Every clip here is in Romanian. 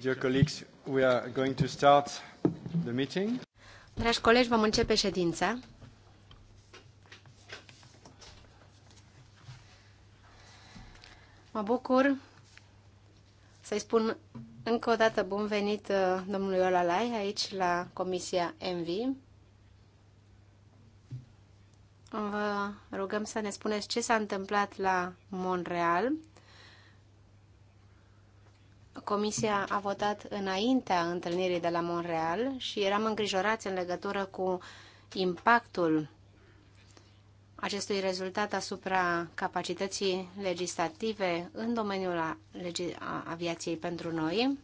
Dear colleagues, we are going to start the meeting. Dragi colegi, vom începe ședința. Mă bucur să-i spun încă o dată bun venit uh, domnului Olalai aici la Comisia MV. Vă rugăm să ne spuneți ce s-a întâmplat la Montreal Comisia a votat înaintea întâlnirii de la Montreal și eram îngrijorați în legătură cu impactul acestui rezultat asupra capacității legislative în domeniul aviației pentru noi.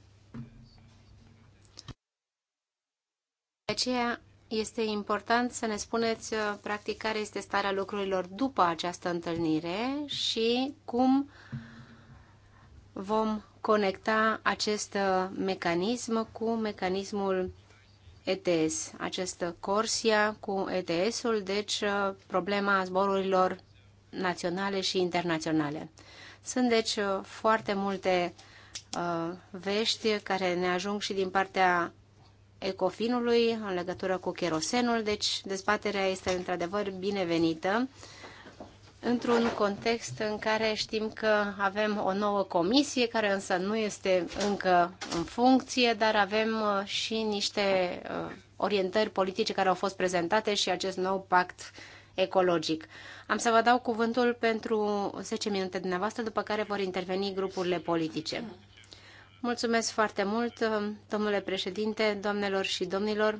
De aceea este important să ne spuneți uh, practic care este starea lucrurilor după această întâlnire și cum vom conecta acest uh, mecanism cu mecanismul ETS, acest Corsia cu ETS-ul, deci uh, problema zborurilor naționale și internaționale. Sunt deci uh, foarte multe uh, vești care ne ajung și din partea ecofinului în legătură cu cherosenul, deci dezbaterea este într-adevăr binevenită într-un context în care știm că avem o nouă comisie, care însă nu este încă în funcție, dar avem uh, și niște uh, orientări politice care au fost prezentate și acest nou pact ecologic. Am să vă dau cuvântul pentru 10 minute dumneavoastră, după care vor interveni grupurile politice. Mulțumesc foarte mult, uh, domnule președinte, doamnelor și domnilor.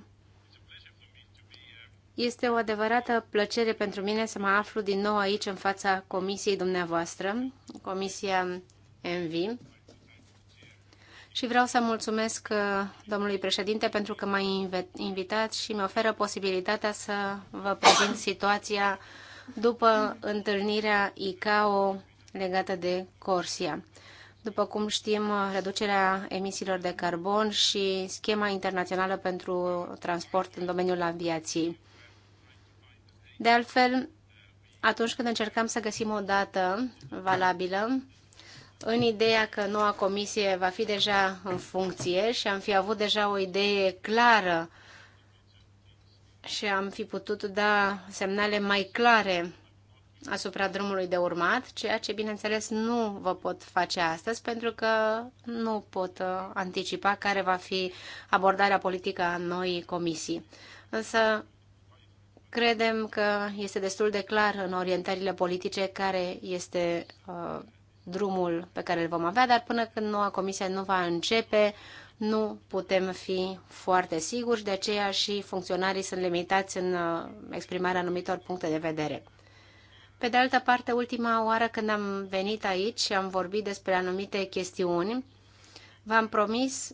Este o adevărată plăcere pentru mine să mă aflu din nou aici în fața comisiei dumneavoastră, Comisia MV. Și vreau să mulțumesc uh, domnului președinte pentru că m-a invitat și mi oferă posibilitatea să vă prezint situația după întâlnirea ICAO legată de Corsia. După cum știm, reducerea emisiilor de carbon și schema internațională pentru transport în domeniul aviației. De altfel, atunci când încercam să găsim o dată valabilă, în ideea că noua comisie va fi deja în funcție și am fi avut deja o idee clară și am fi putut da semnale mai clare asupra drumului de urmat, ceea ce, bineînțeles, nu vă pot face astăzi, pentru că nu pot uh, anticipa care va fi abordarea politică a noii comisii. Însă Credem că este destul de clar în orientările politice care este uh, drumul pe care îl vom avea, dar până când noua comisie nu va începe, nu putem fi foarte siguri, de aceea și funcționarii sunt limitați în uh, exprimarea anumitor puncte de vedere. Pe de altă parte, ultima oară când am venit aici și am vorbit despre anumite chestiuni, v-am promis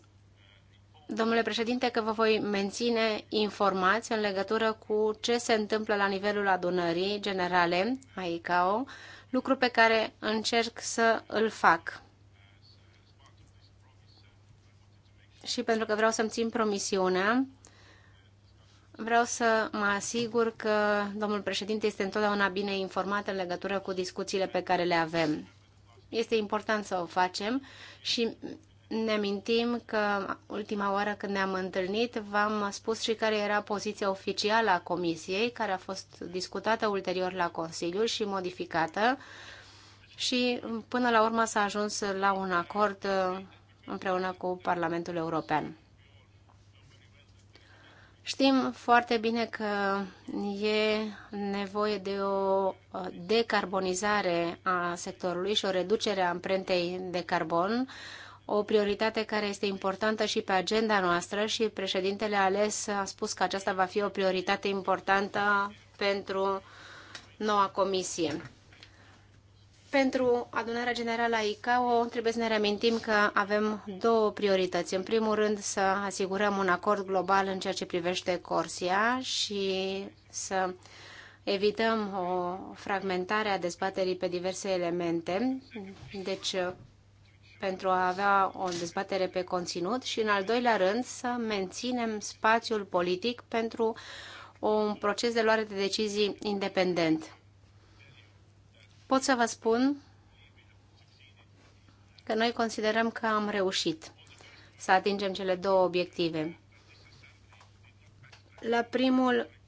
domnule președinte, că vă voi menține informați în legătură cu ce se întâmplă la nivelul adunării generale a ICAO, lucru pe care încerc să îl fac. Și pentru că vreau să-mi țin promisiunea, vreau să mă asigur că domnul președinte este întotdeauna bine informat în legătură cu discuțiile pe care le avem. Este important să o facem și ne mintim că ultima oară când ne-am întâlnit v-am spus și care era poziția oficială a Comisiei, care a fost discutată ulterior la Consiliu și modificată și până la urmă s-a ajuns la un acord uh, împreună cu Parlamentul European. Știm foarte bine că e nevoie de o uh, decarbonizare a sectorului și o reducere a amprentei de carbon o prioritate care este importantă și pe agenda noastră și președintele ales a spus că aceasta va fi o prioritate importantă pentru noua comisie. Pentru adunarea generală a ICAO trebuie să ne reamintim că avem două priorități. În primul rând să asigurăm un acord global în ceea ce privește Corsia și să evităm o fragmentare a dezbaterii pe diverse elemente. Deci pentru a avea o dezbatere pe conținut și, în al doilea rând, să menținem spațiul politic pentru un proces de luare de decizii independent. Pot să vă spun că noi considerăm că am reușit să atingem cele două obiective. La primul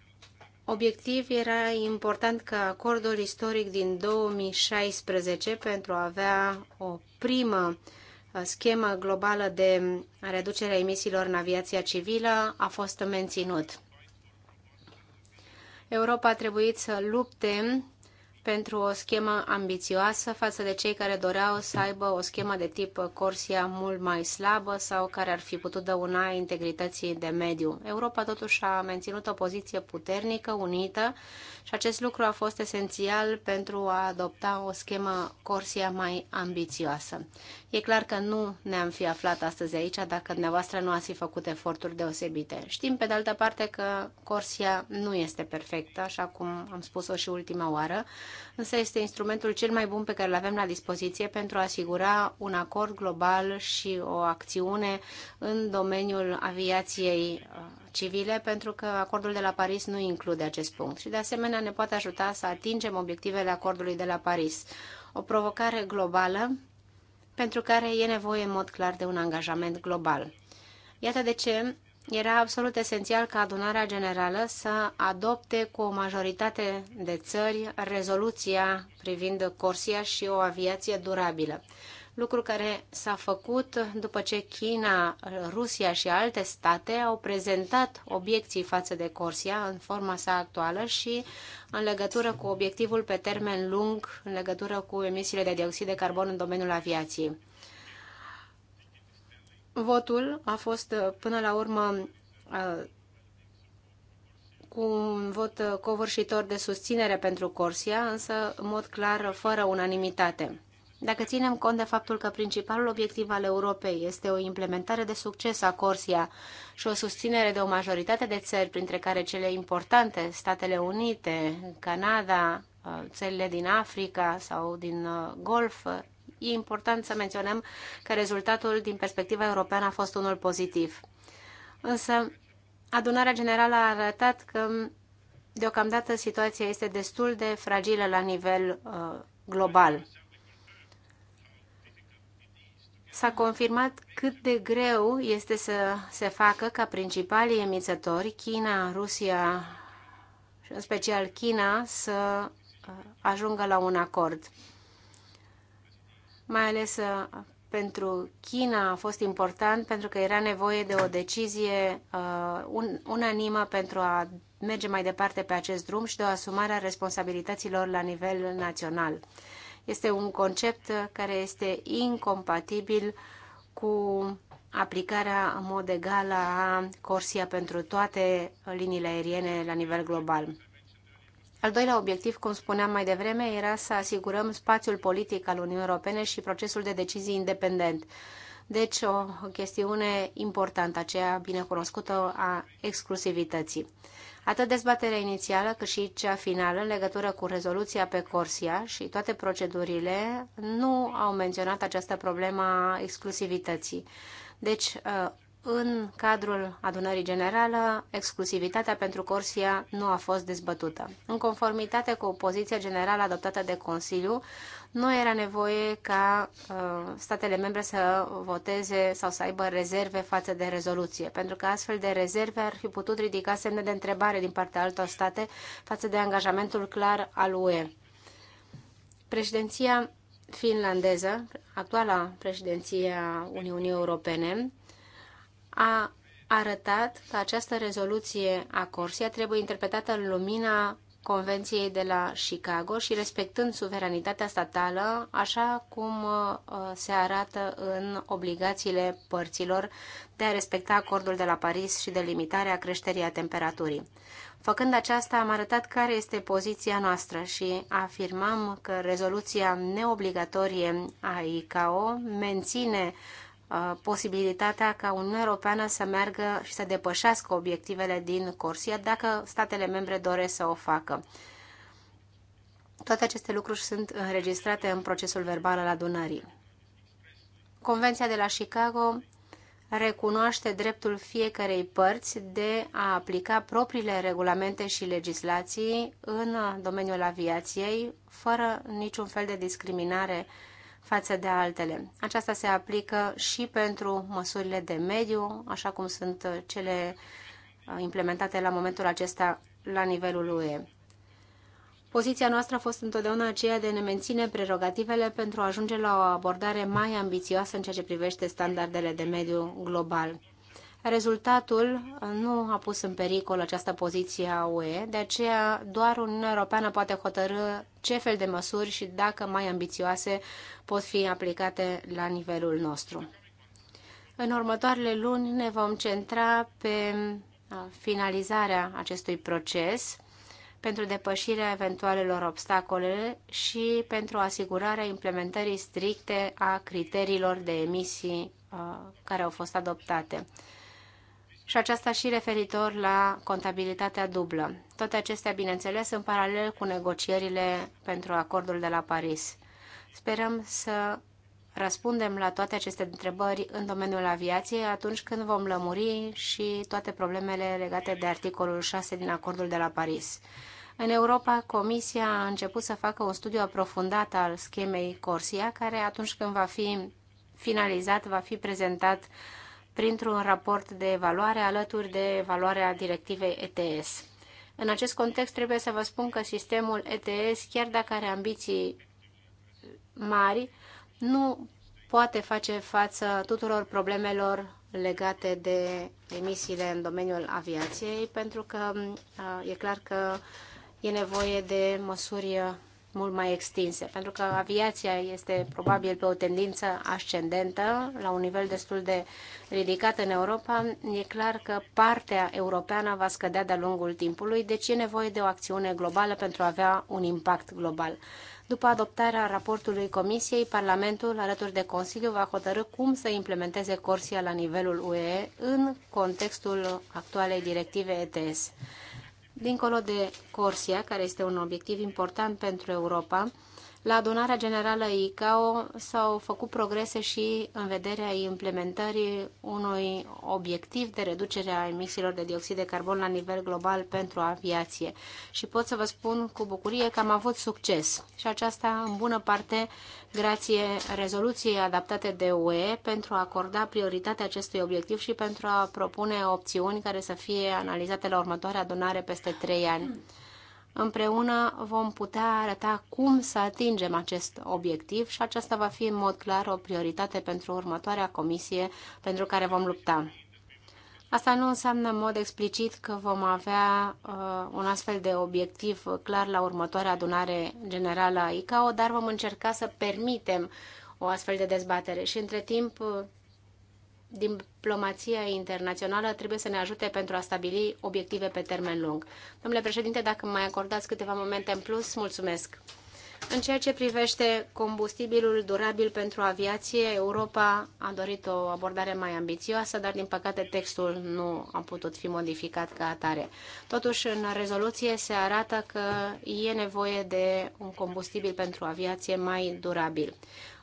Obiectiv era important ca acordul istoric din 2016 pentru a avea o primă uh, schemă globală de reducere a emisiilor în aviația civilă a fost menținut. Europa a trebuit să lupte pentru o schemă ambițioasă față de cei care doreau să aibă o schemă de tip Corsia mult mai slabă sau care ar fi putut dăuna integrității de mediu. Europa totuși a menținut o poziție puternică, unită și acest lucru a fost esențial pentru a adopta o schemă Corsia mai ambițioasă. E clar că nu ne-am fi aflat astăzi aici dacă dumneavoastră nu ați fi făcut eforturi deosebite. Știm, pe de altă parte, că Corsia nu este perfectă, așa cum am spus-o și ultima oară, însă este instrumentul cel mai bun pe care îl avem la dispoziție pentru a asigura un acord global și o acțiune în domeniul aviației civile, pentru că acordul de la Paris nu include acest punct și, de asemenea, ne poate ajuta să atingem obiectivele acordului de la Paris. O provocare globală pentru care e nevoie, în mod clar, de un angajament global. Iată de ce era absolut esențial ca adunarea generală să adopte cu o majoritate de țări rezoluția privind Corsia și o aviație durabilă lucru care s-a făcut după ce China, Rusia și alte state au prezentat obiecții față de Corsia în forma sa actuală și în legătură cu obiectivul pe termen lung, în legătură cu emisiile de dioxid de carbon în domeniul aviației. Votul a fost până la urmă uh, cu un vot covârșitor de susținere pentru Corsia, însă în mod clar fără unanimitate. Dacă ținem cont de faptul că principalul obiectiv al Europei este o implementare de succes a Corsia și o susținere de o majoritate de țări, printre care cele importante, Statele Unite, Canada, uh, țările din Africa sau din uh, Golf, uh, e important să menționăm că rezultatul din perspectiva europeană a fost unul pozitiv. Însă, adunarea generală a arătat că um, deocamdată situația este destul de fragilă la nivel uh, global. S-a confirmat cât de greu este să se facă ca principalii emițători, China, Rusia, în special China, să uh, ajungă la un acord. Mai ales uh, pentru China a fost important pentru că era nevoie de o decizie uh, un, unanimă pentru a merge mai departe pe acest drum și de o asumare a responsabilităților la nivel național. Este un concept care este incompatibil cu aplicarea în mod egal a Corsia pentru toate liniile aeriene la nivel global. Al doilea obiectiv, cum spuneam mai devreme, era să asigurăm spațiul politic al Uniunii Europene și procesul de decizii independent. Deci, o chestiune importantă, aceea binecunoscută a exclusivității. Atât dezbaterea inițială cât și cea finală în legătură cu rezoluția pe Corsia și toate procedurile nu au menționat această problemă a exclusivității. Deci, uh, în cadrul adunării generală, exclusivitatea pentru Corsia nu a fost dezbătută. În conformitate cu poziția generală adoptată de Consiliu, nu era nevoie ca uh, statele membre să voteze sau să aibă rezerve față de rezoluție, pentru că astfel de rezerve ar fi putut ridica semne de întrebare din partea altor state față de angajamentul clar al UE. Președinția finlandeză, actuala președinție a Uniunii Europene, a arătat că această rezoluție a Corsia trebuie interpretată în lumina Convenției de la Chicago și respectând suveranitatea statală, așa cum uh, se arată în obligațiile părților de a respecta acordul de la Paris și de limitarea creșterii a temperaturii. Făcând aceasta, am arătat care este poziția noastră și afirmam că rezoluția neobligatorie a ICAO menține Uh, posibilitatea ca Uniunea Europeană să meargă și să depășească obiectivele din Corsia dacă statele membre doresc să o facă. Toate aceste lucruri sunt înregistrate în procesul verbal al adunării. Convenția de la Chicago recunoaște dreptul fiecarei părți de a aplica propriile regulamente și legislații în domeniul aviației, fără niciun fel de discriminare față de altele. Aceasta se aplică și pentru măsurile de mediu, așa cum sunt cele uh, implementate la momentul acesta la nivelul UE. Poziția noastră a fost întotdeauna aceea de ne menține prerogativele pentru a ajunge la o abordare mai ambițioasă în ceea ce privește standardele de mediu global. Rezultatul uh, nu a pus în pericol această poziție a UE, de aceea doar Uniunea Europeană poate hotărâ ce fel de măsuri și dacă mai ambițioase pot fi aplicate la nivelul nostru. În următoarele luni ne vom centra pe uh, finalizarea acestui proces pentru depășirea eventualelor obstacole și pentru asigurarea implementării stricte a criteriilor de emisii uh, care au fost adoptate și aceasta și referitor la contabilitatea dublă. Toate acestea, bineînțeles, în paralel cu negocierile pentru acordul de la Paris. Sperăm să răspundem la toate aceste întrebări în domeniul aviației atunci când vom lămuri și toate problemele legate de articolul 6 din acordul de la Paris. În Europa, Comisia a început să facă un studiu aprofundat al schemei Corsia, care atunci când va fi finalizat, va fi prezentat uh, printr-un raport de evaluare alături de evaluarea directivei ETS. În acest context trebuie să vă spun că sistemul ETS, chiar dacă are ambiții mari, nu poate face față tuturor problemelor legate de emisiile în domeniul aviației, pentru că uh, e clar că e nevoie de măsuri mult mai extinse, pentru că aviația este probabil pe o tendință ascendentă, la un nivel destul de ridicat în Europa, e clar că partea europeană va scădea de-a lungul timpului, deci e nevoie de o acțiune globală pentru a avea un impact global. După adoptarea raportului Comisiei, Parlamentul, alături de Consiliu, va hotărâ cum să implementeze Corsia la nivelul UE în contextul actualei directive ETS. Dincolo de Corsia, care este un obiectiv important pentru Europa, la adunarea generală ICAO s-au făcut progrese și în vederea implementării unui obiectiv de reducere a emisiilor de dioxid de carbon la nivel global pentru aviație. Și pot să vă spun cu bucurie că am avut succes și aceasta în bună parte grație rezoluției adaptate de UE pentru a acorda prioritatea acestui obiectiv și pentru a propune opțiuni care să fie analizate la următoarea adunare peste trei ani. Împreună vom putea arăta cum să atingem acest obiectiv și aceasta va fi în mod clar o prioritate pentru următoarea comisie pentru care vom lupta. Asta nu înseamnă în mod explicit că vom avea uh, un astfel de obiectiv clar la următoarea adunare generală a ICAO, dar vom încerca să permitem o astfel de dezbatere și între timp uh, diplomația internațională trebuie să ne ajute pentru a stabili obiective pe termen lung. Domnule președinte, dacă mai acordați câteva momente în plus, mulțumesc. În ceea ce privește combustibilul durabil pentru aviație, Europa a dorit o abordare mai ambițioasă, dar din păcate textul nu a putut fi modificat ca atare. Totuși, în rezoluție se arată că e nevoie de un combustibil pentru aviație mai durabil.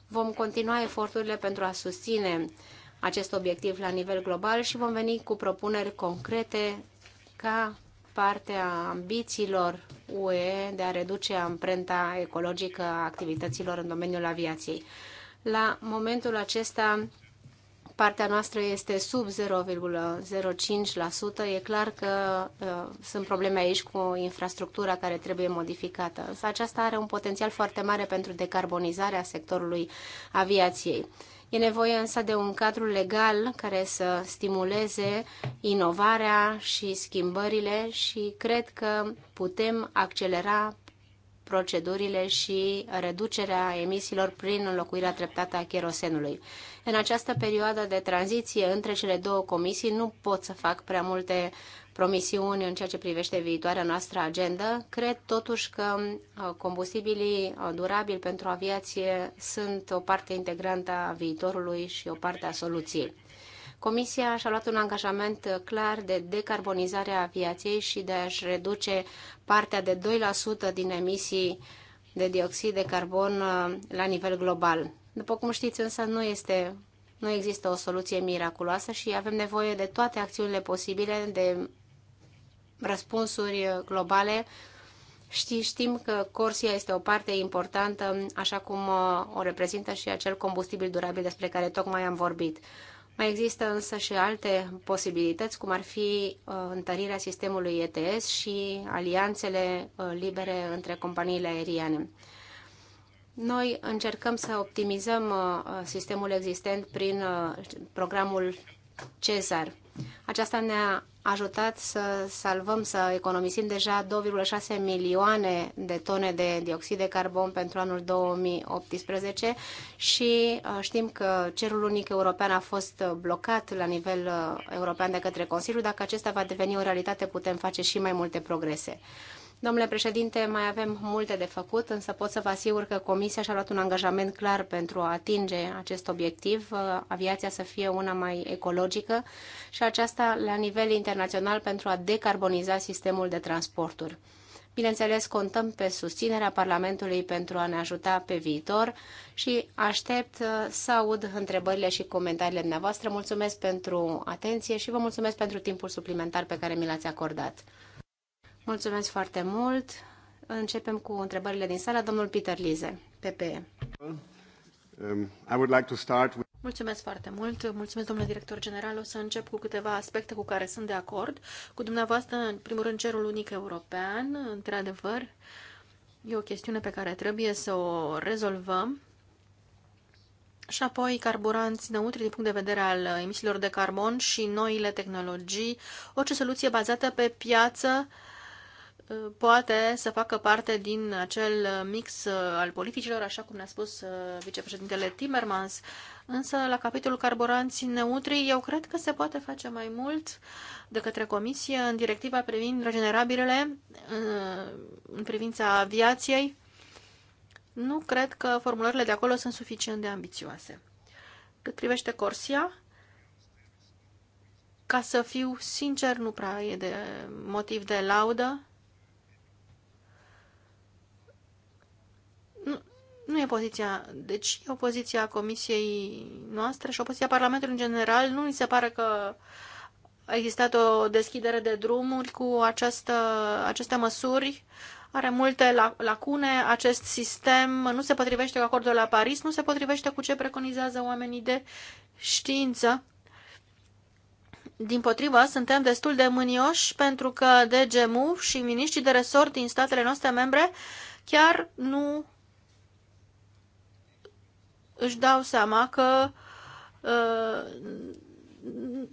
Vom continua eforturile pentru a susține uh, acest obiectiv la nivel global și vom veni cu propuneri concrete ca parte a ambițiilor UE de a reduce amprenta ecologică a activităților în domeniul aviației. La momentul acesta, partea noastră este sub 0,05%. E clar că uh, sunt probleme aici cu infrastructura care trebuie modificată. Însă aceasta are un potențial foarte mare pentru decarbonizarea sectorului aviației. Uh, E nevoie însă de un cadru legal care să stimuleze inovarea și schimbările și cred că putem accelera procedurile și reducerea emisiilor prin înlocuirea treptată a cherosenului. În această perioadă de tranziție între cele două comisii nu pot să fac prea multe promisiuni în ceea ce privește viitoarea noastră agendă. Cred totuși că uh, combustibilii uh, durabili pentru aviație sunt o parte integrantă a viitorului și o parte a soluției. Comisia și-a luat un angajament uh, clar de decarbonizare a aviației și de a-și reduce partea de 2% din emisii de dioxid de carbon la nivel global. După cum știți, însă nu este nu există o soluție miraculoasă și avem nevoie de toate acțiunile posibile, de răspunsuri globale. Ști, știm că Corsia este o parte importantă, așa cum uh, o reprezintă și acel combustibil durabil despre care tocmai am vorbit. Mai există însă și alte posibilități, cum ar fi uh, întărirea sistemului ETS și alianțele uh, libere între companiile aeriene. Noi încercăm să optimizăm sistemul existent prin programul Cezar. Aceasta ne-a ajutat să salvăm, să economisim deja 2,6 milioane de tone de dioxid de carbon pentru anul 2018 și uh, știm că cerul unic european a fost blocat la nivel uh, european de către Consiliu. Dacă acesta va deveni o realitate, putem face și mai multe progrese. Domnule președinte, mai avem multe de făcut, însă pot să vă asigur că Comisia și-a luat un angajament clar pentru a atinge acest obiectiv, uh, aviația să fie una mai ecologică și aceasta la nivel internațional pentru a decarboniza sistemul de transporturi. Bineînțeles, contăm pe susținerea Parlamentului pentru a ne ajuta pe viitor și aștept uh, să aud întrebările și comentariile dumneavoastră. Mulțumesc pentru atenție și vă mulțumesc pentru timpul suplimentar pe care mi l-ați acordat. Mulțumesc foarte mult. Începem cu întrebările din sală. Domnul Peter Lize, PPE. Um, I would like to start with... Mulțumesc foarte mult. Mulțumesc, domnule director general. O să încep cu câteva aspecte cu care sunt de acord. Cu dumneavoastră, în primul rând, cerul unic european, într-adevăr, e o chestiune pe care trebuie să o rezolvăm. Și apoi carburanți neutri din punct de vedere al emisiilor de carbon și noile tehnologii, orice soluție bazată pe piață uh, poate să facă parte din acel mix uh, al politicilor, așa cum ne-a spus uh, vicepreședintele Timmermans. Însă, la capitolul carburanții neutri, eu cred că se poate face mai mult de către Comisie în directiva privind regenerabilele, uh, în privința aviației. Nu cred că formulările de acolo sunt suficient de ambițioase. Cât privește Corsia, ca să fiu sincer, nu prea e de motiv de laudă nu e poziția, deci e o poziție a comisiei noastre și o poziție a Parlamentului în general. Nu mi se pare că a existat o deschidere de drumuri cu această, aceste măsuri. Are multe lacune acest sistem, nu se potrivește cu acordul la Paris, nu se potrivește cu ce preconizează oamenii de știință. Din potrivă, suntem destul de mânioși pentru că DGMU și miniștrii de resort din statele noastre membre chiar nu își dau seama că uh,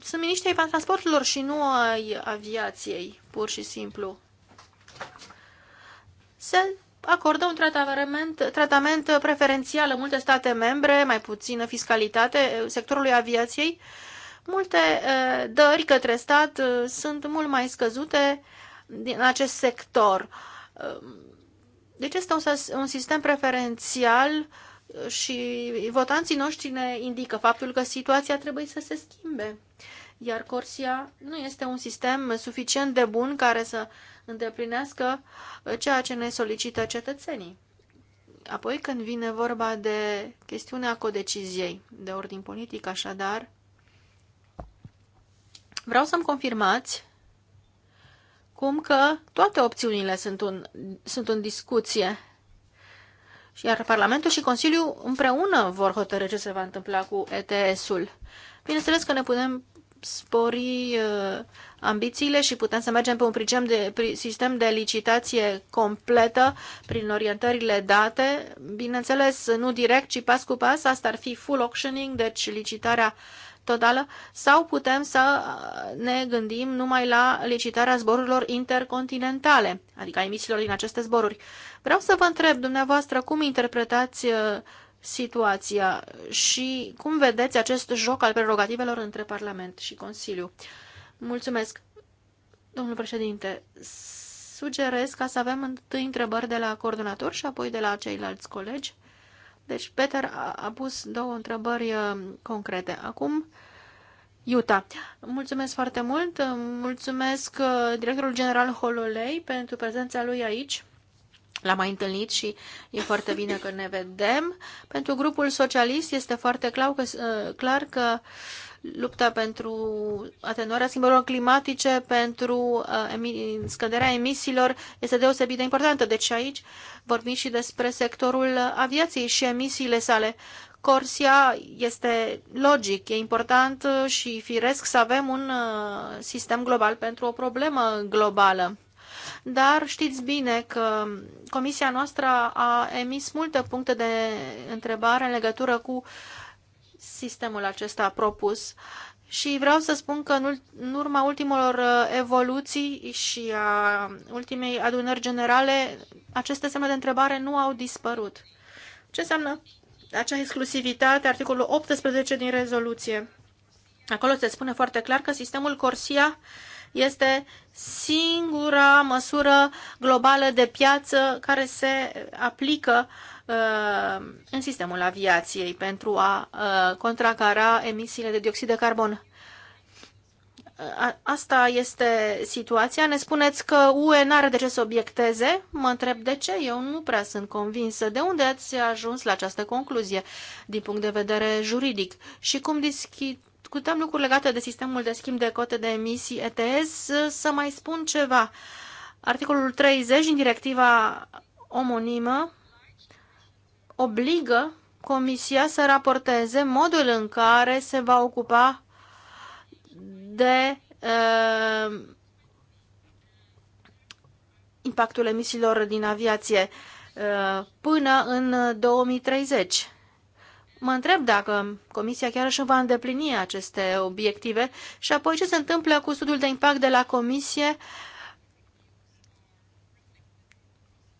sunt miniștri ai transporturilor și nu ai aviației, pur și simplu. Se acordă un tratament, tratament preferențial în multe state membre, mai puțină fiscalitate sectorului aviației. Multe uh, dări către stat uh, sunt mult mai scăzute din acest sector. Uh, deci este un, un sistem preferențial uh, și votanții noștri ne indică faptul că situația trebuie să se schimbe. Iar Corsia nu este un sistem suficient de bun care să îndeplinească ceea ce ne solicită cetățenii. Apoi când vine vorba de chestiunea codeciziei, de ordin politic așadar, vreau să-mi confirmați cum că toate opțiunile sunt, un, sunt în discuție și iar Parlamentul și Consiliul împreună vor hotărâ ce se va întâmpla cu ETS-ul. Bineînțeles că ne putem spori uh, ambițiile și putem să mergem pe un de, sistem de licitație completă prin orientările date, bineînțeles nu direct, ci pas cu pas, asta ar fi full auctioning, deci licitarea uh, totală sau putem să uh, ne gândim numai la licitarea zborurilor intercontinentale, adică a emisiilor din aceste zboruri. Vreau să vă întreb dumneavoastră cum interpretați uh, situația și cum vedeți acest joc al prerogativelor între Parlament și Consiliu. Mulțumesc, domnul președinte. Sugerez ca să avem întâi întrebări de la coordonator și apoi de la ceilalți colegi. Deci Peter a pus două întrebări uh, concrete. Acum, Iuta. Mulțumesc foarte mult. Uh, mulțumesc uh, directorul general Hololei pentru prezența lui aici. L-am mai întâlnit și e foarte bine că ne vedem. Pentru grupul socialist este foarte clar că, clar că uh, lupta pentru atenuarea schimbărilor climatice, pentru uh, scăderea emisiilor, este deosebit de importantă. Deci aici vorbim și despre sectorul aviației și emisiile sale. Corsia este logic, e important și firesc să avem un uh, sistem global pentru o problemă globală. Dar știți bine că comisia noastră a emis multe puncte de întrebare în legătură cu uh, sistemul acesta propus și vreau să spun că în urma ultimelor uh, evoluții și a ultimei adunări generale, aceste semne de întrebare nu au dispărut. Ce înseamnă acea exclusivitate, articolul 18 din rezoluție? Acolo se spune foarte clar că sistemul Corsia este singura măsură globală de piață care se aplică uh, Uh, în sistemul aviației pentru a uh, contracara emisiile de dioxid de carbon. Uh, asta este situația. Ne spuneți că UE n-are de ce să obiecteze. Mă întreb de ce. Eu nu prea sunt convinsă. De unde ați ajuns la această concluzie din punct de vedere juridic? Și cum discutăm lucruri legate de sistemul de schimb de cote de emisii ETS, să mai spun ceva. Articolul 30 din directiva omonimă obligă Comisia să raporteze modul în care se va ocupa de uh, impactul emisiilor din aviație uh, până în 2030. Mă întreb dacă Comisia chiar își va îndeplini aceste obiective și apoi ce se întâmplă cu studiul de impact de la Comisie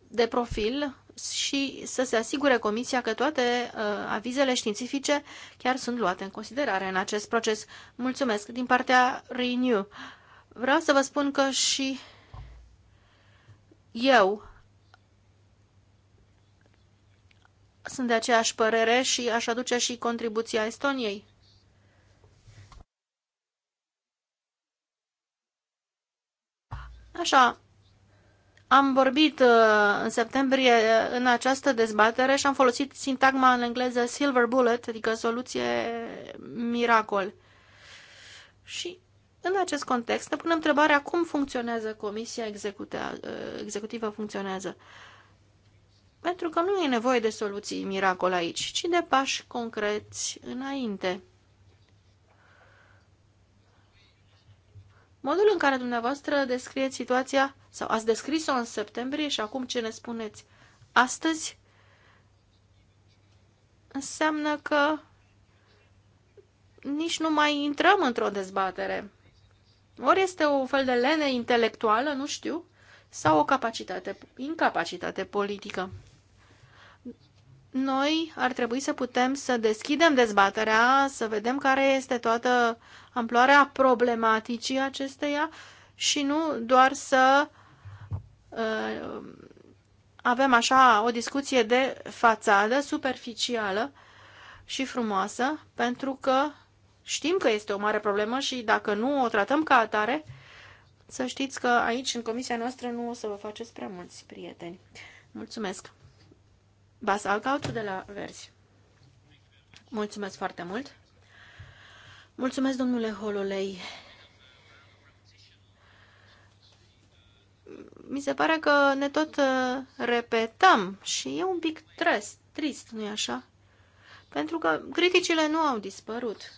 de profil și să se asigure Comisia că toate uh, avizele științifice chiar sunt luate în considerare în acest proces. Mulțumesc. Din partea Renew, vreau să vă spun că și eu sunt de aceeași părere și aș aduce și contribuția Estoniei. Așa, am vorbit uh, în septembrie uh, în această dezbatere și am folosit sintagma în engleză silver bullet, adică soluție miracol. Și în acest context ne punem întrebarea cum funcționează comisia uh, executivă funcționează. Pentru că nu e nevoie de soluții miracol aici, ci de pași concreți înainte. Modul în care dumneavoastră descrieți situația, sau ați descris-o în septembrie și acum ce ne spuneți astăzi, înseamnă că nici nu mai intrăm într-o dezbatere. Ori este o fel de lene intelectuală, nu știu, sau o capacitate, incapacitate politică noi ar trebui să putem să deschidem dezbaterea, să vedem care este toată amploarea problematicii acesteia și nu doar să uh, avem așa o discuție de fațadă, superficială și frumoasă, pentru că știm că este o mare problemă și dacă nu o tratăm ca atare, să știți că aici, în comisia noastră, nu o să vă faceți prea mulți prieteni. Mulțumesc! Bas Alcaut de la Verzi. Mulțumesc foarte mult. Mulțumesc, domnule Hololei. Mi se pare că ne tot uh, repetăm și e un pic trist, trist nu-i așa? Pentru că criticile nu au dispărut.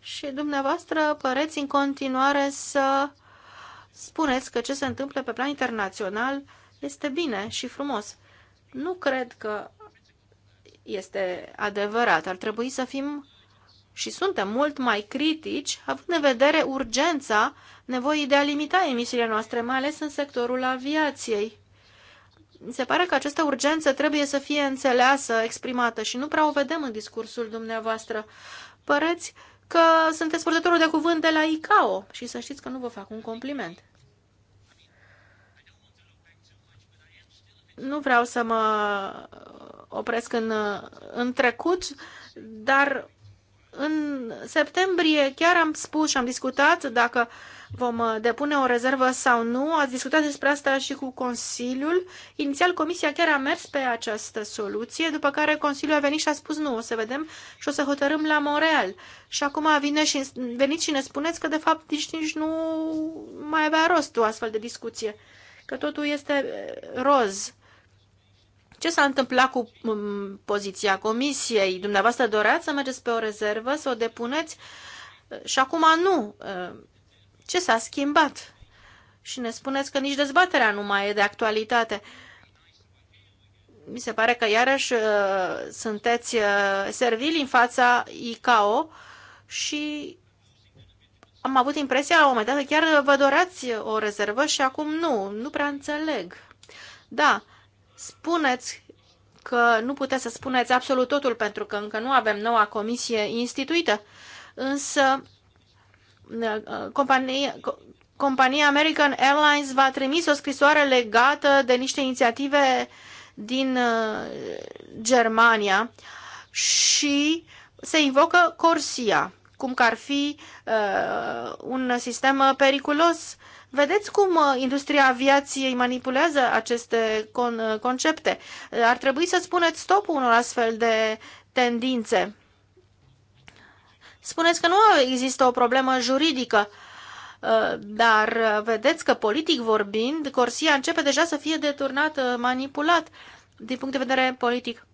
Și dumneavoastră păreți în continuare să spuneți că ce se întâmplă pe plan internațional este bine și frumos. Nu cred că este adevărat. Ar trebui să fim și suntem mult mai critici, având în vedere urgența nevoii de a limita emisiile noastre, mai ales în sectorul aviației. Mi se pare că această urgență trebuie să fie înțeleasă, exprimată și nu prea o vedem în discursul dumneavoastră. Păreți că sunteți purtătorul de cuvânt de la ICAO și să știți că nu vă fac un compliment. Nu vreau să mă opresc în, în trecut, dar în septembrie chiar am spus și am discutat dacă vom depune o rezervă sau nu. Ați discutat despre asta și cu Consiliul. Inițial Comisia chiar a mers pe această soluție, după care Consiliul a venit și a spus nu, o să vedem și o să hotărâm la Montreal. Și acum vine și, veniți și ne spuneți că de fapt nici, nici nu mai avea rost o astfel de discuție, că totul este roz. Ce s-a întâmplat cu um, poziția comisiei? Dumneavoastră doreați să mergeți pe o rezervă, să o depuneți și acum nu. Ce s-a schimbat? Și ne spuneți că nici dezbaterea nu mai e de actualitate. Mi se pare că iarăși uh, sunteți uh, servili în fața ICAO și am avut impresia la un moment dat că chiar vă doreați o rezervă și acum nu. Nu prea înțeleg. Da, spuneți că nu puteți să spuneți absolut totul pentru că încă nu avem noua comisie instituită, însă uh, uh, companie, compania American Airlines va trimis o scrisoare legată de niște inițiative din uh, Germania și se invocă Corsia, cum că ar fi uh, un sistem periculos uh, Vedeți cum uh, industria aviației manipulează aceste con- uh, concepte. Uh, ar trebui să spuneți stop unor astfel de tendințe. Spuneți că nu există o problemă juridică, dar vedeți că politic vorbind, Corsia începe deja să fie deturnat, manipulat din punct de vedere politic.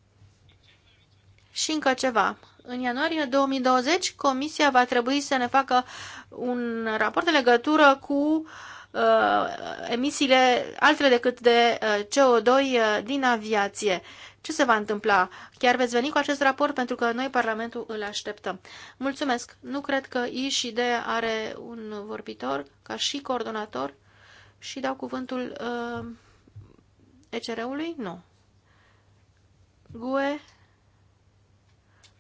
Și încă ceva. În ianuarie 2020, Comisia va trebui să ne facă un raport în legătură cu uh, emisiile altele decât de uh, CO2 uh, din aviație. Ce se va întâmpla? Chiar veți veni cu acest raport pentru că noi Parlamentul îl așteptăm. Mulțumesc! Nu cred că I și D are un vorbitor ca și coordonator și dau cuvântul uh, ECR-ului? Nu. GUE?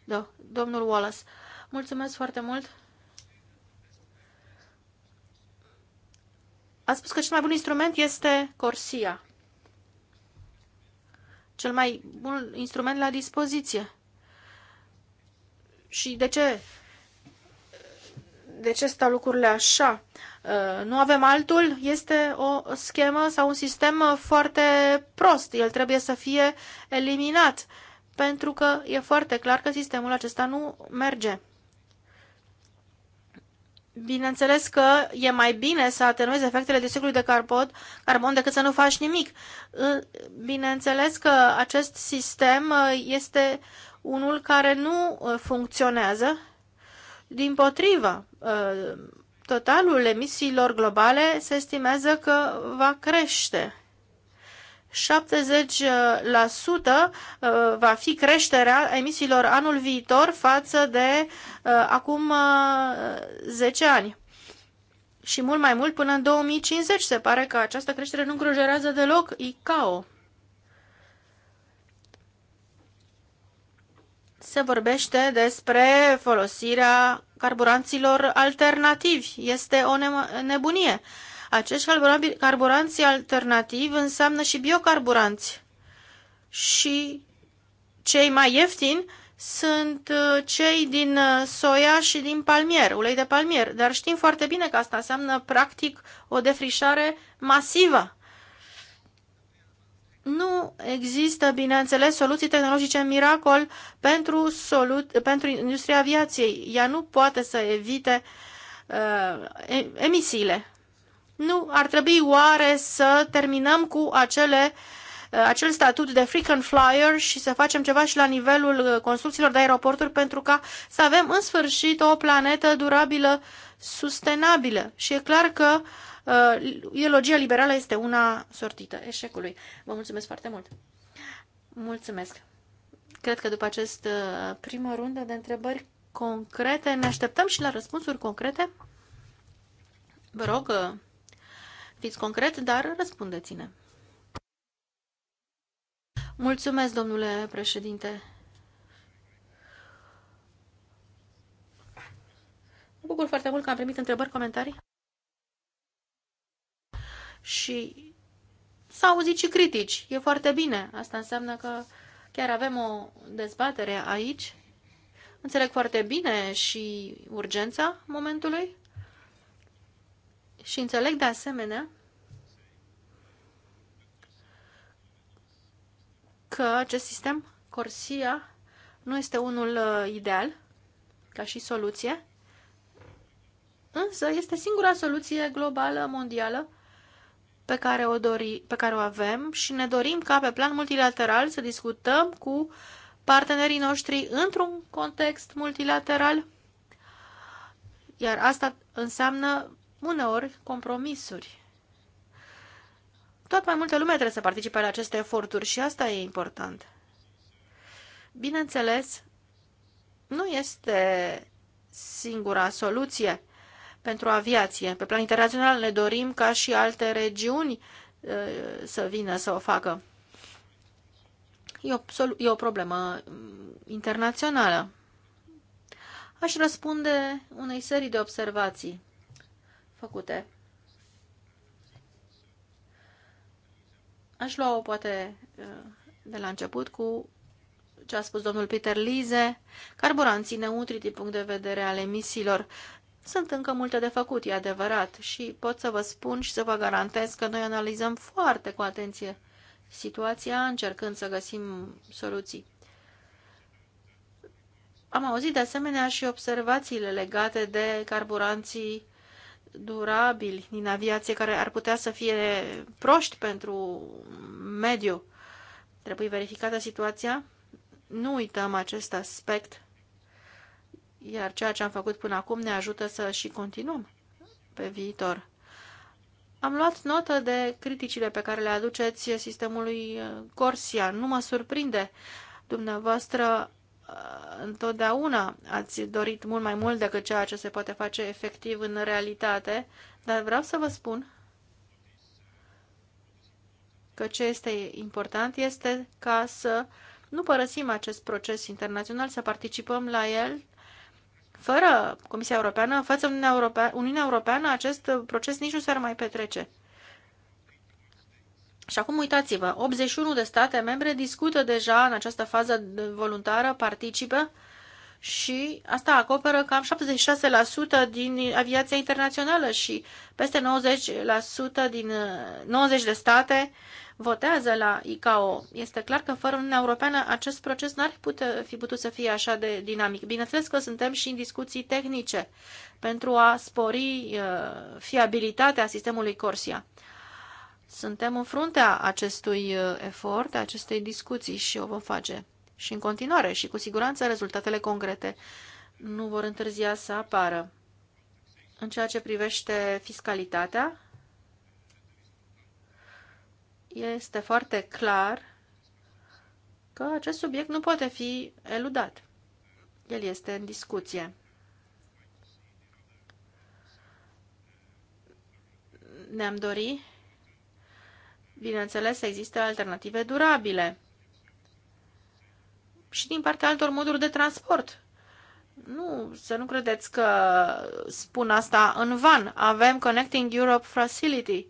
Da, domnul Wallace. Mulțumesc foarte mult! A spus că cel mai bun instrument este Corsia. Cel mai bun instrument la dispoziție. Și de ce? De ce stau lucrurile așa? Uh, nu avem altul? Este o schemă sau un sistem foarte prost. El trebuie să fie eliminat, pentru că e foarte clar că sistemul acesta nu merge. Bineînțeles că e mai bine să atenuezi efectele dioxidului de, de carbon, carbon decât să nu faci nimic. Bineînțeles că acest sistem uh, este unul care nu uh, funcționează. Din potrivă, uh, totalul emisiilor globale se estimează că va crește. 70% uh, va fi creșterea emisiilor anul viitor față de uh, acum 10 uh, ani. Și mult mai mult până în 2050 se pare că această creștere nu îngrojerează deloc ICAO. Se vorbește despre folosirea carburanților alternativi. Este o nebunie. Acești carburanți alternativi înseamnă și biocarburanți. Și cei mai ieftini sunt uh, cei din uh, soia și din palmier, ulei de palmier. Dar știm foarte bine că asta înseamnă practic o defrișare masivă. Nu există, bineînțeles, soluții tehnologice în miracol pentru, solu- pentru industria aviației. Ea nu poate să evite uh, emisiile nu ar trebui oare să terminăm cu acele, uh, acel statut de frequent flyer și să facem ceva și la nivelul uh, construcțiilor de aeroporturi pentru ca să avem în sfârșit o planetă durabilă, sustenabilă. Și e clar că uh, ideologia liberală este una sortită eșecului. Vă mulțumesc foarte mult! Mulțumesc! Cred că după acest uh, primă rundă de întrebări concrete ne așteptăm și la răspunsuri concrete. Vă rog, uh, Fiți concret, dar răspundeți-ne. Mulțumesc, domnule președinte. Mă bucur foarte mult că am primit întrebări, comentarii. Și s-au auzit și critici. E foarte bine. Asta înseamnă că chiar avem o dezbatere aici. Înțeleg foarte bine și urgența momentului și înțeleg de asemenea că acest sistem Corsia nu este unul uh, ideal ca și soluție, însă este singura soluție globală, mondială, pe care o, dori, pe care o avem și ne dorim ca pe plan multilateral să discutăm cu partenerii noștri într-un context multilateral, iar asta înseamnă uneori compromisuri. Tot mai multă lume trebuie să participe la aceste eforturi și asta e important. Bineînțeles, nu este singura soluție pentru aviație. Pe plan internațional ne dorim ca și alte regiuni uh, să vină să o facă. E o, e o problemă mm, internațională. Aș răspunde unei serii de observații făcute. Aș lua-o poate de la început cu ce a spus domnul Peter Lize, carburanții neutri din punct de vedere al emisiilor. Sunt încă multe de făcut, e adevărat, și pot să vă spun și să vă garantez că noi analizăm foarte cu atenție situația, încercând să găsim soluții. Am auzit de asemenea și observațiile legate de carburanții durabili din aviație care ar putea să fie proști pentru mediu. Trebuie verificată situația. Nu uităm acest aspect, iar ceea ce am făcut până acum ne ajută să și continuăm pe viitor. Am luat notă de criticile pe care le aduceți sistemului Corsia. Nu mă surprinde. Dumneavoastră întotdeauna ați dorit mult mai mult decât ceea ce se poate face efectiv în realitate, dar vreau să vă spun că ce este important este ca să nu părăsim acest proces internațional, să participăm la el fără Comisia Europeană, față Uniunea Europeană, acest proces nici nu s-ar mai petrece. Și acum uitați-vă, 81 de state membre discută deja în această fază voluntară, participă și asta acoperă cam 76% din aviația internațională și peste 90% din 90 de state votează la ICAO. Este clar că fără Uniunea Europeană acest proces n-ar fi putut să fie așa de dinamic. Bineînțeles că suntem și în discuții tehnice pentru a spori uh, fiabilitatea sistemului Corsia. Suntem în fruntea acestui uh, efort, acestei discuții și o vom face și în continuare și cu siguranță rezultatele concrete nu vor întârzia să apară. În ceea ce privește fiscalitatea, este foarte clar că acest subiect nu poate fi eludat. El este în discuție. Ne-am dorit bineînțeles, există alternative durabile și din partea altor moduri de transport. Nu, să nu credeți că spun asta în van. Avem Connecting Europe Facility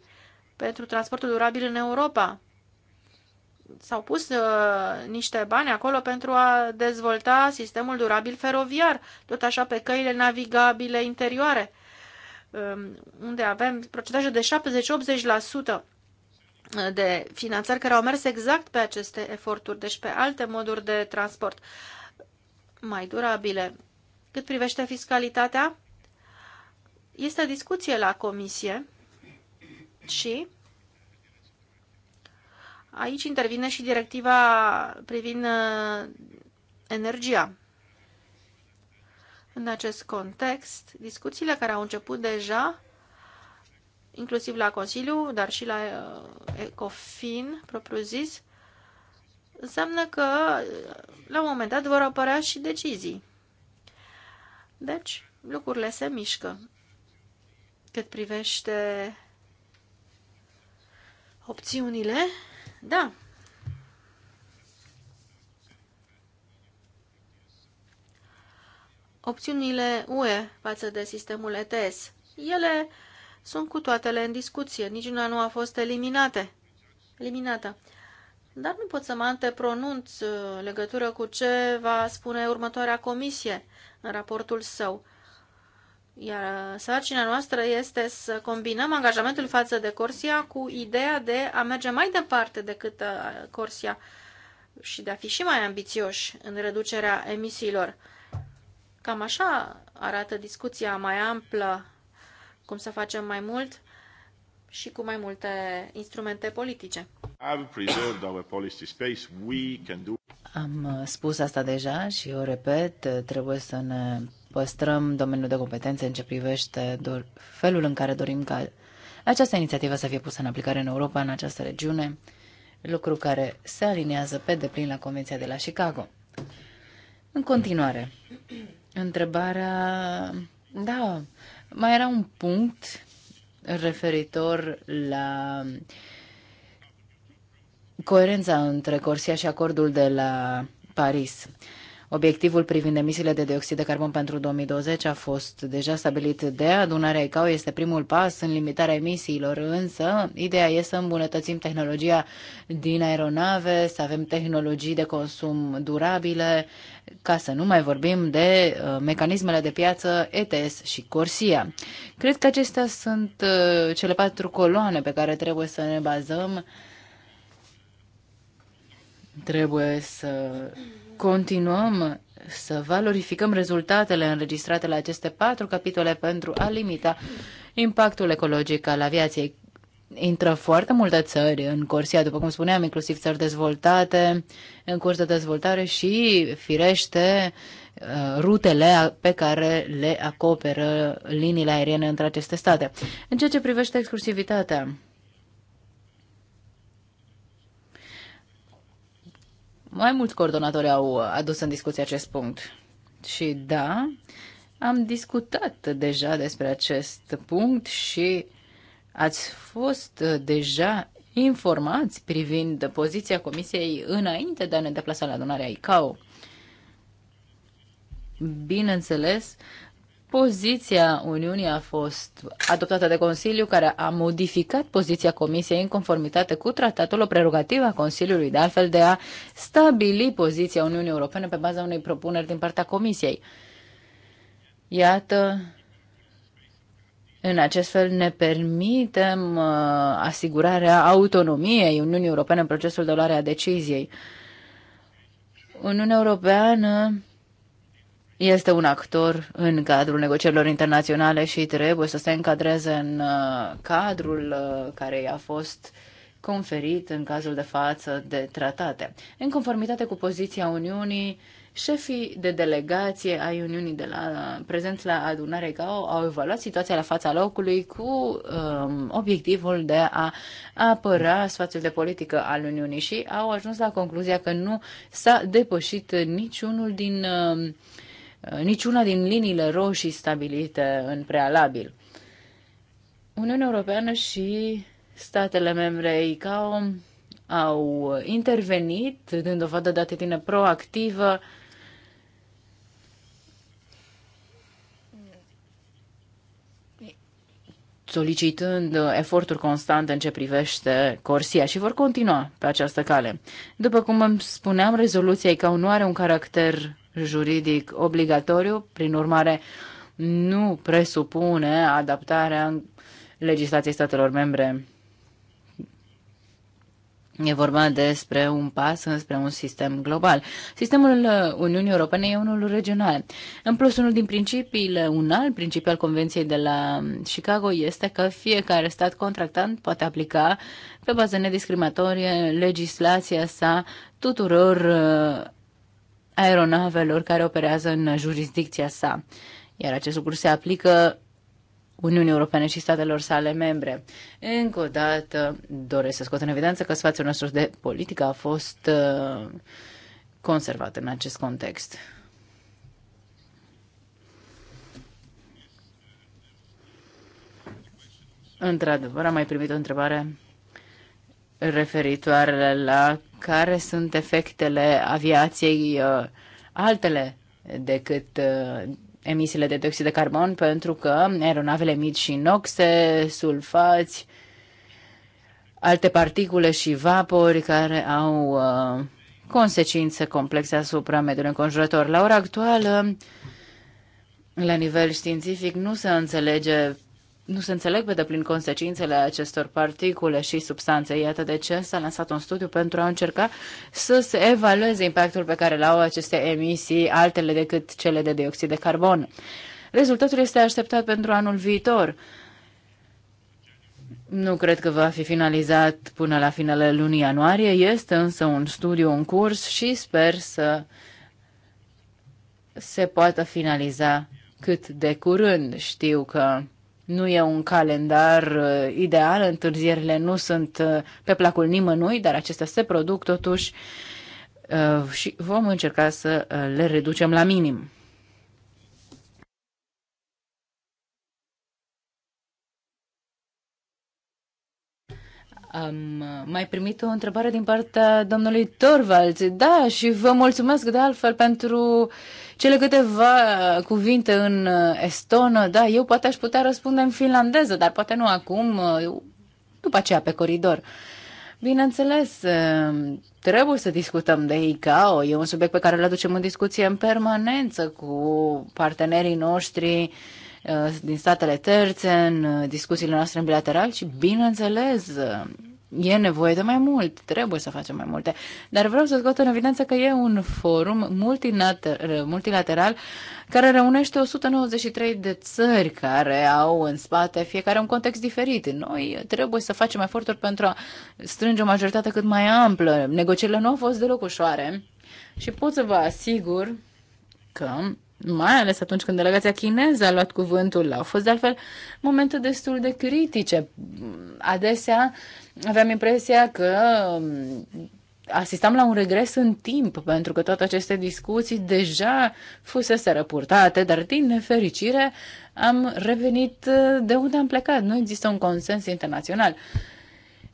pentru transportul durabil în Europa. S-au pus uh, niște bani acolo pentru a dezvolta sistemul durabil feroviar, tot așa pe căile navigabile interioare, um, unde avem procentajul de 70-80% de finanțări care au mers exact pe aceste eforturi, deci pe alte moduri de transport mai durabile. Cât privește fiscalitatea, este discuție la comisie și aici intervine și directiva privind uh, energia. În acest context, discuțiile care au început deja inclusiv la Consiliu, dar și la uh, ECOFIN, propriu-zis, înseamnă că uh, la un moment dat vor apărea și decizii. Deci, lucrurile se mișcă. Cât privește opțiunile, da. Opțiunile UE față de sistemul ETS. Ele uh, sunt cu toatele în discuție, niciuna nu a fost eliminate, eliminată. Dar nu pot să mă antepronunț uh, legătură cu ce va spune următoarea comisie în raportul său. Iar uh, sarcina noastră este să combinăm angajamentul față de Corsia cu ideea de a merge mai departe decât uh, Corsia și de a fi și mai ambițioși în reducerea emisiilor. Cam așa arată discuția mai amplă cum să facem mai mult și cu mai multe instrumente politice. Am uh, spus asta deja și eu repet, uh, trebuie să ne păstrăm domeniul de competențe în ce privește felul în care dorim ca această inițiativă să fie pusă în aplicare în Europa, în această regiune, lucru care se aliniază pe deplin la Convenția de la Chicago. În continuare, întrebarea, da, mai era un punct referitor la coerența între Corsia și acordul de la Paris. Obiectivul privind emisiile de dioxid de carbon pentru 2020 a fost deja stabilit de adunarea ICAO, este primul pas în limitarea emisiilor, însă ideea este să îmbunătățim tehnologia din aeronave, să avem tehnologii de consum durabile, ca să nu mai vorbim de uh, mecanismele de piață ETS și Corsia. Cred că acestea sunt uh, cele patru coloane pe care trebuie să ne bazăm. Trebuie să continuăm să valorificăm rezultatele înregistrate la aceste patru capitole pentru a limita impactul ecologic al aviației. Intră foarte multe țări în Corsia, după cum spuneam, inclusiv țări dezvoltate, în curs de dezvoltare și, firește, uh, rutele pe care le acoperă liniile aeriene între aceste state. În ceea ce privește exclusivitatea, Mai mulți coordonatori au adus în discuție acest punct. Și da, am discutat deja despre acest punct și ați fost deja informați privind poziția Comisiei înainte de a ne deplasa la adunarea ICAO. Bineînțeles, Poziția Uniunii a fost adoptată de Consiliu, care a modificat poziția Comisiei în conformitate cu tratatul, o prerogativă a Consiliului, de altfel de a stabili poziția Uniunii Europene pe baza unei propuneri din partea Comisiei. Iată, în acest fel ne permitem uh, asigurarea autonomiei Uniunii Europene în procesul de luare a deciziei. Uniunea Europeană este un actor în cadrul negocierilor internaționale și trebuie să se încadreze în uh, cadrul uh, care i-a fost conferit în cazul de față de tratate. În conformitate cu poziția Uniunii, șefii de delegație ai Uniunii de la, prezenți la adunare GAO au evaluat situația la fața locului cu um, obiectivul de a apăra spațiul de politică al Uniunii și au ajuns la concluzia că nu s-a depășit niciunul din um, Uh, niciuna din liniile roșii stabilite în prealabil. Uniunea Europeană și statele membre ICAO au intervenit, dând dovadă de atitudine proactivă, solicitând eforturi constante în ce privește Corsia și vor continua pe această cale. După cum îmi spuneam, rezoluția ICAO nu are un caracter juridic obligatoriu, prin urmare nu presupune adaptarea în legislației statelor membre. E vorba despre un pas înspre un sistem global. Sistemul uh, Uniunii Europene e unul regional. În plus, unul din principiile, un alt principiu al Convenției de la Chicago este că fiecare stat contractant poate aplica pe bază nediscriminatorie legislația sa tuturor uh, aeronavelor care operează în jurisdicția sa. Iar acest lucru se aplică Uniunii Europene și statelor sale membre. Încă o dată doresc să scot în evidență că spațiul nostru de politică a fost uh, conservat în acest context. Într-adevăr, am mai primit o întrebare referitoare la care sunt efectele aviației uh, altele decât uh, emisiile de dioxid de carbon, pentru că aeronavele mici și noxe, sulfați, alte particule și vapori care au uh, consecințe complexe asupra mediului înconjurător. La ora actuală, la nivel științific, nu se înțelege nu se înțeleg pe deplin consecințele acestor particule și substanțe. Iată de ce s-a lansat un studiu pentru a încerca să se evalueze impactul pe care l-au aceste emisii, altele decât cele de dioxid de carbon. Rezultatul este așteptat pentru anul viitor. Nu cred că va fi finalizat până la finele lunii ianuarie, este însă un studiu în curs și sper să se poată finaliza cât de curând. Știu că nu e un calendar uh, ideal, întârzierile nu sunt uh, pe placul nimănui, dar acestea se produc totuși uh, și vom încerca să le reducem la minim. Am mai primit o întrebare din partea domnului Torvalds. Da, și vă mulțumesc de altfel pentru uh, cele câteva uh, cuvinte în uh, estonă, da, eu poate aș putea răspunde în finlandeză, dar poate nu acum, uh, după aceea pe coridor. Bineînțeles, trebuie să discutăm de ICAO. E un subiect pe care îl aducem în discuție în permanență cu partenerii noștri din statele terțe, în discuțiile noastre în bilateral și, bineînțeles, e nevoie de mai mult, trebuie să facem mai multe. Dar vreau să scot în evidență că e un forum multilateral care reunește 193 de țări care au în spate fiecare un context diferit. Noi trebuie să facem eforturi pentru a strânge o majoritate cât mai amplă. Negocierile nu au fost deloc ușoare și pot să vă asigur că mai ales atunci când delegația chineză a luat cuvântul, au fost de altfel momente destul de critice. Adesea uh, aveam impresia că um, asistam la un regres în timp, pentru că toate aceste discuții deja fusese răpurtate, dar din nefericire am revenit uh, de unde am plecat. Nu există un consens internațional.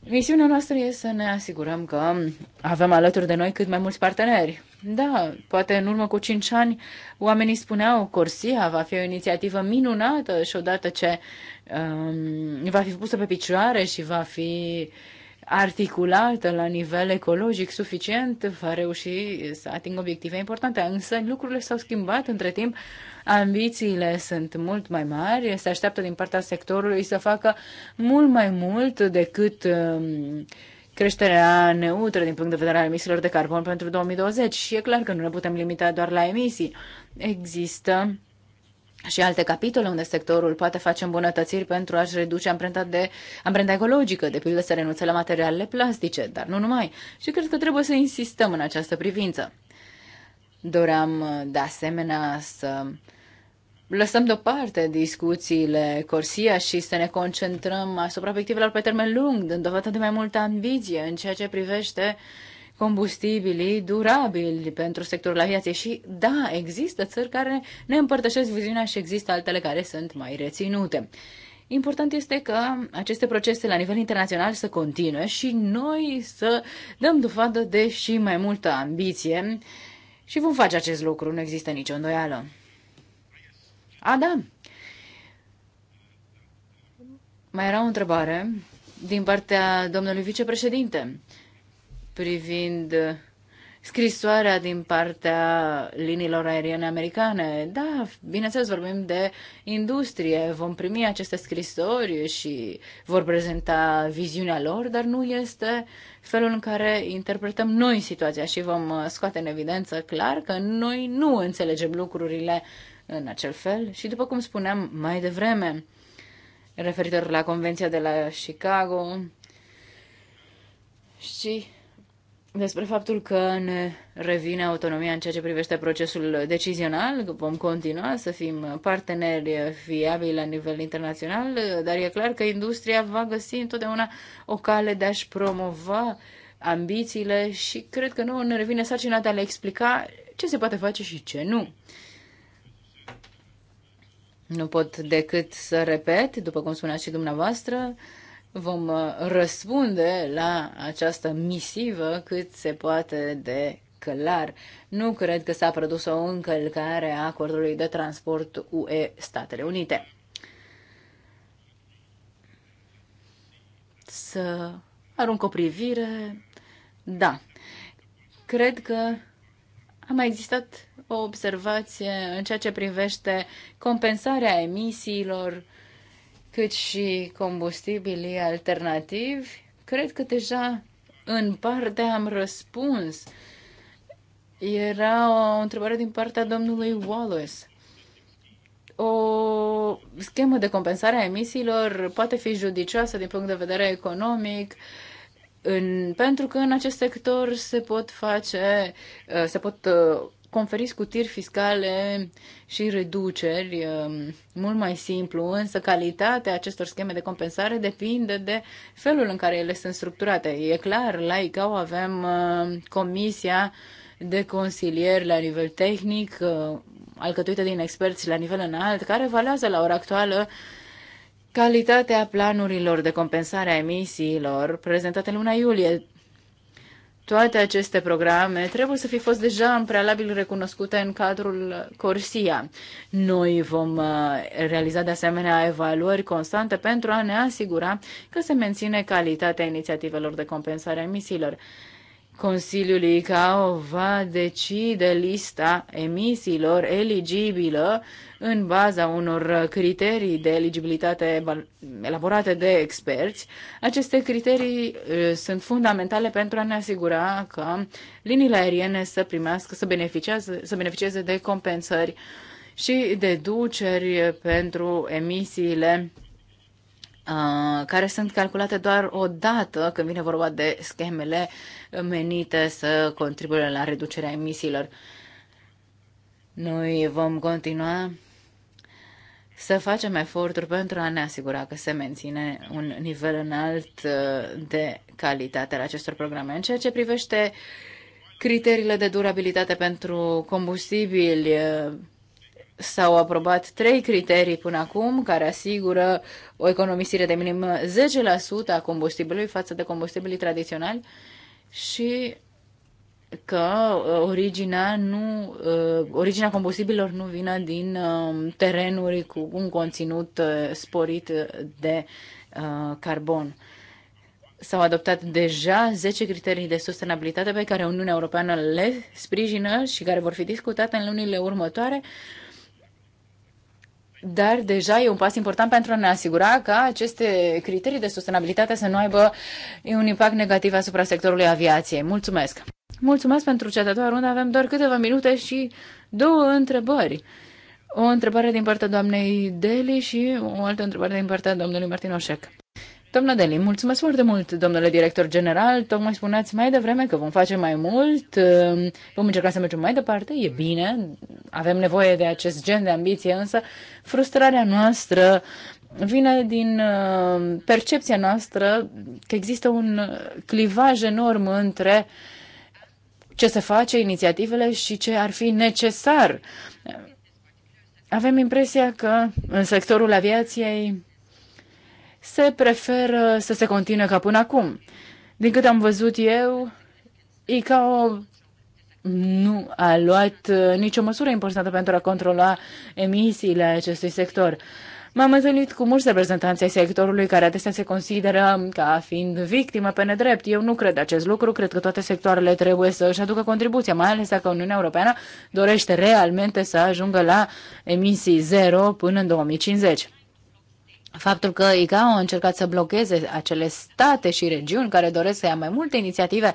Misiunea noastră este să ne asigurăm că um, avem alături de noi cât mai mulți parteneri. Da, poate în urmă cu cinci ani oamenii spuneau Corsia va fi o inițiativă minunată și odată ce um, va fi pusă pe picioare și va fi articulată la nivel ecologic suficient, va reuși să atingă obiective importante. Însă lucrurile s-au schimbat între timp, ambițiile sunt mult mai mari, se așteaptă din partea sectorului să facă mult mai mult decât um, creșterea neutră din punct de vedere al emisiilor de carbon pentru 2020 și e clar că nu ne putem limita doar la emisii. Există și alte capitole unde sectorul poate face îmbunătățiri pentru a-și reduce amprenta, de, amprenta ecologică, de pildă să renunțe la materialele plastice, dar nu numai. Și cred că trebuie să insistăm în această privință. Doream, de asemenea, să uh, lăsăm deoparte discuțiile Corsia și să ne concentrăm asupra obiectivelor pe termen lung, dând dovadă de mai multă ambiție în ceea ce privește combustibilii durabili pentru sectorul aviației. Și da, există țări care ne împărtășesc viziunea și există altele care sunt mai reținute. Important este că aceste procese la nivel internațional să continue și noi să dăm dovadă de și mai multă ambiție și vom face acest lucru, nu există nicio îndoială. A, da. Mai era o întrebare din partea domnului vicepreședinte privind scrisoarea din partea liniilor aeriene americane. Da, bineînțeles, vorbim de industrie, vom primi aceste scrisori și vor prezenta viziunea lor, dar nu este felul în care interpretăm noi situația și vom scoate în evidență clar că noi nu înțelegem lucrurile în acel fel și, după cum spuneam mai devreme, referitor la Convenția de la Chicago și despre faptul că ne revine autonomia în ceea ce privește procesul decizional, că vom continua să fim parteneri fiabili la nivel internațional, dar e clar că industria va găsi întotdeauna o cale de a-și promova ambițiile și cred că nu ne revine sarcina de a le explica ce se poate face și ce nu. Nu pot decât să repet, după cum spunea și dumneavoastră, vom uh, răspunde la această misivă cât se poate de clar. Nu cred că s-a produs o încălcare a acordului de transport UE-Statele Unite. Să arunc o privire. Da. Cred că a mai existat o observație în ceea ce privește compensarea emisiilor, cât și combustibilii alternativi. Cred că deja în parte am răspuns. Era o întrebare din partea domnului Wallace. O schemă de compensare a emisiilor poate fi judicioasă din punct de vedere economic, uh, în, pentru că în acest sector se pot face, uh, se pot uh, conferi scutiri fiscale și reduceri um, mult mai simplu, însă calitatea acestor scheme de compensare depinde de felul în care ele sunt structurate. E clar, la ICAO avem uh, comisia de consilieri la nivel tehnic, alcătuită din experți la nivel înalt, care valează la ora actuală calitatea planurilor de compensare a emisiilor prezentate în luna iulie. Toate aceste programe trebuie să fi fost deja în prealabil recunoscute în cadrul Corsia. Noi vom uh, realiza de asemenea evaluări constante pentru a ne asigura că se menține calitatea inițiativelor de compensare a emisiilor. Consiliul ICAO va decide lista emisiilor eligibilă în baza unor criterii de eligibilitate elaborate de experți. Aceste criterii uh, sunt fundamentale pentru a ne asigura că liniile aeriene să primească, să beneficieze, să beneficieze de compensări și deduceri pentru emisiile Ah, care sunt calculate doar o dată când vine vorba de schemele menite să contribuie la reducerea emisiilor. Noi vom continua să facem eforturi pentru a ne asigura că se menține un nivel înalt ah, de calitate al acestor programe. În ceea ce privește criteriile de durabilitate pentru combustibili, ah, S-au aprobat trei criterii până acum care asigură o economisire de minim 10% a combustibilului față de combustibilii tradiționali și că uh, originea, nu, uh, originea combustibilor nu vine din um, terenuri cu un conținut uh, sporit de carbon. S-au adoptat deja 10 criterii de sustenabilitate pe care Uniunea Europeană le sprijină și care vor fi discutate în lunile următoare dar deja e un pas important pentru a ne asigura că aceste criterii de sustenabilitate să nu aibă un impact negativ asupra sectorului aviației. Mulțumesc! Mulțumesc pentru cea de-a doua rundă. Avem doar câteva minute și două întrebări. O întrebare din partea doamnei Deli și o altă întrebare din partea domnului Martin Oșec. Domnule Deli, mulțumesc foarte mult, domnule director general. Tocmai spuneați mai devreme că vom face mai mult, um, vom încerca să mergem mai departe, e bine, avem nevoie de acest gen de ambiție, însă frustrarea noastră vine din um, percepția noastră că există un clivaj enorm între ce se face, inițiativele și ce ar fi necesar. Avem impresia că în sectorul aviației se preferă să se continue ca până acum. Din câte am văzut eu, ICAO nu a luat uh, nicio măsură importantă pentru a controla emisiile acestui sector. M-am întâlnit cu mulți reprezentanți ai sectorului care adesea se consideră ca fiind victimă pe nedrept. Eu nu cred acest lucru, cred că toate sectoarele trebuie să își aducă contribuția, mai ales dacă Uniunea Europeană dorește realmente să ajungă la emisii zero până în 2050 faptul că ICAO a încercat să blocheze acele state și regiuni care doresc să ia mai multe inițiative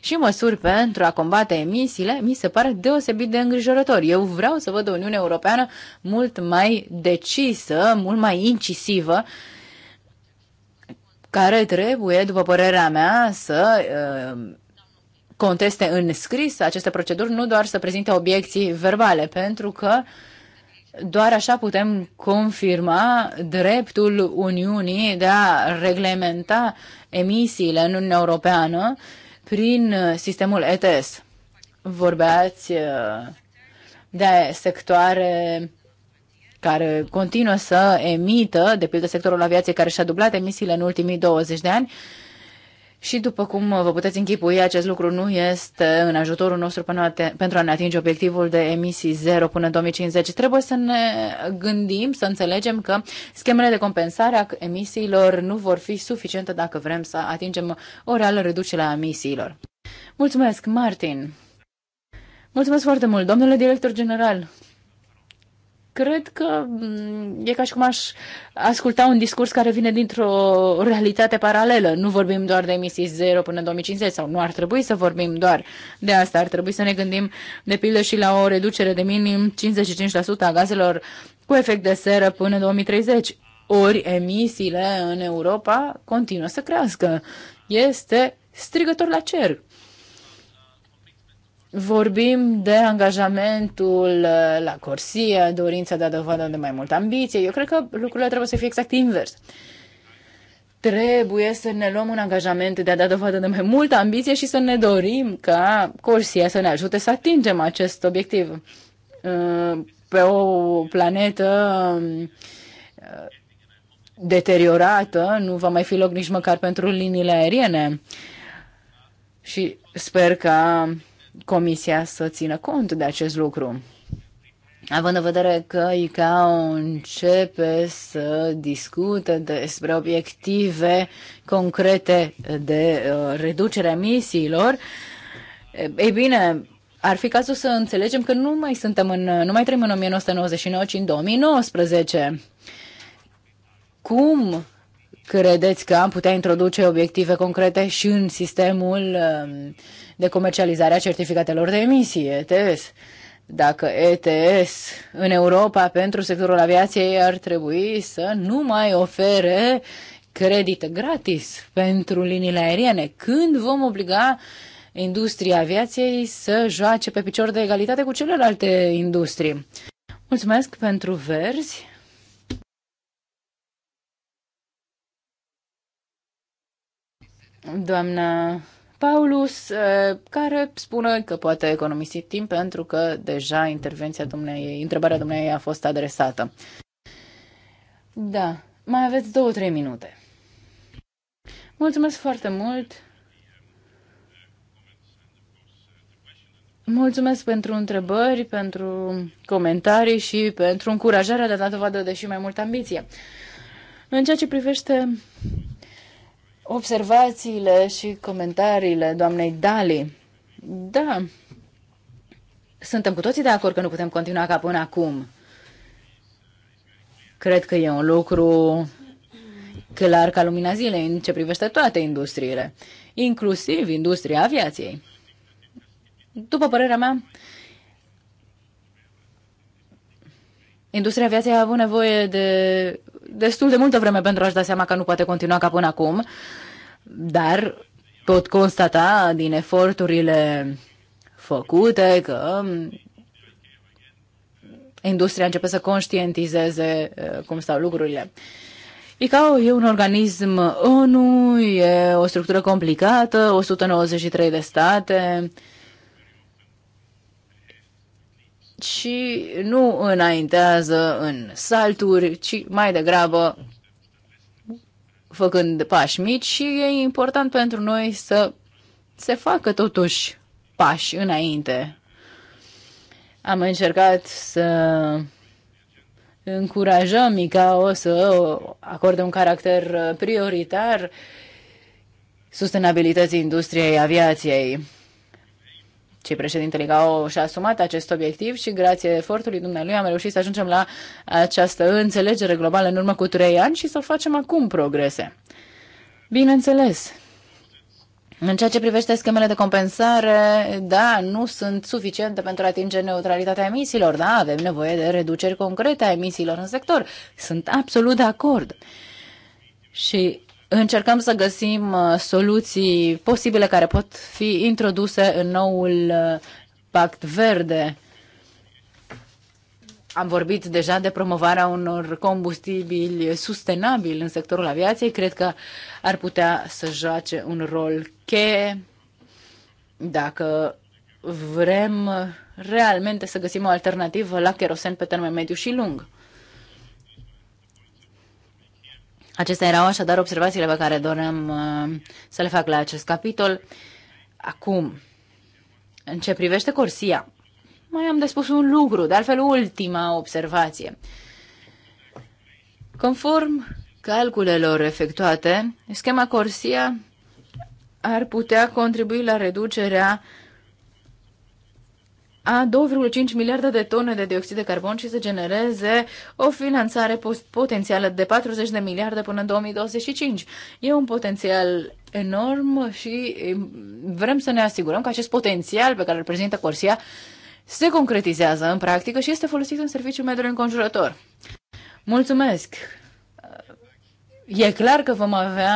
și măsuri pentru a combate emisiile, mi se pare deosebit de îngrijorător. Eu vreau să văd o Uniune Europeană mult mai decisă, mult mai incisivă, care trebuie, după părerea mea, să uh, conteste în scris aceste proceduri, nu doar să prezinte obiecții verbale, pentru că uh, doar așa putem confirma dreptul Uniunii de a reglementa emisiile în Uniunea Europeană prin uh, sistemul ETS. Vorbeați uh, de sectoare care continuă să emită, de pildă sectorul aviației care și-a dublat emisiile în ultimii 20 de ani, și după cum vă puteți închipui, acest lucru nu este în ajutorul nostru pentru a ne atinge obiectivul de emisii zero până în 2050. Trebuie să ne gândim, să înțelegem că schemele de compensare a emisiilor nu vor fi suficiente dacă vrem să atingem o reală reducere a emisiilor. Mulțumesc, Martin! Mulțumesc foarte mult, domnule director general! cred că mm, e ca și cum aș asculta un discurs care vine dintr-o realitate paralelă. Nu vorbim doar de emisii zero până în 2050 sau nu ar trebui să vorbim doar de asta. Ar trebui să ne gândim de pildă și la o reducere de minim 55% a gazelor cu efect de seră până în 2030. Ori emisiile în Europa continuă să crească. Este strigător la cer. Vorbim de angajamentul uh, la corsie, dorința de a dovadă de mai multă ambiție. Eu cred că lucrurile trebuie să fie exact invers. Trebuie să ne luăm un angajament de a da dovadă de mai multă ambiție și să ne dorim ca corsia să ne ajute să atingem acest obiectiv. Uh, pe o planetă um, uh, deteriorată, nu va mai fi loc nici măcar pentru liniile aeriene. Și sper că Comisia să țină cont de acest lucru. Având în vedere că ICAO începe să discute despre obiective concrete de uh, reducere a emisiilor, ei bine, ar fi cazul să înțelegem că nu mai suntem în, nu mai trăim în 1999, ci în 2019. Cum Credeți că am putea introduce obiective concrete și în sistemul um, de comercializare a certificatelor de emisie, ETS? Dacă ETS în Europa pentru sectorul aviației ar trebui să nu mai ofere credit gratis pentru liniile aeriene, când vom obliga industria aviației să joace pe picior de egalitate cu celelalte industrii? Mulțumesc pentru verzi. doamna Paulus, eh, care spune că poate economisi timp pentru că deja intervenția dumneai, întrebarea dumneai a fost adresată. Da, mai aveți două-trei minute. Mulțumesc foarte mult. Mulțumesc pentru întrebări, pentru comentarii și pentru încurajarea de a da dovadă de și mai multă ambiție. În ceea ce privește observațiile și comentariile doamnei Dali. Da, suntem cu toții de acord că nu putem continua ca până acum. Cred că e un lucru clar ca lumina zilei în ce privește toate industriile, inclusiv industria aviației. După părerea mea, industria aviației a avut nevoie de destul de multă vreme pentru a-și da seama că nu poate continua ca până acum dar pot constata din eforturile făcute că industria începe să conștientizeze uh, cum stau lucrurile. ICAO e un organism ONU, e o structură complicată, 193 de state și nu înaintează în salturi, ci mai degrabă făcând pași mici și e important pentru noi să se facă totuși pași înainte. Am încercat să încurajăm ICAO să acorde un caracter prioritar sustenabilității industriei aviației ci președintele au și-a asumat acest obiectiv și grație efortului dumnealui am reușit să ajungem la această înțelegere globală în urmă cu trei ani și să facem acum progrese. Bineînțeles, în ceea ce privește schemele de compensare, da, nu sunt suficiente pentru a atinge neutralitatea emisiilor, da, avem nevoie de reduceri concrete a emisiilor în sector. Sunt absolut de acord. Și încercăm să găsim uh, soluții posibile care pot fi introduse în noul uh, pact verde. Am vorbit deja de promovarea unor combustibili sustenabili în sectorul aviației. Cred că ar putea să joace un rol cheie dacă vrem realmente să găsim o alternativă la kerosen pe termen mediu și lung. Acestea erau așadar observațiile pe care doream uh, să le fac la acest capitol. Acum, în ce privește Corsia, mai am de spus un lucru, de altfel ultima observație. Conform calculelor efectuate, schema Corsia ar putea contribui la reducerea a 2,5 miliarde de tone de dioxid de carbon și să genereze o finanțare potențială de 40 de miliarde până în 2025. E un potențial enorm și vrem să ne asigurăm că acest potențial pe care îl prezintă Corsia se concretizează în practică și este folosit în serviciul mediului înconjurător. Mulțumesc! E clar că vom avea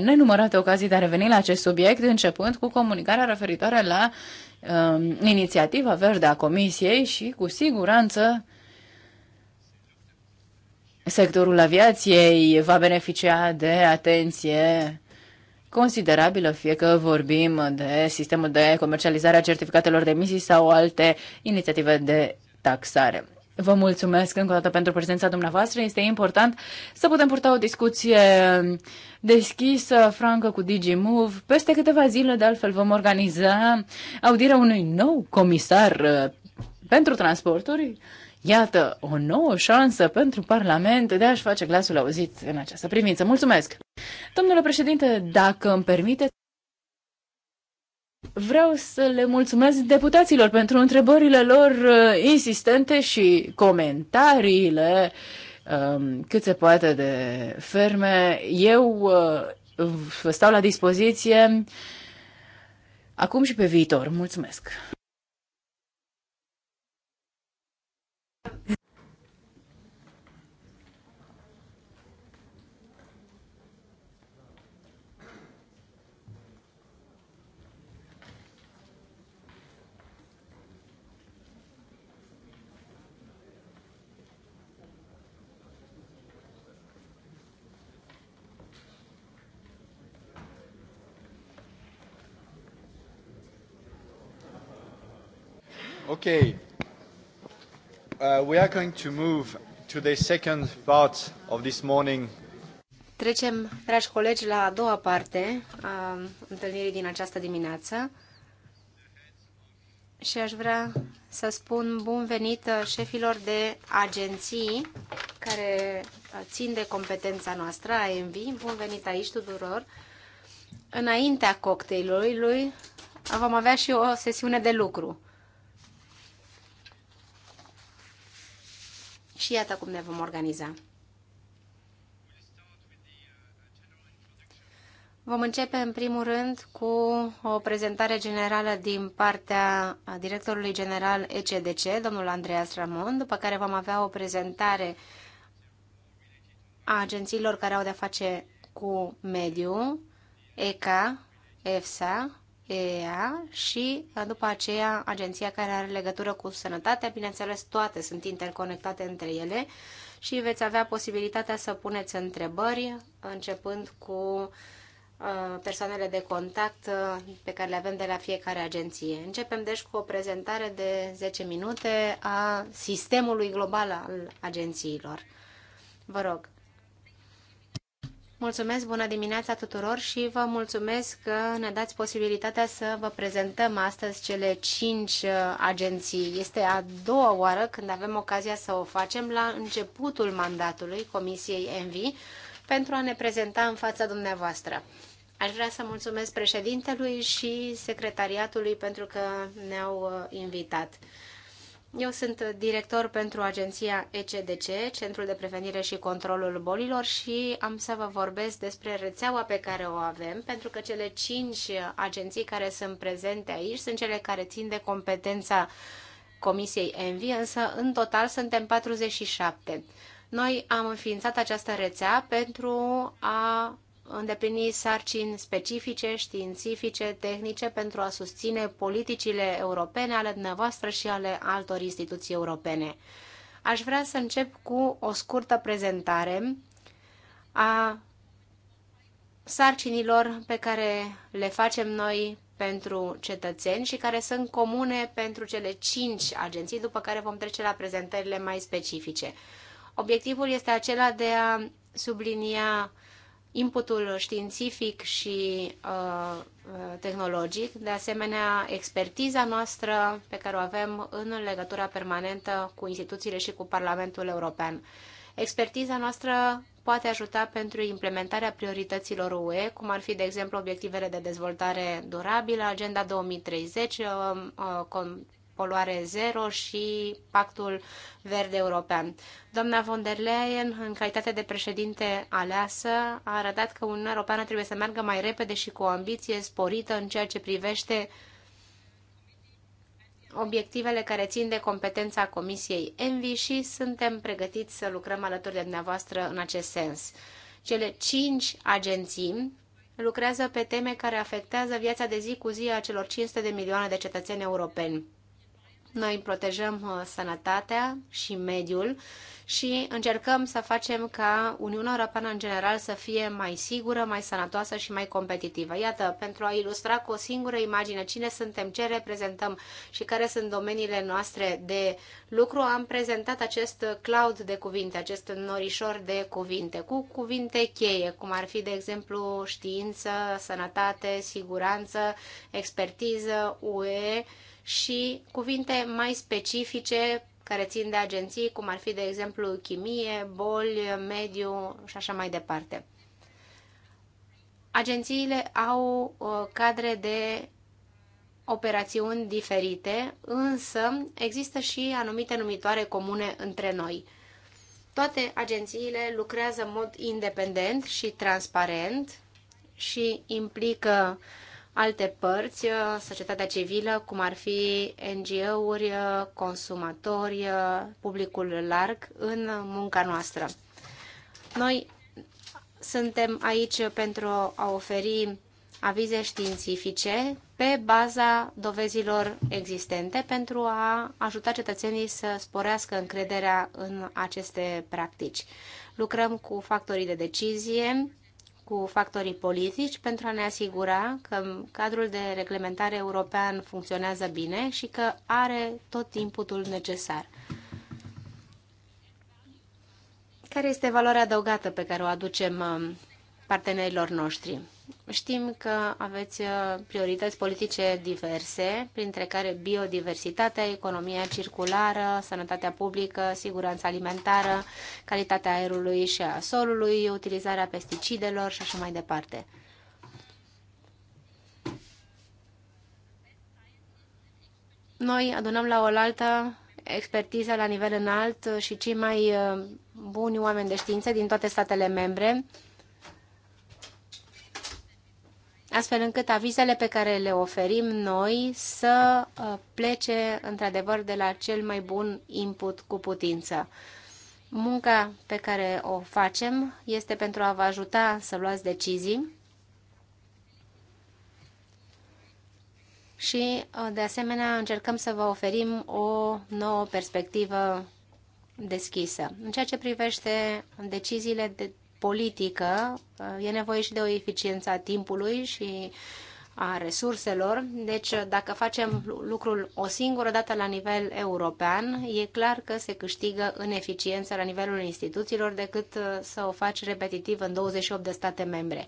nenumărate ocazii de a reveni la acest subiect, începând cu comunicarea referitoare la uh, uh, inițiativa verde a Comisiei și, cu siguranță, sectorul aviației va beneficia de atenție considerabilă, fie că vorbim de sistemul de comercializare a certificatelor de emisii sau alte inițiative de taxare. Vă mulțumesc încă o dată pentru prezența dumneavoastră. Este important să putem purta o discuție deschisă, francă cu DigiMove. Peste câteva zile, de altfel, vom organiza audierea unui nou comisar uh, pentru transporturi. Iată o nouă șansă pentru Parlament de a-și face glasul auzit în această privință. Mulțumesc! Domnule președinte, dacă îmi permiteți, Vreau să le mulțumesc deputaților pentru întrebările lor uh, insistente și comentariile um, cât se poate de ferme. Eu uh, vă stau la dispoziție acum și pe viitor. Mulțumesc! Okay. Uh, we are going to move to the second part of this morning. Trecem, dragi colegi, la a doua parte a întâlnirii din această dimineață și aș vrea să spun bun venit uh, șefilor de agenții care uh, țin de competența noastră, AMV. Bun venit aici tuturor. Înaintea cocktailului lui vom avea și o sesiune de lucru. Și iată cum ne vom organiza. Vom începe în primul rând cu o prezentare generală din partea directorului general ECDC, domnul Andreas Ramon, după care vom avea o prezentare a agențiilor care au de-a face cu mediu, ECA, EFSA, EEA și uh, după aceea agenția care are legătură cu sănătatea. Bineînțeles, toate sunt interconectate între ele și veți avea posibilitatea să puneți întrebări începând cu uh, persoanele de contact uh, pe care le avem de la fiecare agenție. Începem deci cu o prezentare de 10 minute a sistemului global al agențiilor. Vă rog. Mulțumesc, bună dimineața tuturor și vă mulțumesc că ne dați posibilitatea să vă prezentăm astăzi cele cinci uh, agenții. Este a doua oară când avem ocazia să o facem la începutul mandatului Comisiei ENVI pentru a ne prezenta în fața dumneavoastră. Aș vrea să mulțumesc președintelui și secretariatului pentru că ne-au uh, invitat. Eu sunt director pentru agenția ECDC, Centrul de Prevenire și Controlul Bolilor și am să vă vorbesc despre rețeaua pe care o avem, pentru că cele cinci agenții care sunt prezente aici sunt cele care țin de competența Comisiei Envi, însă în total suntem 47. Noi am înființat această rețea pentru a îndeplini sarcini specifice, științifice, tehnice pentru a susține politicile europene ale dumneavoastră și ale altor instituții europene. Aș vrea să încep cu o scurtă prezentare a sarcinilor pe care le facem noi pentru cetățeni și care sunt comune pentru cele cinci agenții, după care vom trece la prezentările mai specifice. Obiectivul este acela de a sublinia inputul științific și uh, tehnologic, de asemenea expertiza noastră pe care o avem în legătura permanentă cu instituțiile și cu Parlamentul European. Expertiza noastră poate ajuta pentru implementarea priorităților UE, cum ar fi, de exemplu, obiectivele de dezvoltare durabilă, Agenda 2030, poluare zero și pactul verde european. Doamna von der Leyen, în calitate de președinte aleasă, a arătat că Uniunea Europeană trebuie să meargă mai repede și cu o ambiție sporită în ceea ce privește obiectivele care țin de competența Comisiei Envi și suntem pregătiți să lucrăm alături de dumneavoastră în acest sens. Cele cinci agenții lucrează pe teme care afectează viața de zi cu zi a celor 500 de milioane de cetățeni europeni. Noi protejăm uh, sănătatea și mediul și încercăm să facem ca Uniunea Europeană în general să fie mai sigură, mai sănătoasă și mai competitivă. Iată, pentru a ilustra cu o singură imagine cine suntem, ce reprezentăm și care sunt domeniile noastre de lucru, am prezentat acest cloud de cuvinte, acest norișor de cuvinte, cu cuvinte cheie, cum ar fi, de exemplu, știință, sănătate, siguranță, expertiză, UE, și cuvinte mai specifice care țin de agenții, cum ar fi, de exemplu, chimie, boli, mediu și așa mai departe. Agențiile au uh, cadre de operațiuni diferite, însă există și anumite numitoare comune între noi. Toate agențiile lucrează în mod independent și transparent și implică uh, alte părți, uh, societatea civilă, cum ar fi NGO-uri, uh, consumatori, uh, publicul larg, în munca noastră. Noi suntem aici pentru a oferi avize științifice pe baza dovezilor existente pentru a ajuta cetățenii să sporească încrederea în aceste practici. Lucrăm cu factorii de decizie, cu factorii politici pentru a ne asigura că cadrul de reglementare european funcționează bine și că are tot timpul necesar. Care este valoarea adăugată pe care o aducem um, partenerilor noștri? Știm că aveți uh, priorități politice diverse, printre care biodiversitatea, economia circulară, sănătatea publică, siguranța alimentară, calitatea aerului și a solului, utilizarea pesticidelor și așa mai departe. Noi adunăm la oaltă expertiză la nivel înalt și cei mai uh, buni oameni de știință din toate statele membre astfel încât avizele pe care le oferim noi să uh, plece într-adevăr de la cel mai bun input cu putință. Munca pe care o facem este pentru a vă ajuta să luați decizii și, uh, de asemenea, încercăm să vă oferim o nouă perspectivă deschisă. În ceea ce privește deciziile de politică, e nevoie și de o eficiență a timpului și a resurselor. Deci, dacă facem lucrul o singură dată la nivel european, e clar că se câștigă în eficiență la nivelul instituțiilor decât uh, să o faci repetitiv în 28 de state membre.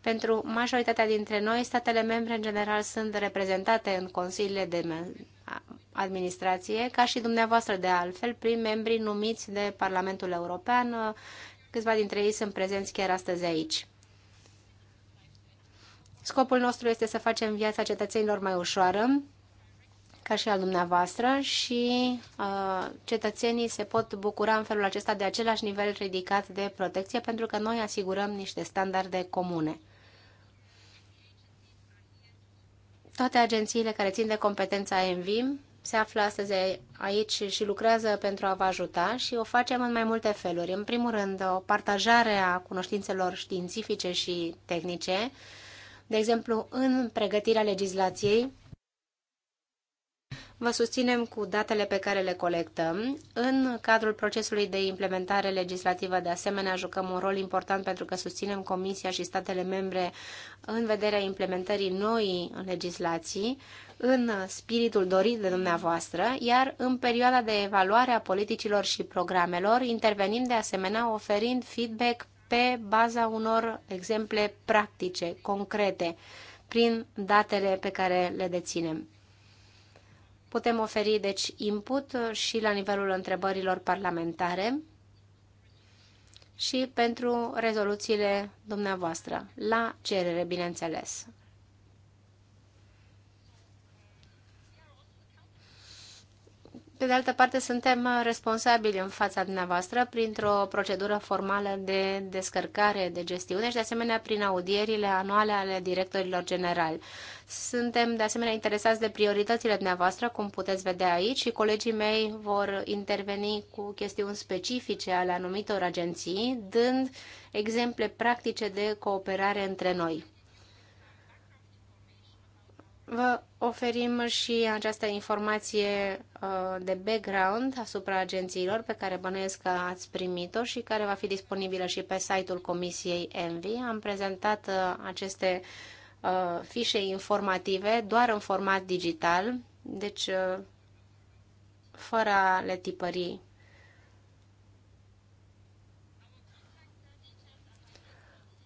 Pentru majoritatea dintre noi, statele membre în general sunt reprezentate în consiliile de administrație, ca și dumneavoastră de altfel, prin membrii numiți de Parlamentul European Câțiva dintre ei sunt prezenți chiar astăzi aici. Scopul nostru este să facem viața cetățenilor mai ușoară, ca și al dumneavoastră, și uh, cetățenii se pot bucura în felul acesta de același nivel ridicat de protecție, pentru că noi asigurăm niște standarde comune. Toate agențiile care țin de competența ENVIM se află astăzi aici și lucrează pentru a vă ajuta și o facem în mai multe feluri. În primul rând, o partajare a cunoștințelor științifice și tehnice, de exemplu, în pregătirea legislației, Vă susținem cu datele pe care le colectăm. În cadrul procesului de implementare legislativă, de asemenea, jucăm un rol important pentru că susținem Comisia și statele membre în vederea implementării noii legislații în spiritul dorit de dumneavoastră, iar în perioada de evaluare a politicilor și programelor intervenim de asemenea oferind feedback pe baza unor exemple practice, concrete, prin datele pe care le deținem. Putem oferi, deci, input uh, și la nivelul întrebărilor parlamentare și pentru rezoluțiile dumneavoastră, la cerere, bineînțeles. Pe de altă parte, suntem responsabili în fața dumneavoastră printr-o procedură formală de descărcare de gestiune și, de asemenea, prin audierile anuale ale directorilor generali. Suntem, de asemenea, interesați de prioritățile dumneavoastră, cum puteți vedea aici, și colegii mei vor interveni cu chestiuni specifice ale anumitor agenții, dând exemple practice de cooperare între noi. Vă oferim și această informație uh, de background asupra agențiilor pe care bănuiesc că ați primit-o și care va fi disponibilă și pe site-ul Comisiei Envi. Am prezentat uh, aceste uh, fișe informative doar în format digital, deci fără a le tipări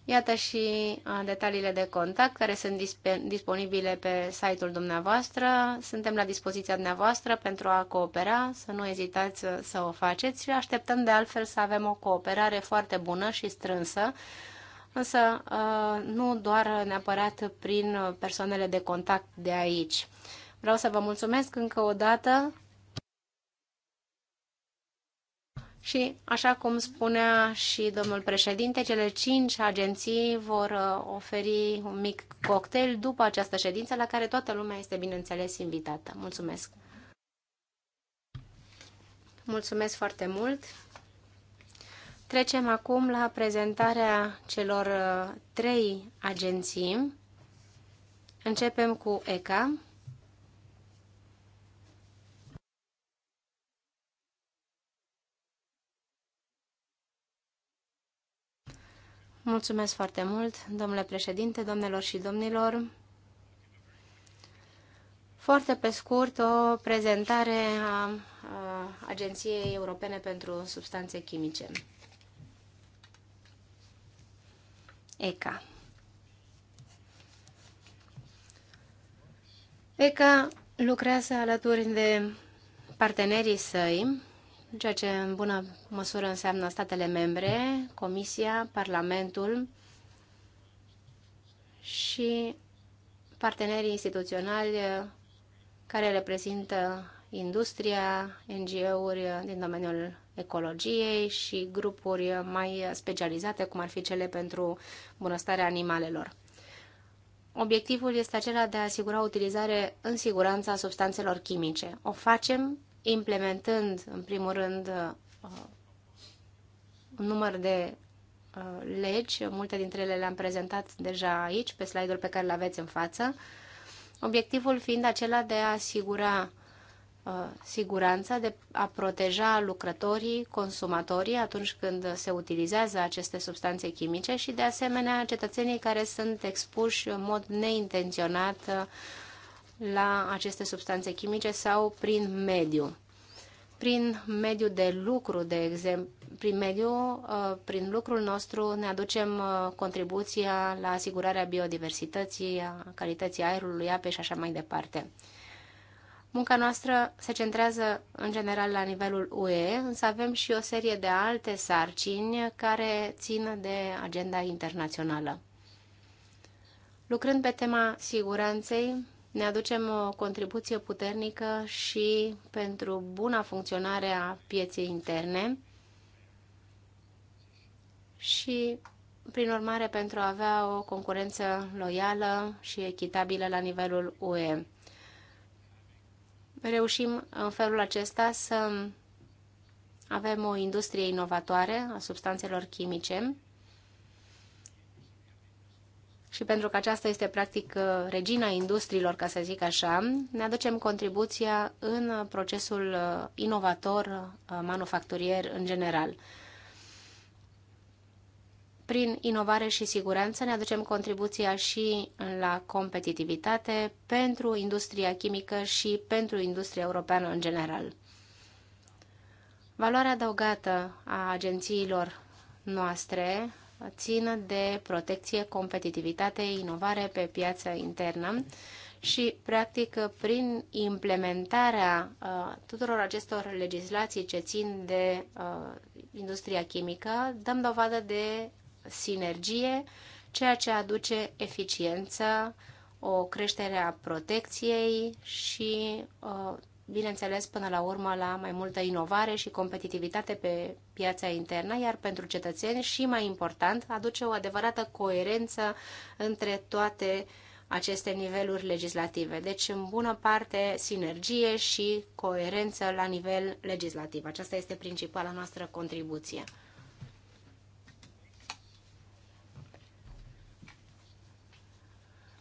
Iată și detaliile de contact care sunt disponibile pe site-ul dumneavoastră. Suntem la dispoziția dumneavoastră pentru a coopera, să nu ezitați să o faceți și așteptăm de altfel să avem o cooperare foarte bună și strânsă, însă nu doar neapărat prin persoanele de contact de aici. Vreau să vă mulțumesc încă o dată Și, așa cum spunea și domnul președinte, cele cinci agenții vor uh, oferi un mic cocktail după această ședință, la care toată lumea este, bineînțeles, invitată. Mulțumesc! Mulțumesc foarte mult! Trecem acum la prezentarea celor uh, trei agenții. Începem cu ECA. Mulțumesc foarte mult, domnule președinte, domnilor și domnilor. Foarte pe scurt, o prezentare a Agenției Europene pentru Substanțe Chimice. ECA. ECA lucrează alături de partenerii săi ceea ce în bună măsură înseamnă statele membre, Comisia, Parlamentul și partenerii instituționali care reprezintă industria, NGO-uri din domeniul ecologiei și grupuri mai specializate, cum ar fi cele pentru bunăstarea animalelor. Obiectivul este acela de a asigura utilizare în siguranță a substanțelor chimice. O facem implementând, în primul rând, uh, un număr de uh, legi, multe dintre ele le-am prezentat deja aici, pe slide-ul pe care îl aveți în față, obiectivul fiind acela de a asigura uh, siguranța, de a proteja lucrătorii, consumatorii atunci când se utilizează aceste substanțe chimice și, de asemenea, cetățenii care sunt expuși în mod neintenționat la aceste substanțe chimice sau prin mediu. Prin mediu de lucru, de exemplu, prin mediu, uh, prin lucrul nostru ne aducem uh, contribuția la asigurarea biodiversității, a calității aerului, apei și așa mai departe. Munca noastră se centrează în general la nivelul UE, însă avem și o serie de alte sarcini care țin de agenda internațională. Lucrând pe tema siguranței, ne aducem o contribuție puternică și pentru buna funcționare a pieței interne și, prin urmare, pentru a avea o concurență loială și echitabilă la nivelul UE. Reușim în felul acesta să avem o industrie inovatoare a substanțelor chimice și pentru că aceasta este practic uh, regina industriilor, ca să zic așa, ne aducem contribuția în procesul uh, inovator uh, manufacturier în general. Prin inovare și siguranță ne aducem contribuția și la competitivitate pentru industria chimică și pentru industria europeană în general. Valoarea adăugată a agențiilor noastre țin de protecție, competitivitate, inovare pe piața internă și, practic, prin implementarea uh, tuturor acestor legislații ce țin de uh, industria chimică, dăm dovadă de sinergie, ceea ce aduce eficiență, o creștere a protecției și uh, bineînțeles, până la urmă la mai multă inovare și competitivitate pe piața internă, iar pentru cetățeni și mai important, aduce o adevărată coerență între toate aceste niveluri legislative. Deci, în bună parte, sinergie și coerență la nivel legislativ. Aceasta este principala noastră contribuție.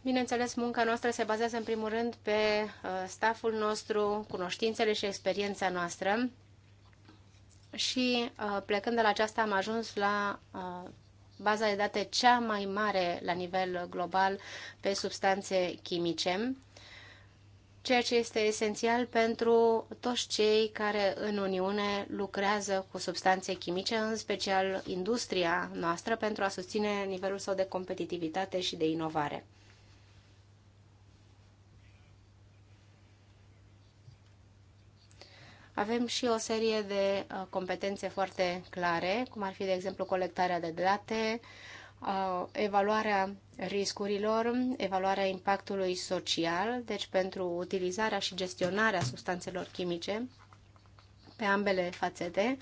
Bineînțeles, munca noastră se bazează în primul rând pe uh, stafful nostru, cunoștințele și experiența noastră. Și uh, plecând de la aceasta am ajuns la uh, baza de date cea mai mare la nivel global pe substanțe chimice, ceea ce este esențial pentru toți cei care în Uniune lucrează cu substanțe chimice, în special industria noastră, pentru a susține nivelul său de competitivitate și de inovare. Avem și o serie de uh, competențe foarte clare, cum ar fi, de exemplu, colectarea de date, uh, evaluarea riscurilor, evaluarea impactului social, deci pentru utilizarea și gestionarea substanțelor chimice pe ambele fațete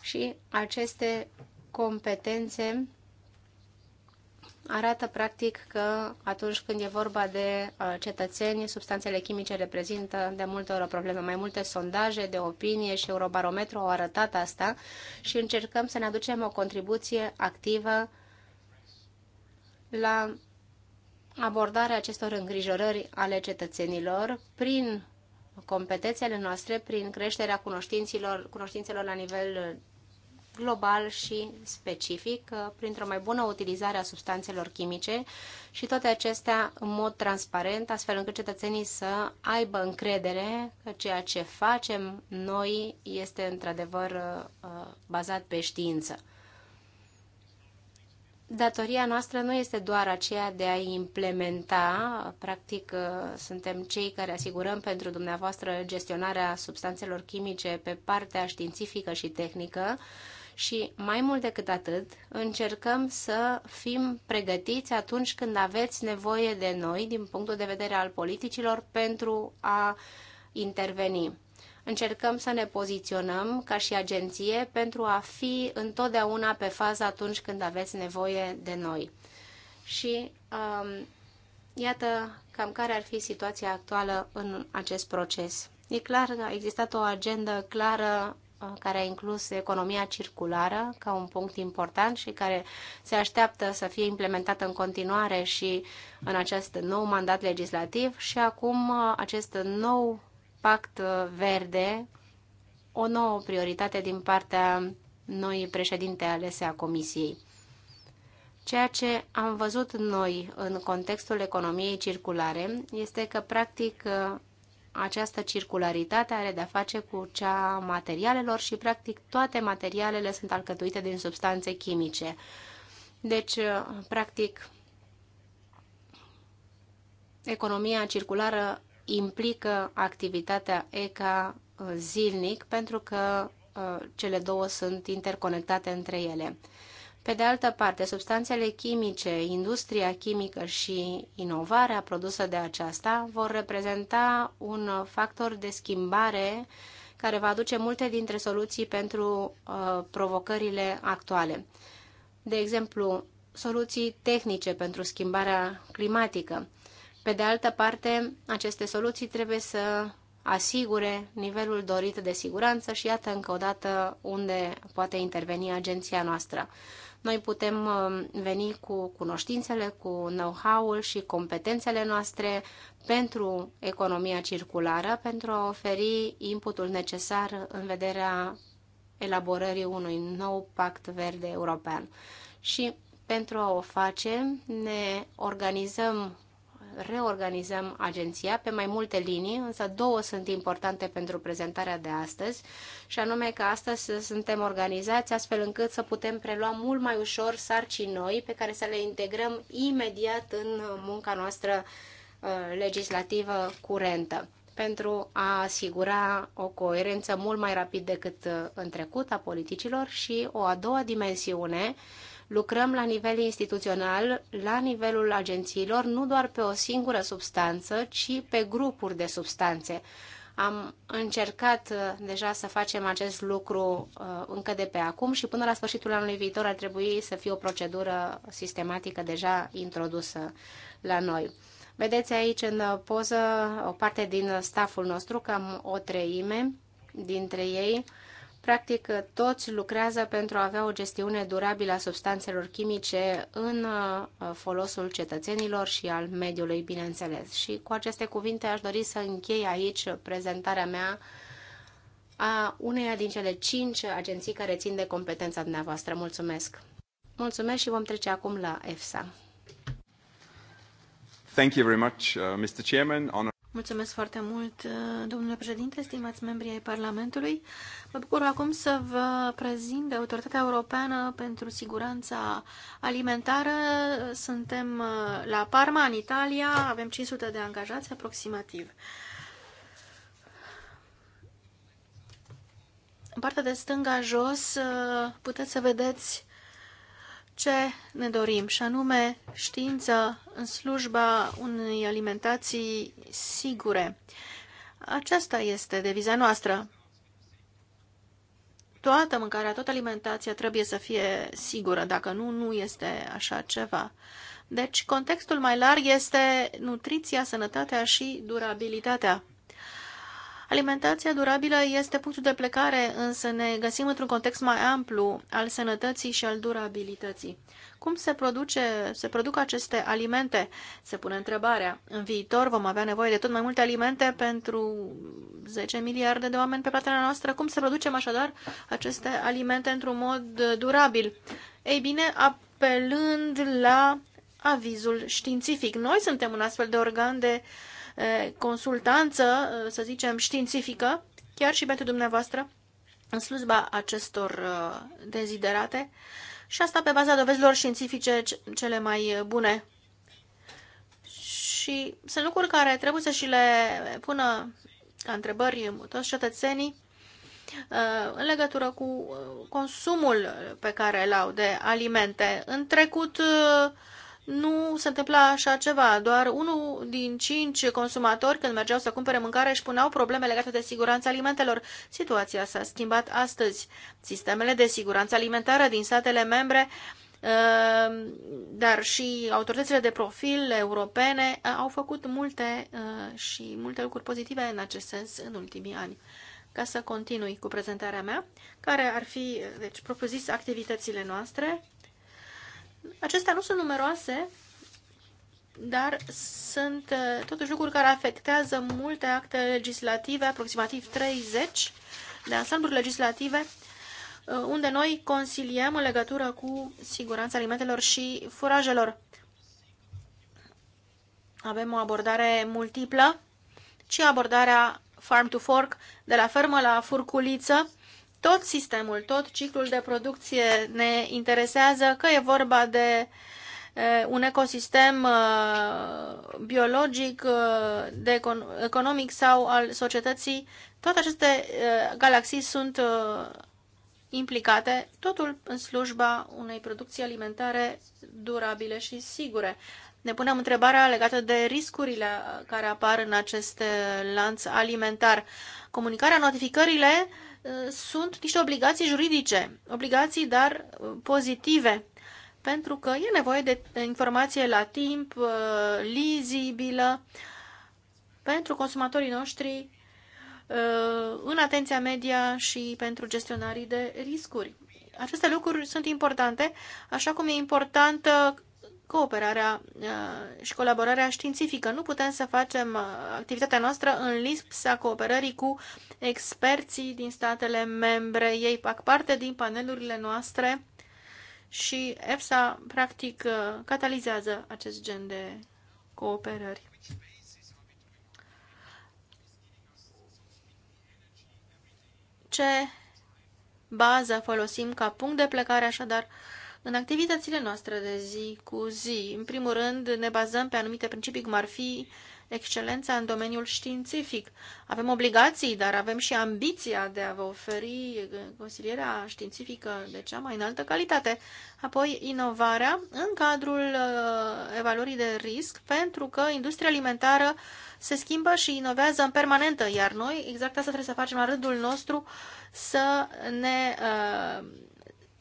și aceste competențe arată practic că atunci când e vorba de uh, cetățeni, substanțele chimice reprezintă de multe ori o problemă. Mai multe sondaje de opinie și Eurobarometru au arătat asta și încercăm să ne aducem o contribuție activă la abordarea acestor îngrijorări ale cetățenilor prin competențele noastre, prin creșterea cunoștinților, cunoștințelor la nivel global și specific uh, printr-o mai bună utilizare a substanțelor chimice și toate acestea în mod transparent, astfel încât cetățenii să aibă încredere că ceea ce facem noi este într-adevăr uh, uh, bazat pe știință datoria noastră nu este doar aceea de a implementa, practic suntem cei care asigurăm pentru dumneavoastră gestionarea substanțelor chimice pe partea științifică și tehnică, și mai mult decât atât, încercăm să fim pregătiți atunci când aveți nevoie de noi din punctul de vedere al politicilor pentru a interveni. Încercăm să ne poziționăm ca și agenție pentru a fi întotdeauna pe fază atunci când aveți nevoie de noi. Și um, iată cam care ar fi situația actuală în acest proces. E clar că a existat o agendă clară Uh, care a inclus economia circulară ca un punct important și care se așteaptă să fie implementată în continuare și în acest nou mandat legislativ și acum uh, acest nou pact uh, verde, o nouă prioritate din partea noi președinte alese a Comisiei. Ceea ce am văzut noi în contextul economiei circulare este că, practic, această circularitate are de-a face cu cea a materialelor și, practic, toate materialele sunt alcătuite din substanțe chimice. Deci, uh, practic, economia circulară implică activitatea ECA zilnic pentru că uh, cele două sunt interconectate între ele. Pe de altă parte, substanțele chimice, industria chimică și inovarea produsă de aceasta vor reprezenta un factor de schimbare care va aduce multe dintre soluții pentru uh, provocările actuale. De exemplu, soluții tehnice pentru schimbarea climatică. Pe de altă parte, aceste soluții trebuie să asigure nivelul dorit de siguranță și iată încă o dată unde poate interveni agenția noastră. Noi putem uh, veni cu cunoștințele, cu know-how-ul și competențele noastre pentru economia circulară, pentru a oferi inputul necesar în vederea elaborării unui nou pact verde european. Și pentru a o face, ne organizăm reorganizăm agenția pe mai multe linii, însă două sunt importante pentru prezentarea de astăzi, și anume că astăzi suntem organizați astfel încât să putem prelua mult mai ușor sarcini noi pe care să le integrăm imediat în munca noastră uh, legislativă curentă pentru a asigura o coerență mult mai rapid decât uh, în trecut a politicilor și o a doua dimensiune Lucrăm la nivel instituțional, la nivelul agențiilor, nu doar pe o singură substanță, ci pe grupuri de substanțe. Am încercat uh, deja să facem acest lucru uh, încă de pe acum și până la sfârșitul anului viitor ar trebui să fie o procedură sistematică deja introdusă la noi. Vedeți aici în poză o parte din staful nostru, cam o treime dintre ei Practic, toți lucrează pentru a avea o gestiune durabilă a substanțelor chimice în uh, folosul cetățenilor și al mediului, bineînțeles. Și cu aceste cuvinte aș dori să închei aici prezentarea mea a uneia din cele cinci agenții care țin de competența dumneavoastră. Mulțumesc! Mulțumesc și vom trece acum la EFSA. Thank you very much, uh, Mr. Chairman. Mulțumesc foarte mult, uh, domnule președinte, stimați membrii ai Parlamentului. Mă bucur acum să vă prezint de Autoritatea Europeană pentru Siguranța Alimentară. Suntem uh, la Parma, în Italia, avem 500 de angajați aproximativ. În partea de stânga jos uh, puteți să vedeți ce ne dorim, și anume știință în slujba unei alimentații sigure. Aceasta este deviza noastră. Toată mâncarea, toată alimentația trebuie să fie sigură, dacă nu, nu este așa ceva. Deci, contextul mai larg este nutriția, sănătatea și durabilitatea. Alimentația durabilă este punctul de plecare, însă ne găsim într-un context mai amplu al sănătății și al durabilității. Cum se, produce, se produc aceste alimente? Se pune întrebarea. În viitor vom avea nevoie de tot mai multe alimente pentru 10 miliarde de oameni pe planeta noastră. Cum să producem așadar aceste alimente într-un mod durabil? Ei bine, apelând la avizul științific. Noi suntem un astfel de organ de uh, consultanță, să zicem, științifică, chiar și pentru dumneavoastră, în slujba acestor deziderate și asta pe baza dovezilor științifice cele mai bune. Și sunt lucruri care trebuie să și le pună ca întrebări toți cetățenii în legătură cu consumul pe care îl au de alimente. În trecut nu se întâmpla așa ceva. Doar unul din cinci consumatori, când mergeau să cumpere mâncare, își puneau probleme legate de siguranța alimentelor. Situația s-a schimbat astăzi. Sistemele de siguranță alimentară din statele membre uh, dar și autoritățile de profil europene uh, au făcut multe uh, și multe lucruri pozitive în acest sens în ultimii ani. Ca să continui cu prezentarea mea, care ar fi, deci, propriu-zis, activitățile noastre, Acestea nu sunt numeroase, dar sunt uh, totuși lucruri care afectează multe acte legislative, aproximativ 30 de ansambluri legislative, uh, unde noi consiliem în legătură cu siguranța alimentelor și furajelor. Avem o abordare multiplă, ci abordarea farm to fork, de la fermă la furculiță, tot sistemul, tot ciclul de producție ne interesează, că e vorba de un ecosistem biologic, de economic sau al societății. Toate aceste galaxii sunt implicate, totul în slujba unei producții alimentare durabile și sigure. Ne punem întrebarea legată de riscurile care apar în acest lanț alimentar. Comunicarea, notificările Uh, sunt niște obligații juridice, obligații dar uh, pozitive, pentru că e nevoie de informație la timp, uh, lizibilă, pentru consumatorii noștri, în atenția media și pentru gestionarii de riscuri. Aceste lucruri sunt importante, așa cum e importantă cooperarea uh, și colaborarea științifică. Nu putem să facem uh, activitatea noastră în lipsa cooperării cu experții din statele membre. Ei fac parte din panelurile noastre și EFSA, practic, uh, catalizează acest gen de cooperări. Ce bază folosim ca punct de plecare, așadar, uh, în activitățile noastre de zi cu zi, în primul rând, ne bazăm pe anumite principii, cum ar fi excelența în domeniul științific. Avem obligații, dar avem și ambiția de a vă oferi consilierea științifică de cea mai înaltă calitate. Apoi, inovarea în cadrul uh, evaluării de risc, pentru că industria alimentară se schimbă și inovează în permanentă, iar noi exact asta trebuie să facem la rândul nostru, să ne uh,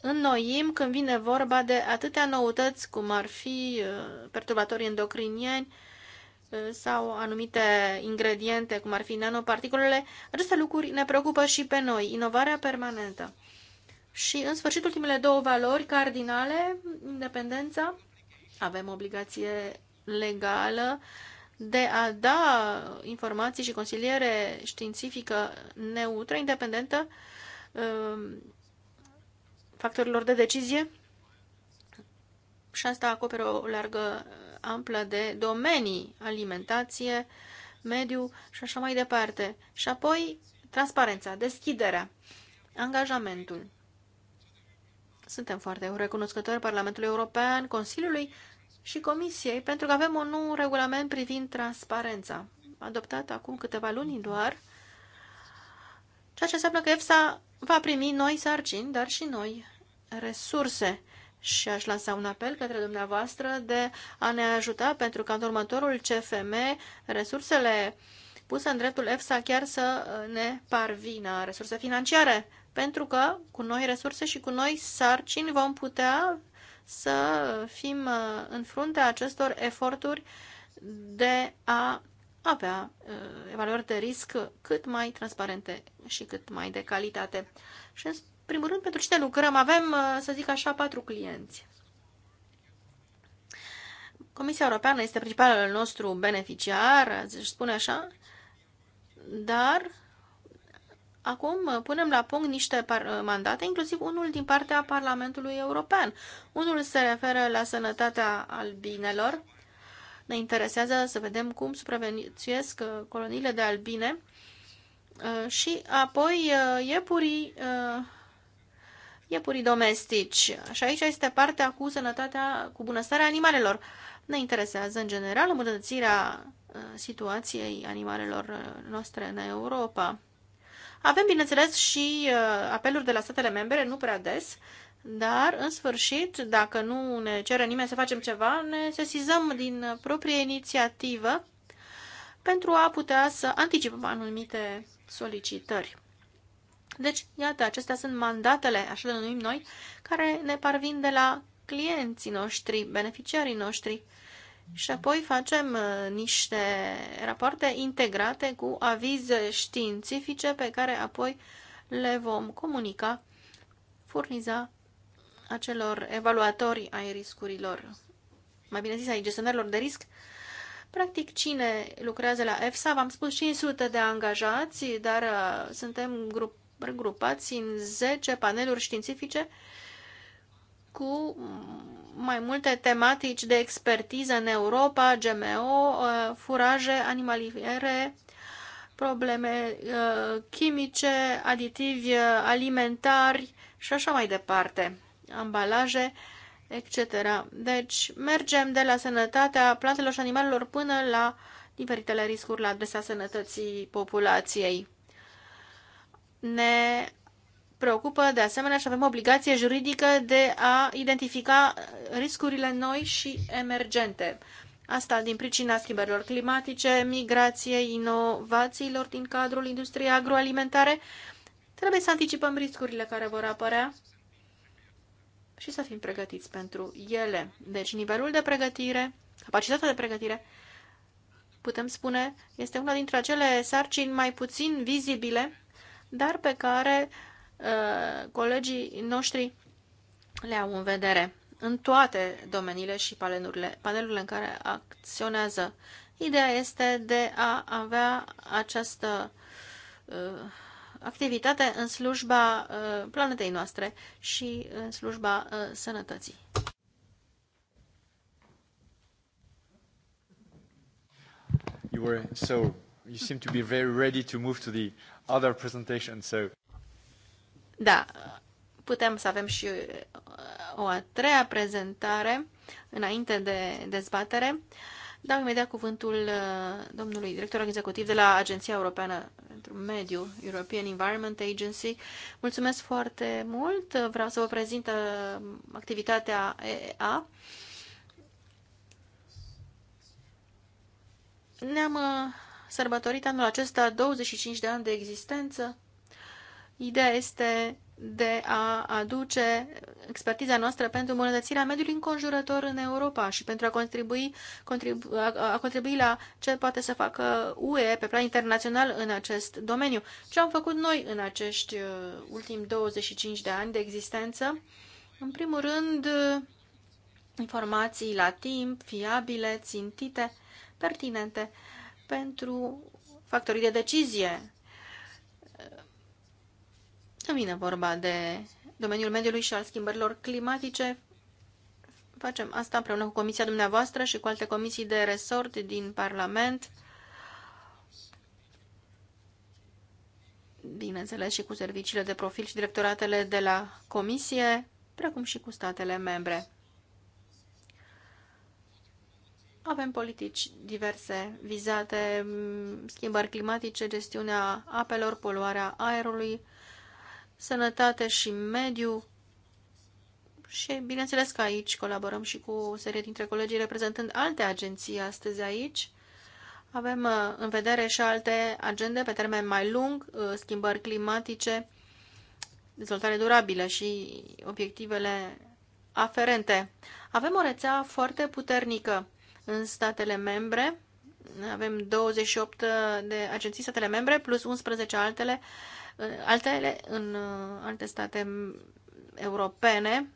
înnoim când vine vorba de atâtea noutăți cum ar fi uh, perturbatorii endocrinieni uh, sau anumite ingrediente, cum ar fi nanoparticulele, aceste lucruri ne preocupă și pe noi, inovarea permanentă. Și, în sfârșit, ultimele două valori cardinale, independența, avem obligație legală de a da informații și consiliere științifică neutră, independentă, uh, factorilor de decizie și asta acoperă o largă uh, amplă de domenii, alimentație, mediu și așa mai departe. Și apoi transparența, deschiderea, angajamentul. Suntem foarte recunoscători Parlamentului European, Consiliului și Comisiei pentru că avem un nou regulament privind transparența, adoptat acum câteva luni doar, ceea ce înseamnă că EFSA va primi noi sarcini, dar și noi resurse și aș lansa un apel către dumneavoastră de a ne ajuta pentru ca în următorul CFM resursele puse în dreptul EFSA chiar să uh, ne parvină resurse financiare, pentru că cu noi resurse și cu noi sarcini vom putea să fim uh, în fruntea acestor eforturi de a avea uh, evaluări de risc cât mai transparente și cât mai de calitate. Și primul rând, pentru cine lucrăm. Avem, uh, să zic așa, patru clienți. Comisia Europeană este principalul nostru beneficiar, se spune așa, dar acum uh, punem la punct niște uh, mandate, inclusiv unul din partea Parlamentului European. Unul se referă la sănătatea albinelor. Ne interesează să vedem cum supraviețuiesc coloniile de albine și apoi iepurii iepurii domestici. Și aici este partea cu sănătatea, cu bunăstarea animalelor. Ne interesează, în general, îmbunătățirea uh, situației animalelor uh, noastre în Europa. Avem, bineînțeles, și uh, apeluri de la statele membre, nu prea des, dar, în sfârșit, dacă nu ne cere nimeni să facem ceva, ne sesizăm din proprie inițiativă pentru a putea să anticipăm anumite solicitări. Deci, iată, acestea sunt mandatele, așa le numim noi, care ne parvin de la clienții noștri, beneficiarii noștri. Și apoi facem uh, niște rapoarte integrate cu avize științifice pe care apoi le vom comunica, furniza acelor evaluatori ai riscurilor, mai bine zis ai gestionarilor de risc. Practic, cine lucrează la EFSA, v-am spus 500 de angajați, dar uh, suntem grup regrupați în 10 paneluri științifice cu mai multe tematici de expertiză în Europa, GMO, uh, furaje animaliere, probleme uh, chimice, aditivi uh, alimentari și așa mai departe, ambalaje, etc. Deci mergem de la sănătatea plantelor și animalelor până la diferitele riscuri la adresa sănătății populației ne preocupă de asemenea și avem obligație juridică de a identifica riscurile noi și emergente. Asta din pricina schimbărilor climatice, migrației, inovațiilor din cadrul industriei agroalimentare. Trebuie să anticipăm riscurile care vor apărea și să fim pregătiți pentru ele. Deci nivelul de pregătire, capacitatea de pregătire, putem spune, este una dintre acele sarcini mai puțin vizibile dar pe care uh, colegii noștri le au în vedere în toate domeniile și panelurile, panelurile în care acționează. Ideea este de a avea această uh, activitate în slujba uh, planetei noastre și în slujba uh, sănătății. You were so you seem to be very ready to move to the other presentations. so... Da, putem să avem și uh, o a treia prezentare înainte de dezbatere. Dau imediat cuvântul uh, domnului director executiv de la Agenția Europeană pentru Mediu, European Environment Agency. Mulțumesc foarte mult. Vreau să vă prezint uh, activitatea EEA. Ne-am sărbătorit anul acesta 25 de ani de existență. Ideea este de a aduce expertiza noastră pentru îmbunătățirea mediului înconjurător în Europa și pentru a contribui, contribu, a, a contribui la ce poate să facă UE pe plan internațional în acest domeniu. Ce am făcut noi în acești uh, ultimi 25 de ani de existență? În primul rând, informații la timp, fiabile, țintite, pertinente. Uh, pentru factorii de decizie. Nu vine vorba de domeniul mediului și al schimbărilor climatice, facem asta împreună cu comisia dumneavoastră și cu alte comisii de resort din Parlament, bineînțeles și cu serviciile de profil și directoratele de la comisie, precum și cu statele membre. Avem politici diverse vizate, mm, schimbări climatice, gestiunea apelor, poluarea aerului, sănătate și mediu. Și bineînțeles că aici colaborăm și cu o serie dintre colegii reprezentând alte agenții astăzi aici. Avem uh, în vedere și alte agende pe termen mai lung, uh, schimbări climatice, dezvoltare durabilă și obiectivele aferente. Avem o rețea foarte puternică în statele membre. Avem 28 uh, de agenții statele membre plus 11 altele, uh, altele în uh, alte state mm, europene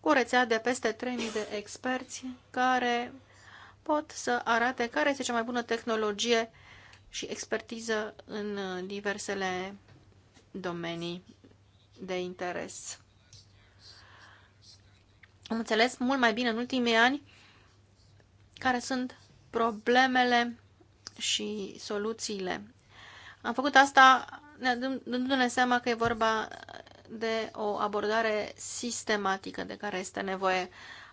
cu o rețea de peste 3.000 de experți care pot să arate care este cea mai bună tehnologie și expertiză în diversele domenii de interes. Am înțeles mult mai bine în ultimii ani care sunt problemele și soluțiile. Am făcut asta dându-ne seama că e vorba de o abordare sistematică de care este nevoie.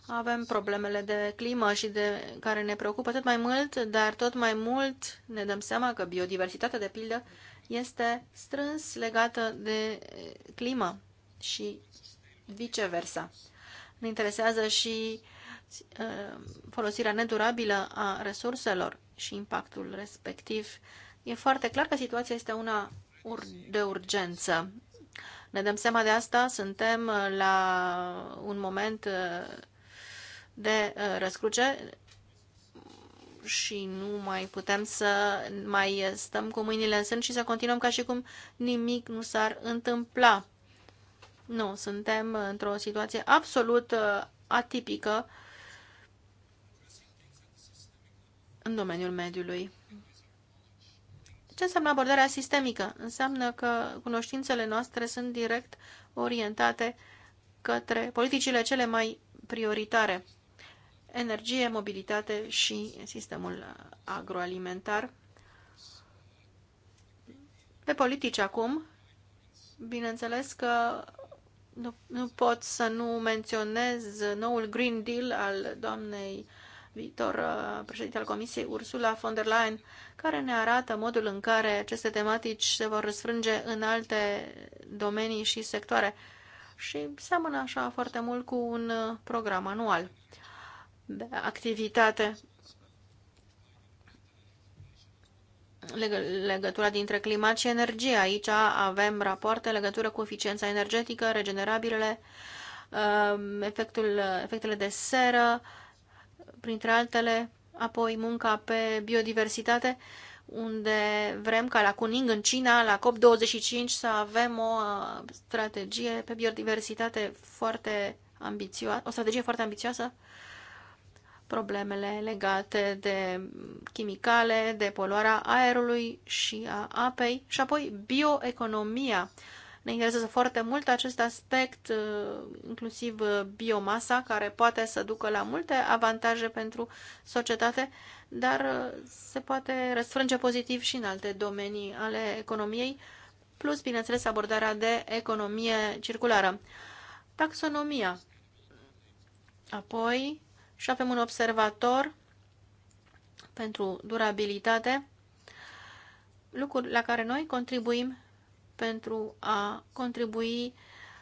Avem problemele de climă și de care ne preocupă tot mai mult, dar tot mai mult ne dăm seama că biodiversitatea, de pildă, este strâns legată de eh, climă și viceversa. Ne interesează și uh, Uh, folosirea nedurabilă a resurselor și impactul respectiv. E foarte clar că situația este una de urgență. Ne dăm seama de asta, suntem uh, la un moment uh, de răscruce și nu mai putem să mai stăm cu mâinile în sân și să continuăm ca și cum nimic nu s-ar întâmpla. Nu, suntem într-o situație absolut atipică în domeniul mediului. Ce înseamnă abordarea sistemică? Înseamnă că cunoștințele noastre sunt direct orientate către politicile cele mai prioritare. Energie, mobilitate și sistemul agroalimentar. Pe politici acum, bineînțeles că nu, nu pot să nu menționez noul Green Deal al doamnei viitor uh, președinte al Comisiei, Ursula von der Leyen, care ne arată modul în care aceste tematici se vor răsfrânge în alte domenii și sectoare și seamănă așa foarte mult cu un uh, program anual de activitate. legătura dintre climat și energie. Aici avem rapoarte legătură cu eficiența energetică, regenerabilele, uh, efectul, efectele de seră, printre altele, apoi munca pe biodiversitate, unde vrem ca la Kuning, în China, la COP25, să avem o uh, strategie pe biodiversitate foarte ambițioasă, o strategie foarte ambițioasă, problemele legate de chimicale, de poluarea aerului și a apei și apoi bioeconomia ne interesează foarte mult acest aspect, uh, inclusiv uh, biomasa, care poate să ducă la multe avantaje pentru societate, dar uh, se poate răsfrânge pozitiv și în alte domenii ale economiei, plus, bineînțeles, abordarea de economie circulară. Taxonomia. Apoi, și avem un observator pentru durabilitate, lucruri la care noi contribuim pentru a contribui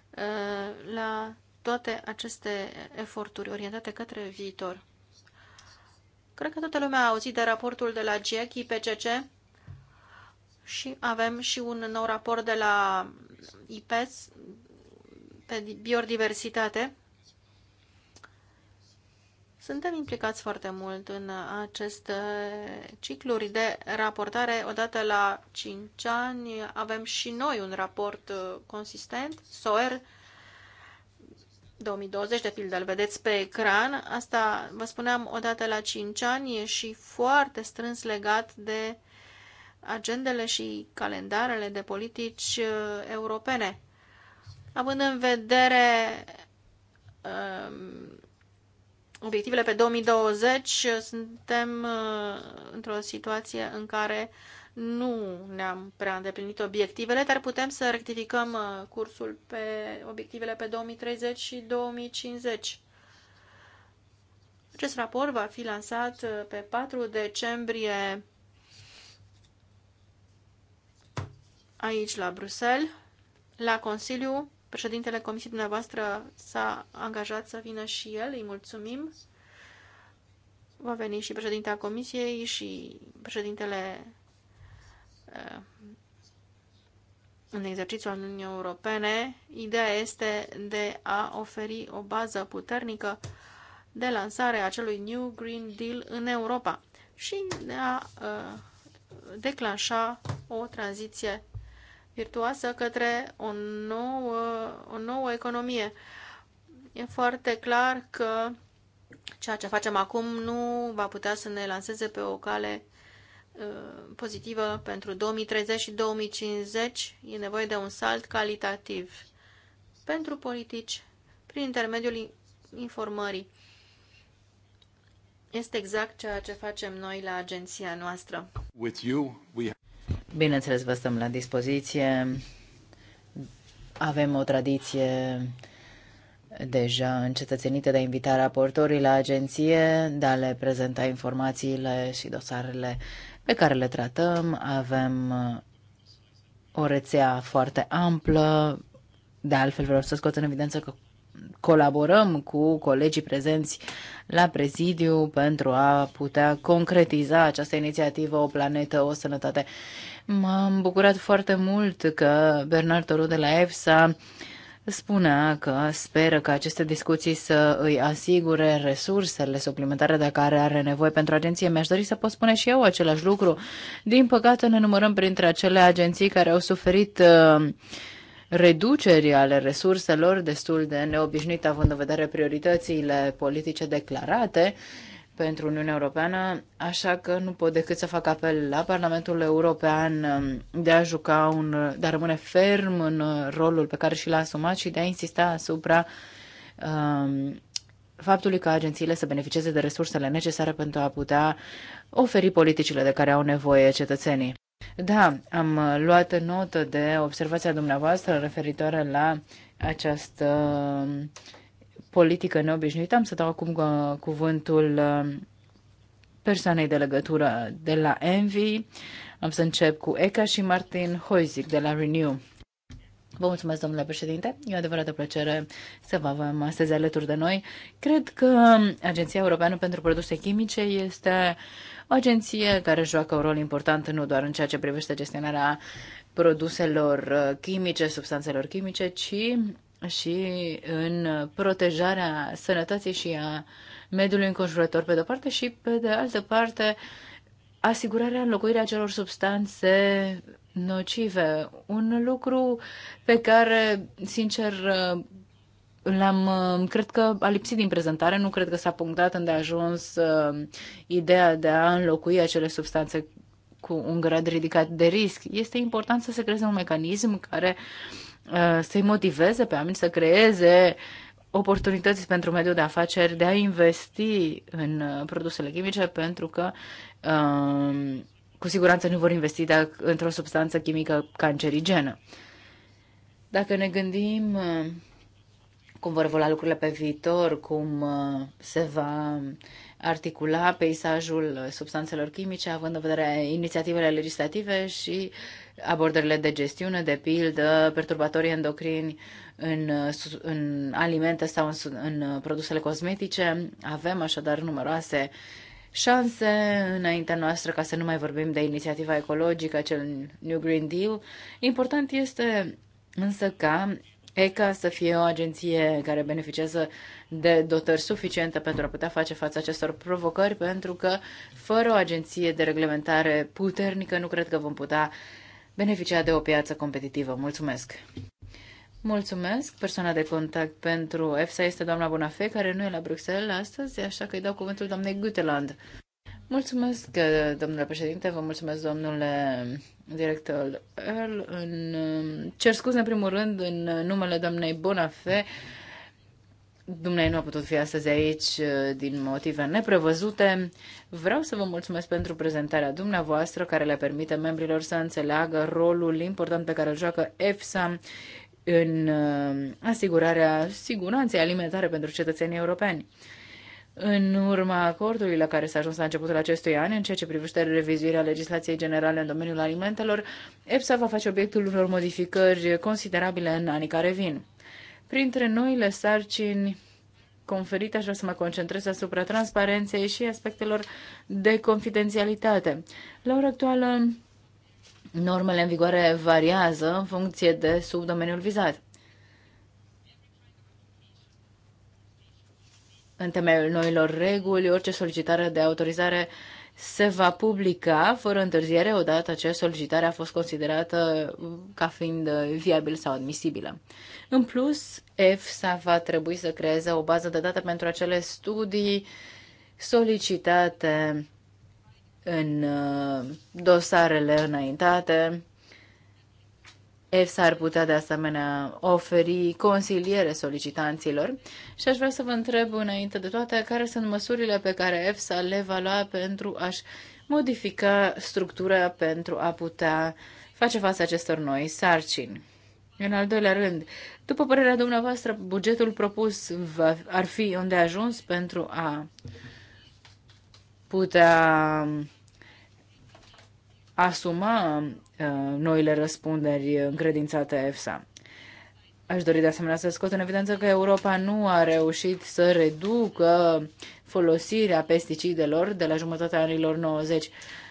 uh, la toate aceste eforturi orientate către viitor. Cred că toată lumea a auzit de raportul de la GIEC, IPCC și avem și un nou raport de la IPES pe biodiversitate suntem implicați foarte mult în aceste cicluri de raportare. Odată la 5 ani avem și noi un raport uh, consistent, SOER 2020, de pildă, îl vedeți pe ecran. Asta vă spuneam odată la 5 ani e și foarte strâns legat de agendele și calendarele de politici uh, europene. Având în vedere um, obiectivele pe 2020, suntem uh, într-o situație în care nu ne-am prea îndeplinit obiectivele, dar putem să rectificăm uh, cursul pe obiectivele pe 2030 și 2050. Acest raport va fi lansat uh, pe 4 decembrie aici la Bruxelles, la Consiliu Președintele comisiei dumneavoastră s-a angajat să vină și el, îi mulțumim. Va veni și președintea comisiei și președintele eh, în exercițiu al Uniunii Europene. Ideea este de a oferi o bază puternică de lansare a acelui New Green Deal în Europa și de a eh, declanșa o tranziție virtuoasă către o nouă, o nouă economie. E foarte clar că ceea ce facem acum nu va putea să ne lanseze pe o cale uh, pozitivă pentru 2030 și 2050. E nevoie de un salt calitativ pentru politici prin intermediul informării. Este exact ceea ce facem noi la agenția noastră. With you, we... Bineînțeles, vă stăm la dispoziție. Avem o tradiție deja încetățenită de a invita raportorii la agenție, de a le prezenta informațiile și dosarele pe care le tratăm. Avem uh, o rețea foarte amplă. De altfel, vreau să scot în evidență că colaborăm cu colegii prezenți la prezidiu pentru a putea concretiza această inițiativă O Planetă, O Sănătate M-am bucurat foarte mult că Bernard Toru de la EFSA spunea că speră că aceste discuții să îi asigure resursele suplimentare de care are nevoie pentru agenție. Mi-aș dori să pot spune și eu același lucru. Din păcate ne numărăm printre acele agenții care au suferit uh, reduceri ale resurselor destul de neobișnuit având în vedere prioritățile politice declarate pentru Uniunea Europeană, așa că nu pot decât să fac apel la Parlamentul European um, de a juca un, de a rămâne ferm în uh, rolul pe care și l-a asumat și de a insista asupra um, faptului că agențiile să beneficieze de resursele necesare pentru a putea oferi politicile de care au nevoie cetățenii. Da, am uh, luat notă de observația dumneavoastră referitoare la această uh, politică neobișnuită. Am să dau acum uh, cuvântul uh, persoanei de legătură de la Envy. Am să încep cu Eca și Martin Hoizic de la Renew. Vă mulțumesc, domnule președinte. E o adevărată plăcere să vă avem astăzi alături de noi. Cred că Agenția Europeană pentru Produse Chimice este o agenție care joacă un rol important nu doar în ceea ce privește gestionarea produselor uh, chimice, substanțelor chimice, ci și în protejarea sănătății și a mediului înconjurător pe de-o parte și pe de altă parte asigurarea înlocuirea celor substanțe nocive. Un lucru pe care, sincer, l-am, cred că a lipsit din prezentare, nu cred că s-a punctat unde a ajuns uh, ideea de a înlocui acele substanțe cu un grad ridicat de risc. Este important să se creeze un mecanism care uh, Uh, să-i motiveze pe oameni să creeze oportunități pentru mediul de afaceri de a investi în uh, produsele chimice, pentru că um, cu siguranță nu vor investi într-o substanță chimică cancerigenă. Dacă ne gândim uh, cum vor evolua lucrurile pe viitor, cum se va articula peisajul substanțelor chimice, având în vedere inițiativele legislative și abordările de gestiune, de pildă, perturbatorii endocrini în, în alimente sau în, în produsele cosmetice. Avem așadar numeroase șanse înaintea noastră, ca să nu mai vorbim de inițiativa ecologică, acel New Green Deal. Important este însă ca ECA să fie o agenție care beneficiază de dotări suficiente pentru a putea face față acestor provocări, pentru că fără o agenție de reglementare puternică nu cred că vom putea beneficia de o piață competitivă. Mulțumesc! Mulțumesc! Persoana de contact pentru EFSA este doamna Bonafé, care nu e la Bruxelles astăzi, așa că îi dau cuvântul doamnei Guteland. Mulțumesc, domnule președinte, vă mulțumesc, domnule director Earl. În, cer scuze, în primul rând, în numele doamnei Bonafe, Dumnezeu nu a putut fi astăzi aici uh, din motive neprevăzute. Vreau să vă mulțumesc pentru prezentarea dumneavoastră care le permite membrilor să înțeleagă rolul important pe care îl joacă EFSA în uh, asigurarea siguranței alimentare pentru cetățenii europeni. În urma acordului la care s-a ajuns la începutul acestui an, în ceea ce privește revizuirea legislației generale în domeniul alimentelor, EFSA va face obiectul unor modificări considerabile în anii care vin. Printre noile sarcini conferite, aș vrea să mă concentrez asupra transparenței și aspectelor de confidențialitate. La ora actuală, normele în vigoare variază în funcție de subdomeniul vizat. În temeiul noilor reguli, orice solicitare de autorizare uh, se va publica fără întârziere odată ce solicitarea a fost considerată ca fiind viabil sau admisibilă. În plus, EFSA va trebui să creeze o bază de date pentru acele studii solicitate în uh, dosarele înaintate EFSA ar putea de asemenea oferi consiliere solicitanților și aș vrea să vă întreb înainte de toate care sunt măsurile pe care EFSA le va lua pentru a-și modifica structura pentru a putea face față acestor noi sarcini. În al doilea rând, după părerea dumneavoastră, bugetul propus va, ar fi unde ajuns pentru a putea asuma Uh, noile răspunderi încredințate EFSA. Aș dori de asemenea să scot în evidență că Europa nu a reușit să reducă folosirea pesticidelor de la jumătatea anilor 90.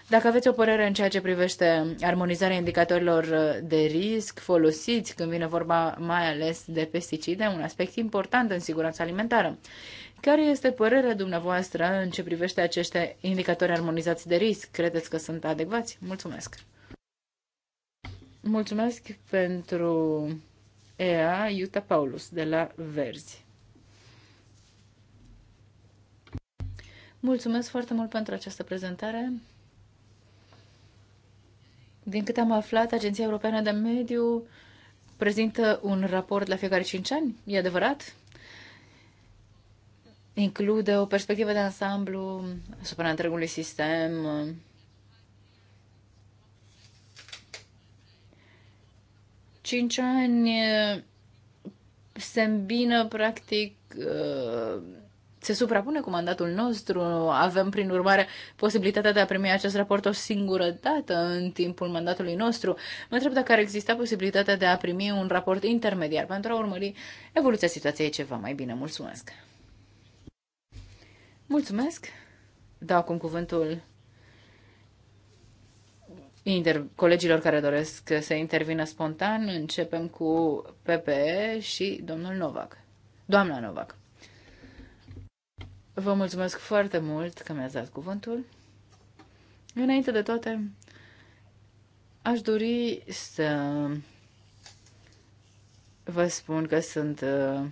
Dacă aveți o părere în ceea ce privește armonizarea indicatorilor de risc folosiți când vine vorba mai ales de pesticide, un aspect important în siguranța alimentară, care este părerea dumneavoastră în ce privește acești indicatori armonizați de risc? Credeți că sunt adecvați? Mulțumesc! Mulțumesc pentru EA Iuta Paulus de la Verzi. Mulțumesc foarte mult pentru această prezentare. Din câte am aflat, Agenția Europeană de Mediu prezintă un raport la fiecare 5 ani, e adevărat? Include o perspectivă de ansamblu asupra întregului sistem 5 ani eh, se îmbină practic eh, se suprapune cu mandatul nostru, avem prin urmare posibilitatea de a primi acest raport o singură dată în timpul mandatului nostru. Mă întreb dacă ar exista posibilitatea de a primi un raport intermediar pentru a urmări evoluția situației ceva mai bine. Mulțumesc! Mulțumesc! Dau acum cuvântul inter- colegilor care doresc să intervină spontan. Începem cu PPE și domnul Novak. Doamna Novak. Vă mulțumesc foarte mult că mi-ați dat cuvântul. Înainte de toate, aș dori să vă spun că sunt uh,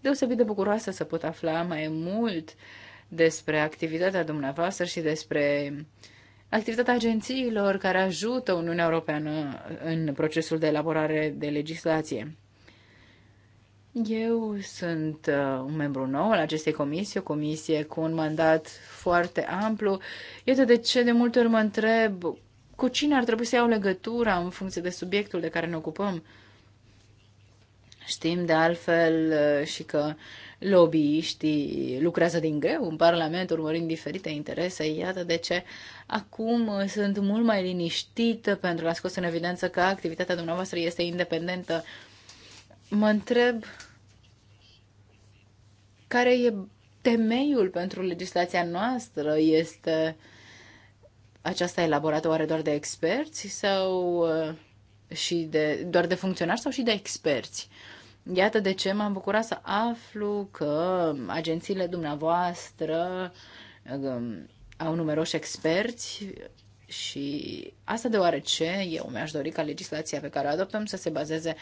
deosebit de bucuroasă să pot afla mai mult despre activitatea dumneavoastră și despre uh, activitatea agențiilor care ajută Uniunea Europeană în procesul de elaborare de legislație. Eu sunt uh, un membru nou al acestei comisii, o comisie cu un mandat foarte amplu. Iată de ce de multe ori mă întreb cu cine ar trebui să iau legătura în funcție de subiectul de care ne ocupăm. Știm de altfel uh, și că lobbyiștii lucrează din greu în Parlament urmărind diferite interese. Iată de ce acum sunt mult mai liniștit pentru a scos în evidență că activitatea dumneavoastră este independentă. Mă întreb care e temeiul pentru legislația noastră? Este aceasta elaborată oare doar de experți sau uh, și de, doar de funcționari sau și de experți? Uh, Iată de ce m-am bucurat să aflu că agențiile dumneavoastră um, au numeroși experți și asta deoarece eu mi-aș dori ca legislația pe care o adoptăm să se bazeze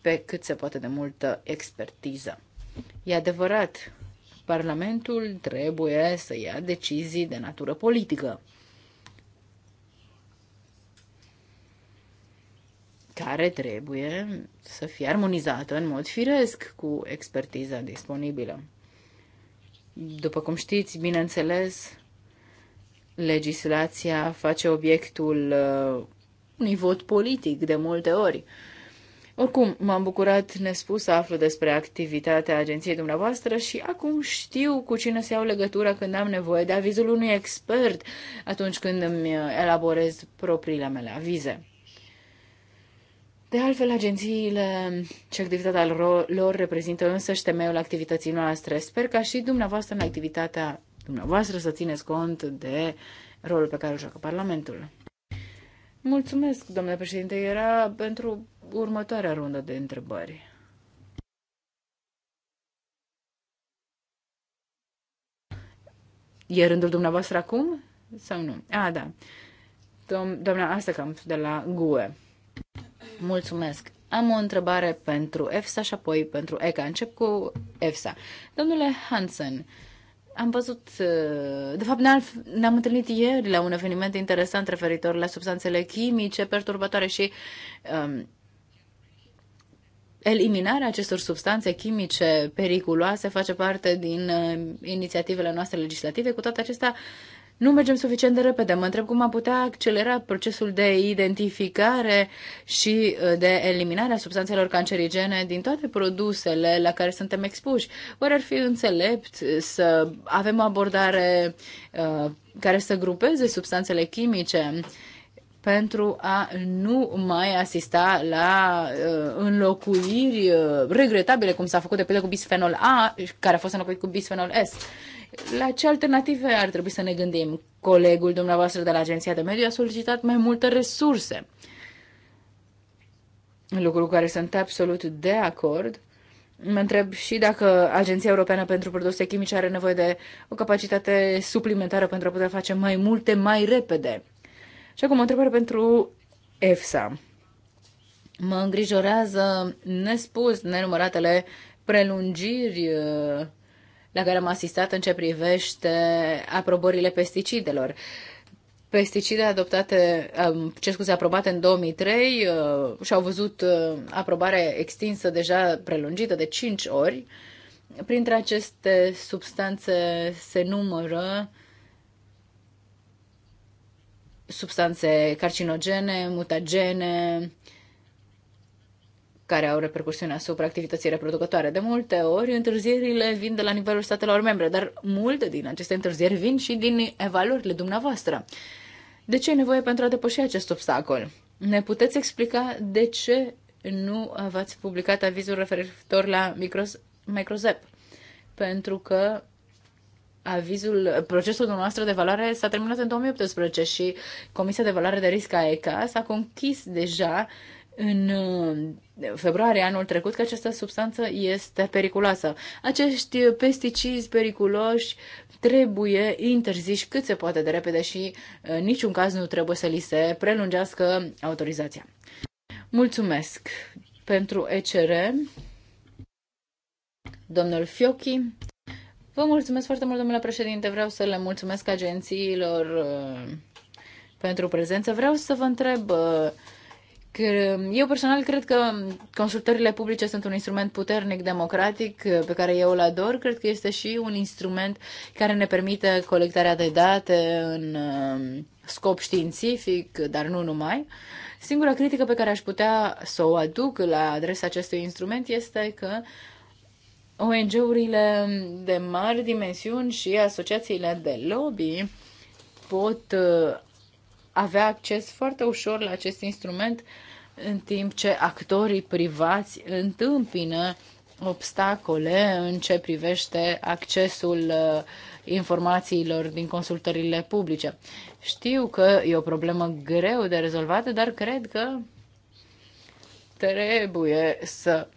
pe cât se poate de multă expertiză. E adevărat, Parlamentul trebuie să ia decizii de natură politică. care trebuie să fie armonizată în mod firesc cu expertiza disponibilă. După cum știți, bineînțeles, legislația face obiectul uh, unui vot politic de multe ori. Oricum, m-am bucurat nespus să aflu despre activitatea agenției dumneavoastră și acum știu cu cine se iau legătura când am nevoie de avizul unui expert atunci când îmi elaborez propriile mele avize. De altfel, agențiile și activitatea lor reprezintă și temeiul activității noastre. Sper ca și dumneavoastră în activitatea dumneavoastră să țineți cont de rolul pe care îl joacă Parlamentul. Mulțumesc, domnule președinte. Era pentru următoarea rundă de întrebări. E rândul dumneavoastră acum sau nu? A, da. Dom- doamna cam de la GUE. Mulțumesc. Am o întrebare pentru EFSA și apoi pentru ECA. Încep cu EFSA. Domnule Hansen, am văzut, uh, de fapt ne-am întâlnit ieri la un eveniment interesant referitor la substanțele chimice perturbatoare și um, eliminarea acestor substanțe chimice periculoase face parte din uh, inițiativele noastre legislative. Cu toate acestea, uh, nu mergem suficient de repede. Mă întreb cum am putea accelera procesul de identificare și uh, de eliminare a substanțelor cancerigene din toate produsele la care suntem expuși. Oare ar fi înțelept uh, să avem o abordare uh, care să grupeze substanțele chimice? pentru a nu mai asista la uh, înlocuiri uh, regretabile, cum s-a făcut de pildă cu bisfenol A, care a fost înlocuit cu bisfenol S. La ce alternative ar trebui să ne gândim? Colegul dumneavoastră de la Agenția de Mediu a solicitat mai multe resurse. Lucru cu care sunt absolut de acord. Mă întreb și dacă Agenția Europeană pentru Produse Chimice are nevoie de o capacitate suplimentară pentru a putea face mai multe mai repede. Și acum o întrebare pentru EFSA. Mă îngrijorează nespus nenumăratele prelungiri uh, la care am asistat în ce privește aprobările pesticidelor. Pesticide adoptate, ce scuze, aprobate în 2003 uh, și-au văzut uh, aprobare extinsă deja prelungită de 5 ori. Printre aceste substanțe se numără substanțe carcinogene, mutagene, care au repercusiuni asupra activității reproducătoare. De multe ori, întârzierile vin de la nivelul statelor membre, dar multe din aceste întârzieri vin și din evaluările dumneavoastră. De ce e nevoie pentru a depăși acest obstacol? Ne puteți explica de ce nu v-ați publicat avizul referitor la micros- Microzep? Pentru că avizul, procesul dumneavoastră de valoare s-a terminat în 2018 și Comisia de Valoare de Risc a ECA s-a conchis deja uh, în uh, februarie anul trecut că această substanță este periculoasă. Acești pesticizi periculoși trebuie interziși cât se poate de repede și în uh, niciun caz nu trebuie să li se prelungească autorizația. Mulțumesc pentru ECR, domnul Fiochi. Vă mulțumesc foarte mult, domnule președinte. Vreau să le mulțumesc agențiilor uh, pentru prezență. Vreau să vă întreb Um, eu personal cred că um, consultările publice sunt un instrument puternic democratic uh, pe care eu îl ador. Cred că este și un instrument care ne permite colectarea de date în um, scop științific, dar nu numai. Singura critică pe care aș putea să o aduc la adresa acestui instrument este că ONG-urile de mari dimensiuni și asociațiile de lobby pot uh, avea acces foarte ușor la acest instrument, în timp ce actorii privați întâmpină obstacole în ce privește accesul uh, informațiilor din consultările publice. Știu că e o problemă greu de rezolvată, dar cred că trebuie să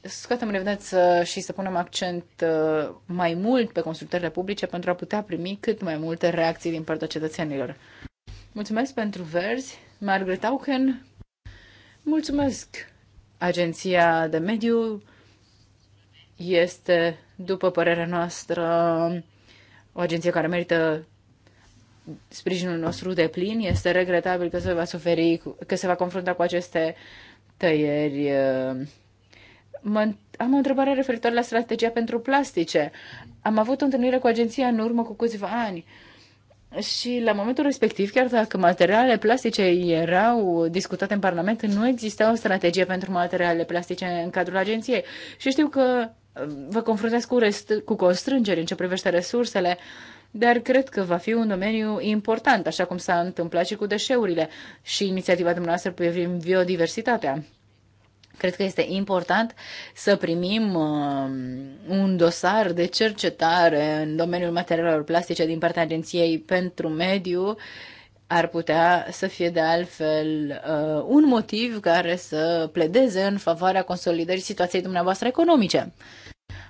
scoatem în evidență și să punem accent uh, mai mult pe consultările publice pentru a putea primi cât mai multe reacții din partea cetățenilor. Mulțumesc pentru verzi, Margaret Auken. Mulțumesc. Agenția de mediu este, după părerea noastră, o agenție care merită sprijinul nostru de plin. Este regretabil că se va suferi, că se va confrunta cu aceste tăieri. Mă, am o întrebare referitoare la strategia pentru plastice. Am avut o întâlnire cu agenția în urmă cu câțiva ani și la momentul respectiv, chiar dacă materialele plastice erau discutate în Parlament, nu exista o strategie pentru materialele plastice în cadrul agenției. Și știu că um, vă confruntați cu, rest- cu constrângeri în ce privește resursele, dar cred că va fi un domeniu important, așa cum s-a întâmplat și cu deșeurile și inițiativa dumneavoastră privind biodiversitatea. Cred că este important să primim uh, un dosar de cercetare în domeniul materialelor plastice din partea Agenției pentru Mediu. Ar putea să fie de altfel uh, un motiv care să pledeze în favoarea consolidării situației dumneavoastră economice.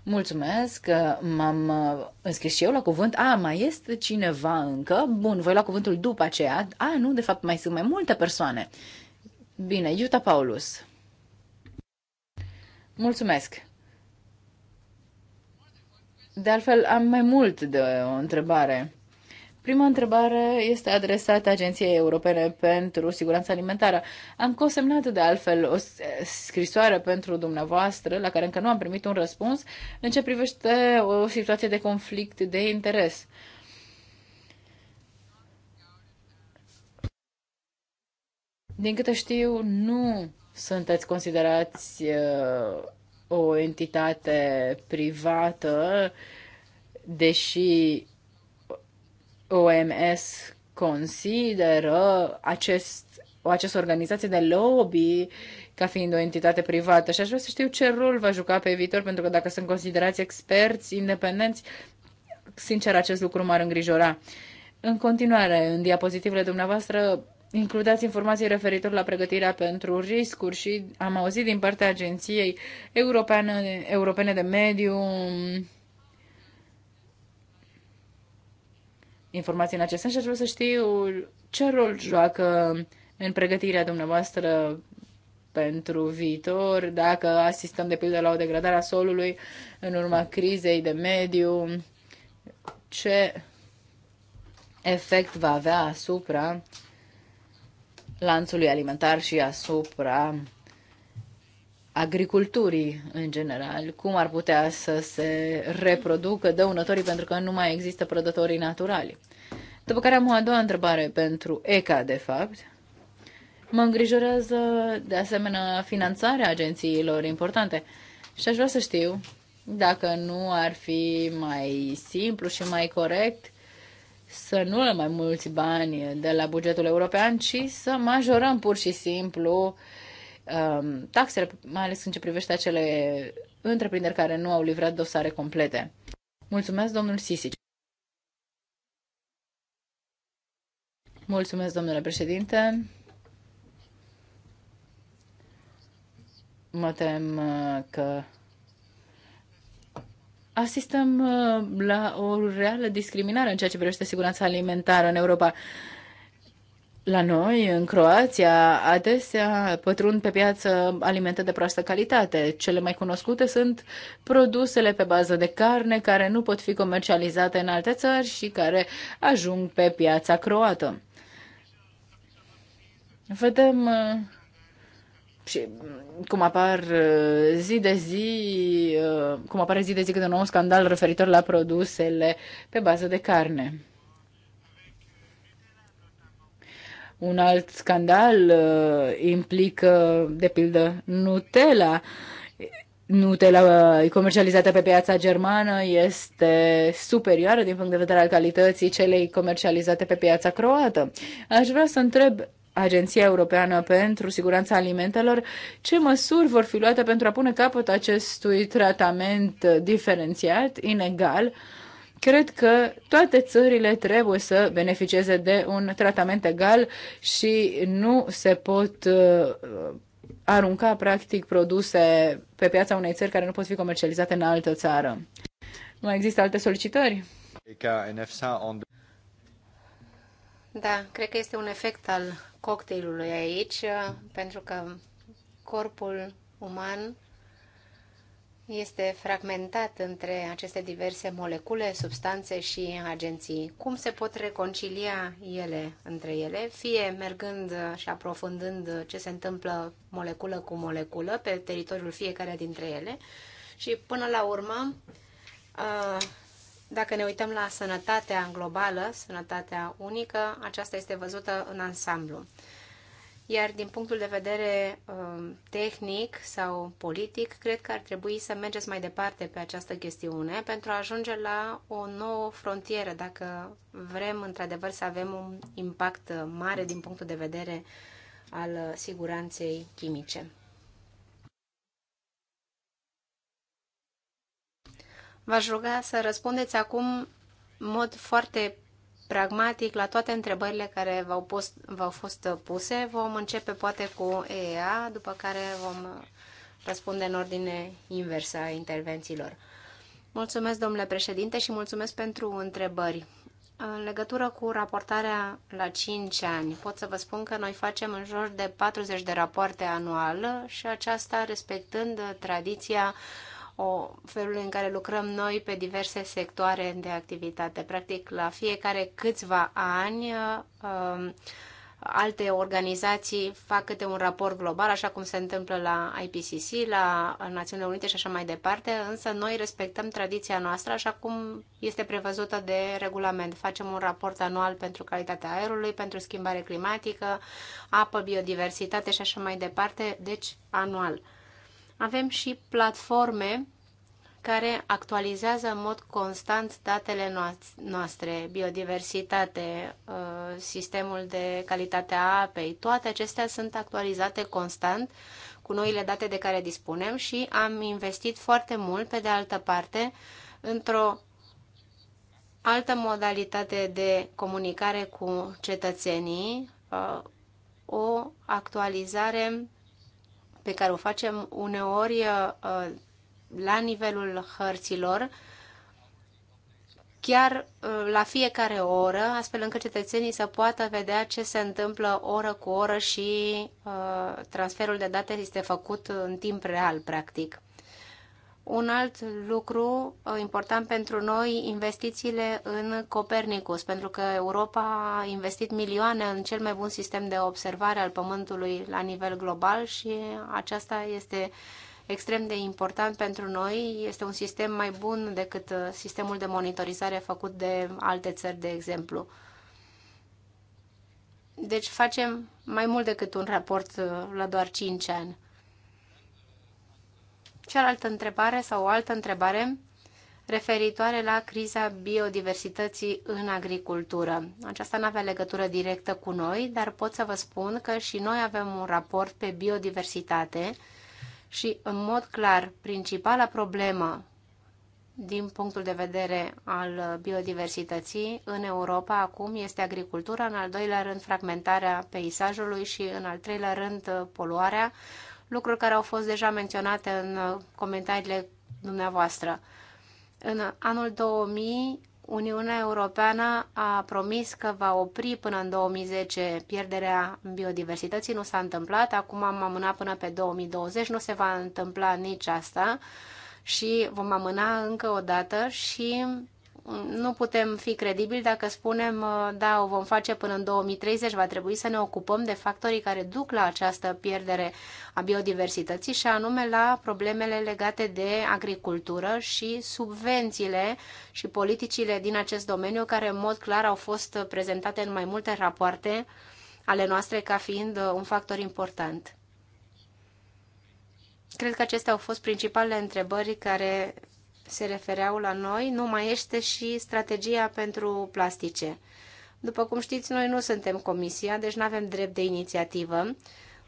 Mulțumesc că uh, m-am uh, înscris și eu la cuvânt. A, mai este cineva încă? Bun, voi lua cuvântul după aceea. A, nu, de fapt mai sunt mai multe persoane. Bine, Iuta Paulus. Mulțumesc! De altfel, am mai mult de o întrebare. Prima întrebare este adresată Agenției Europene pentru Siguranța Alimentară. Am consemnat de altfel o scrisoare pentru dumneavoastră, la care încă nu am primit un răspuns, în ce privește o situație de conflict de interes. Din câte știu, nu sunteți considerați uh, o entitate privată, deși OMS consideră acest, o această organizație de lobby ca fiind o entitate privată și aș vrea să știu ce rol va juca pe viitor, pentru că dacă sunt considerați experți independenți, sincer acest lucru m-ar îngrijora. În continuare, în diapozitivele dumneavoastră Includați informații referitor la pregătirea pentru riscuri și am auzit din partea Agenției Europeană, Europene de Mediu mm, informații în acest sens și aș vrea să știu ce rol joacă în pregătirea dumneavoastră pentru viitor, dacă asistăm de pildă la o degradare a solului în urma crizei de mediu, ce efect va avea asupra lanțului alimentar și asupra agriculturii în general, cum ar putea să se reproducă dăunătorii pentru că nu mai există prădătorii naturali. După care am o a doua întrebare pentru ECA, de fapt. Mă îngrijorează, de asemenea, finanțarea agențiilor importante și aș vrea să știu dacă nu ar fi mai simplu și mai corect să nu luăm mai mulți bani de la bugetul european, ci să majorăm pur și simplu um, taxele, mai ales în ce privește acele întreprinderi care nu au livrat dosare complete. Mulțumesc, domnul Sisic. Mulțumesc, domnule președinte. Mă tem uh, că asistăm uh, la o reală discriminare în ceea ce privește siguranța alimentară în Europa. La noi, în Croația, adesea pătrund pe piață alimente de proastă calitate. Cele mai cunoscute sunt produsele pe bază de carne care nu pot fi comercializate în alte țări și care ajung pe piața croată. Vedem uh, și mm, cum apar uh, zi de zi, uh, cum apare zi de zi câte un nou scandal referitor la produsele pe bază de carne. Un alt scandal uh, implică, de pildă, Nutella. Nutella comercializată pe piața germană este superioară din punct de vedere al calității celei comercializate pe piața croată. Aș vrea să întreb Agenția Europeană pentru Siguranța Alimentelor, ce măsuri vor fi luate pentru a pune capăt acestui tratament diferențiat, inegal. Cred că toate țările trebuie să beneficieze de un tratament egal și nu se pot uh, arunca practic produse pe piața unei țări care nu pot fi comercializate în altă țară. Mai există alte solicitări? Da, cred că este un efect al cocktailului aici, uh, pentru că corpul uman este fragmentat între aceste diverse molecule, substanțe și agenții. Cum se pot reconcilia ele între ele, fie mergând și aprofundând ce se întâmplă moleculă cu moleculă pe teritoriul fiecare dintre ele și până la urmă uh, dacă ne uităm la sănătatea globală, sănătatea unică, aceasta este văzută în ansamblu. Iar din punctul de vedere um, tehnic sau politic, cred că ar trebui să mergeți mai departe pe această chestiune pentru a ajunge la o nouă frontieră, dacă vrem într-adevăr să avem un impact mare din punctul de vedere al siguranței chimice. V-aș ruga să răspundeți acum în mod foarte pragmatic la toate întrebările care v-au, fost puse. Vom începe poate cu EEA, după care vom răspunde în ordine inversă a intervențiilor. Mulțumesc, domnule președinte, și mulțumesc pentru întrebări. În legătură cu raportarea la 5 ani, pot să vă spun că noi facem în jur de 40 de rapoarte anual și aceasta respectând tradiția uh, o, felul în care lucrăm noi pe diverse sectoare de activitate. Practic, la fiecare câțiva ani, um, alte organizații fac câte un raport global, așa cum se întâmplă la IPCC, la Națiunile Unite și așa mai departe, însă noi respectăm tradiția noastră așa cum este prevăzută de regulament. Facem un raport anual pentru calitatea aerului, pentru schimbare climatică, apă, biodiversitate și așa mai departe, deci anual. Avem și platforme care actualizează în mod constant datele noastre, biodiversitate, uh, sistemul de calitate a apei, toate acestea sunt actualizate constant cu noile date de care dispunem și am investit foarte mult, pe de altă parte, într-o altă modalitate de comunicare cu cetățenii, uh, o actualizare pe care o facem uneori uh, la nivelul hărților, chiar uh, la fiecare oră, astfel încât cetățenii să poată vedea ce se întâmplă oră cu oră și uh, transferul de date este făcut în timp real, practic. Un alt lucru uh, important pentru noi, investițiile în Copernicus, pentru că Europa a investit milioane în cel mai bun sistem de observare al Pământului la nivel global și aceasta este extrem de important pentru noi. Este un sistem mai bun decât uh, sistemul de monitorizare făcut de alte țări, de exemplu. Deci facem mai mult decât un raport uh, la doar 5 ani. Cealaltă întrebare sau o altă întrebare referitoare la criza biodiversității în agricultură. Aceasta nu avea legătură directă cu noi, dar pot să vă spun că și noi avem un raport pe biodiversitate și, în mod clar, principala problemă din punctul de vedere al biodiversității în Europa acum este agricultura, în al doilea rând fragmentarea peisajului și în al treilea rând poluarea, lucruri care au fost deja menționate în uh, comentariile dumneavoastră. În anul 2000, Uniunea Europeană a promis că va opri până în 2010 pierderea biodiversității. Nu s-a întâmplat. Acum am amânat până pe 2020. Nu se va întâmpla nici asta și vom amâna încă o dată și nu putem fi credibili dacă spunem, uh, da, o vom face până în 2030, va trebui să ne ocupăm de factorii care duc la această pierdere a biodiversității și anume la problemele legate de agricultură și subvențiile și politicile din acest domeniu care în mod clar au fost prezentate în mai multe rapoarte ale noastre ca fiind uh, un factor important. Cred că acestea au fost principalele întrebări care se refereau la noi, nu mai este și strategia pentru plastice. După cum știți, noi nu suntem comisia, deci nu avem drept de inițiativă,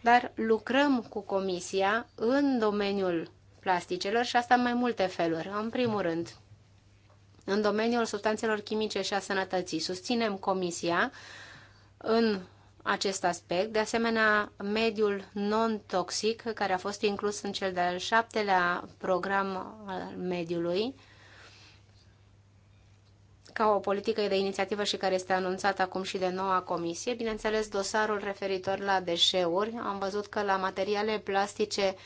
dar lucrăm cu comisia în domeniul plasticelor și asta în mai multe feluri. În primul rând, în domeniul substanțelor chimice și a sănătății, susținem comisia în acest aspect. De asemenea, mediul non-toxic, care a fost inclus în cel de-al șaptelea program al mediului, ca o politică de inițiativă și care este anunțată acum și de noua comisie. Bineînțeles, dosarul referitor la deșeuri. Am văzut că la materiale plastice uh,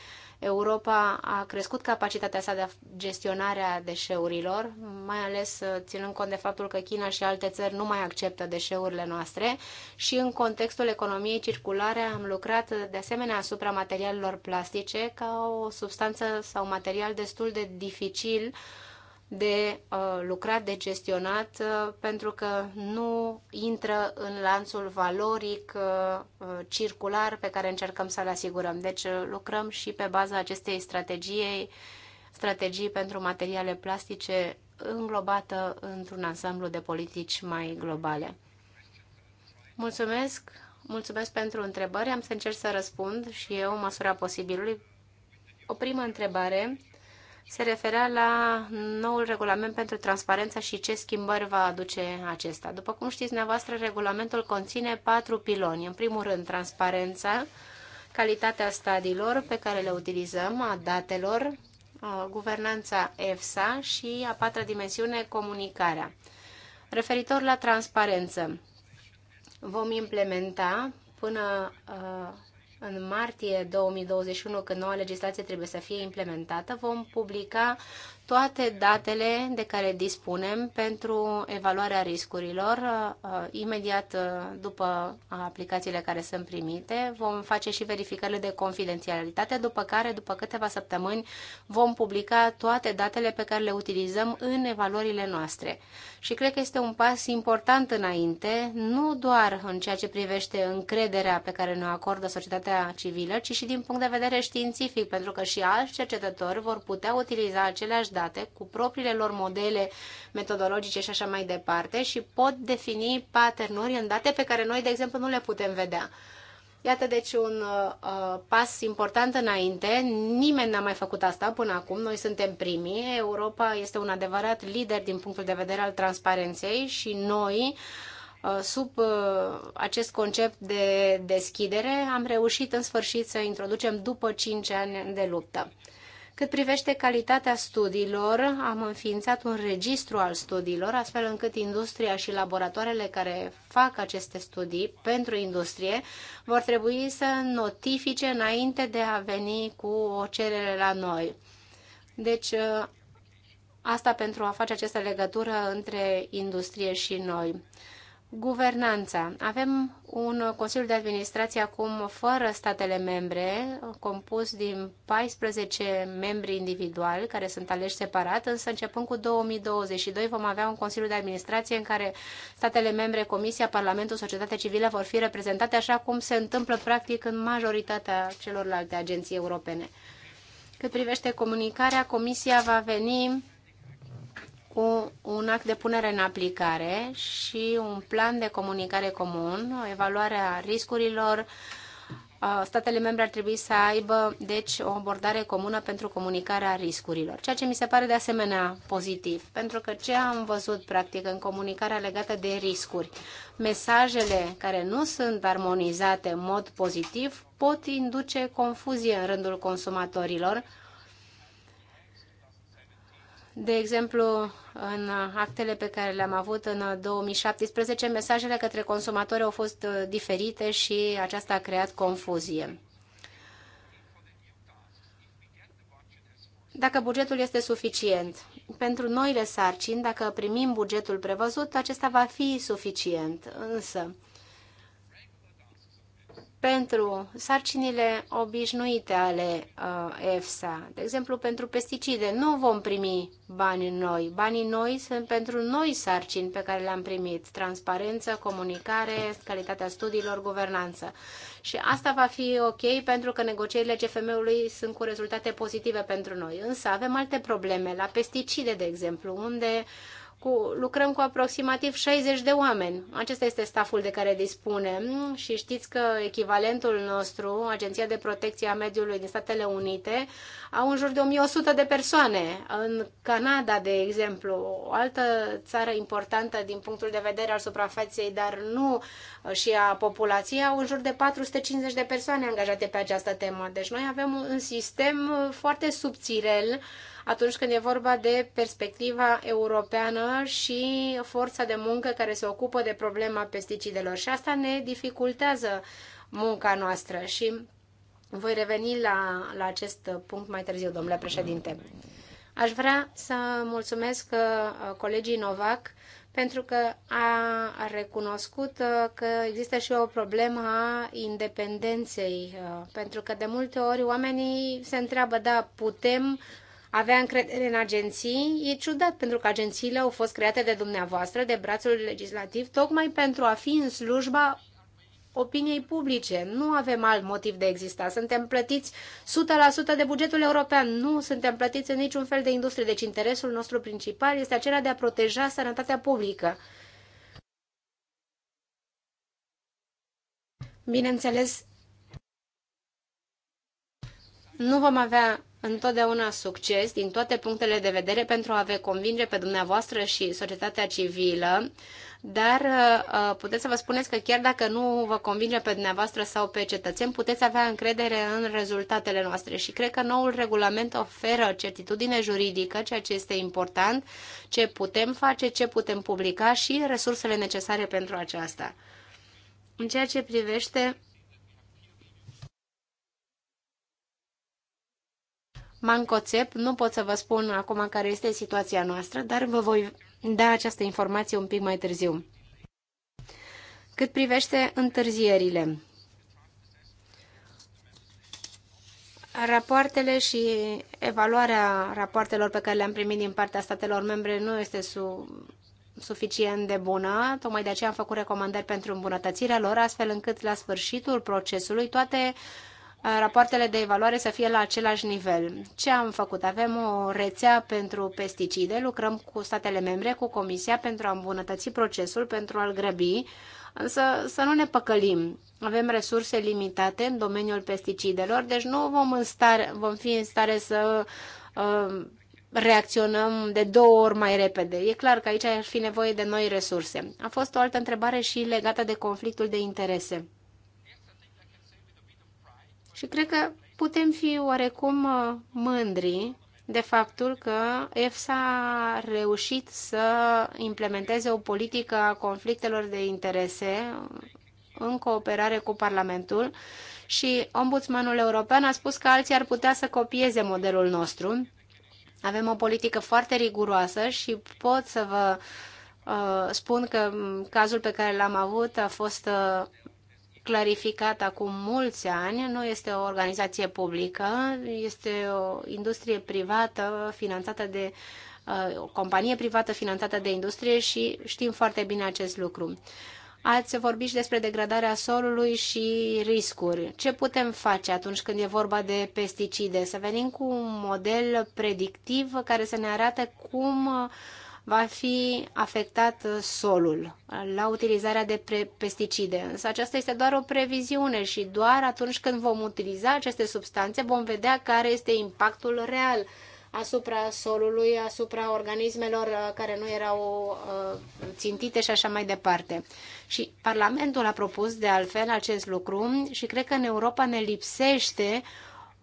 Europa a crescut capacitatea sa de gestionare a deșeurilor, mai ales uh, ținând cont de faptul că China și alte țări nu mai acceptă deșeurile noastre și în contextul economiei circulare am lucrat uh, de asemenea asupra materialelor plastice ca o substanță sau material destul de dificil uh, de uh, lucrat, de gestionat, uh, pentru că nu intră în lanțul valoric uh, circular pe care încercăm să-l asigurăm. Deci lucrăm și pe baza acestei strategii, strategii pentru materiale plastice înglobată într-un ansamblu de politici mai globale. Mulțumesc! Mulțumesc pentru întrebări. Am să încerc să răspund și eu, măsura posibilului. O primă întrebare se referea la noul regulament pentru transparență și ce schimbări va aduce acesta. După cum știți dumneavoastră, regulamentul conține patru piloni. În primul rând, transparența, calitatea stadiilor pe care le utilizăm, a datelor, guvernanța EFSA și a patra dimensiune, comunicarea. Referitor la transparență, vom implementa până în martie 2021, când noua legislație trebuie să fie implementată, vom publica toate datele de care dispunem pentru evaluarea riscurilor. Uh, imediat uh, după aplicațiile care sunt primite, vom face și verificările de confidențialitate, după care, după câteva săptămâni, vom publica toate datele pe care le utilizăm în evaluările noastre. Și cred că este un pas important înainte, nu doar în ceea ce privește încrederea pe care ne acordă societatea civilă, ci și din punct de vedere științific, pentru că și alți cercetători vor putea utiliza aceleași date cu propriile lor modele metodologice și așa mai departe și pot defini paternuri în date pe care noi, de exemplu, nu le putem vedea. Iată deci un uh, pas important înainte. Nimeni n-a mai făcut asta până acum. Noi suntem primii. Europa este un adevărat lider din punctul de vedere al transparenței și noi uh, sub uh, acest concept de deschidere am reușit în sfârșit să introducem după 5 ani de luptă. Cât privește calitatea studiilor, am înființat un registru al studiilor, astfel încât industria și laboratoarele care fac aceste studii pentru industrie vor trebui să notifice înainte de a veni cu o cerere la noi. Deci, asta pentru a face această legătură între industrie și noi. Guvernanța. Avem un Consiliu de Administrație acum fără statele membre, compus din 14 membri individuali care sunt aleși separat, însă începând cu 2022 vom avea un Consiliu de Administrație în care statele membre, Comisia, Parlamentul, Societatea Civilă vor fi reprezentate așa cum se întâmplă practic în majoritatea celorlalte agenții europene. Cât privește comunicarea, Comisia va veni cu un act de punere în aplicare și un plan de comunicare comun, evaluarea riscurilor. Statele membre ar trebui să aibă, deci, o abordare comună pentru comunicarea riscurilor, ceea ce mi se pare de asemenea pozitiv, pentru că ce am văzut, practic, în comunicarea legată de riscuri, mesajele care nu sunt armonizate în mod pozitiv pot induce confuzie în rândul consumatorilor, de exemplu, în actele pe care le-am avut în 2017, mesajele către consumatori au fost uh, diferite și aceasta a creat confuzie. Dacă bugetul este suficient, pentru noile sarcini, dacă primim bugetul prevăzut, acesta va fi suficient. Însă, pentru sarcinile obișnuite ale uh, EFSA, de exemplu pentru pesticide, nu vom primi bani noi. Banii noi sunt pentru noi sarcini pe care le-am primit, transparență, comunicare, calitatea studiilor, guvernanță. Și asta va fi ok pentru că negocierile CFM-ului sunt cu rezultate pozitive pentru noi. Însă avem alte probleme, la pesticide, de exemplu, unde uh, cu, lucrăm cu aproximativ 60 de oameni. Acesta este staful de care dispunem și știți că echivalentul nostru, Agenția de Protecție a Mediului din Statele Unite, au în jur de 1100 de persoane. În Canada, de exemplu, o altă țară importantă din punctul de vedere al suprafeței, dar nu uh, și a populației, au în jur de 450 de persoane angajate pe această temă. Deci noi avem un sistem uh, foarte subțirel atunci când e vorba de perspectiva europeană și forța de muncă care se ocupă de problema pesticidelor. Și asta ne dificultează munca noastră și voi reveni la, la acest punct mai târziu, domnule președinte. Aș vrea să mulțumesc uh, colegii Novac pentru că a recunoscut uh, că există și o problemă a independenței, uh, pentru că de multe ori oamenii se întreabă, da, putem avea încredere în agenții, e ciudat pentru că agențiile au fost create de dumneavoastră, de brațul legislativ, tocmai pentru a fi în slujba opiniei publice. Nu avem alt motiv de exista. Suntem plătiți 100% de bugetul european. Nu suntem plătiți în niciun fel de industrie. Deci interesul nostru principal este acela de a proteja sănătatea publică. Bineînțeles, nu vom avea întotdeauna succes din toate punctele de vedere pentru a vă convinge pe dumneavoastră și societatea civilă, dar uh, uh, puteți să vă spuneți că chiar dacă nu vă convinge pe dumneavoastră sau pe cetățeni, puteți avea încredere în rezultatele noastre și cred că noul regulament oferă certitudine juridică, ceea ce este important, ce putem face, ce putem publica și resursele necesare pentru aceasta. În ceea ce privește Mancoțep. Nu pot să vă spun acum care este situația noastră, dar vă voi da această informație un pic mai târziu. Cât privește întârzierile, Rapoartele și evaluarea rapoartelor pe care le-am primit din partea statelor membre nu este su suficient de bună, tocmai de aceea am făcut recomandări pentru îmbunătățirea lor, astfel încât la sfârșitul procesului toate uh, rapoartele de evaluare să fie la același nivel. Ce am făcut? Avem o rețea pentru pesticide, lucrăm cu statele membre, cu Comisia pentru a îmbunătăți procesul, pentru a-l grăbi, însă să nu ne păcălim. Avem resurse limitate în domeniul pesticidelor, deci nu vom, în stare, vom fi în stare să uh, reacționăm de două ori mai repede. E clar că aici ar fi nevoie de noi resurse. A fost o altă întrebare și legată de conflictul de interese. Și cred că putem fi oarecum uh, mândri de faptul că EFSA a reușit să implementeze o politică a conflictelor de interese în cooperare cu Parlamentul și Ombudsmanul European a spus că alții ar putea să copieze modelul nostru. Avem o politică foarte riguroasă și pot să vă uh, spun că mm, cazul pe care l-am avut a fost uh, clarificat acum mulți ani, nu este o organizație publică, este o industrie privată finanțată de uh, o companie privată finanțată de industrie și știm foarte bine acest lucru. Ați vorbit și despre degradarea solului și riscuri. Ce putem face atunci când e vorba de pesticide? Să venim cu un model predictiv care să ne arate cum uh, va fi afectat uh, solul la utilizarea de pesticide. Însă aceasta este doar o previziune și doar atunci când vom utiliza aceste substanțe vom vedea care este impactul real asupra solului, asupra organismelor uh, care nu erau uh, țintite și așa mai departe. Și Parlamentul a propus de altfel acest lucru și cred că în Europa ne lipsește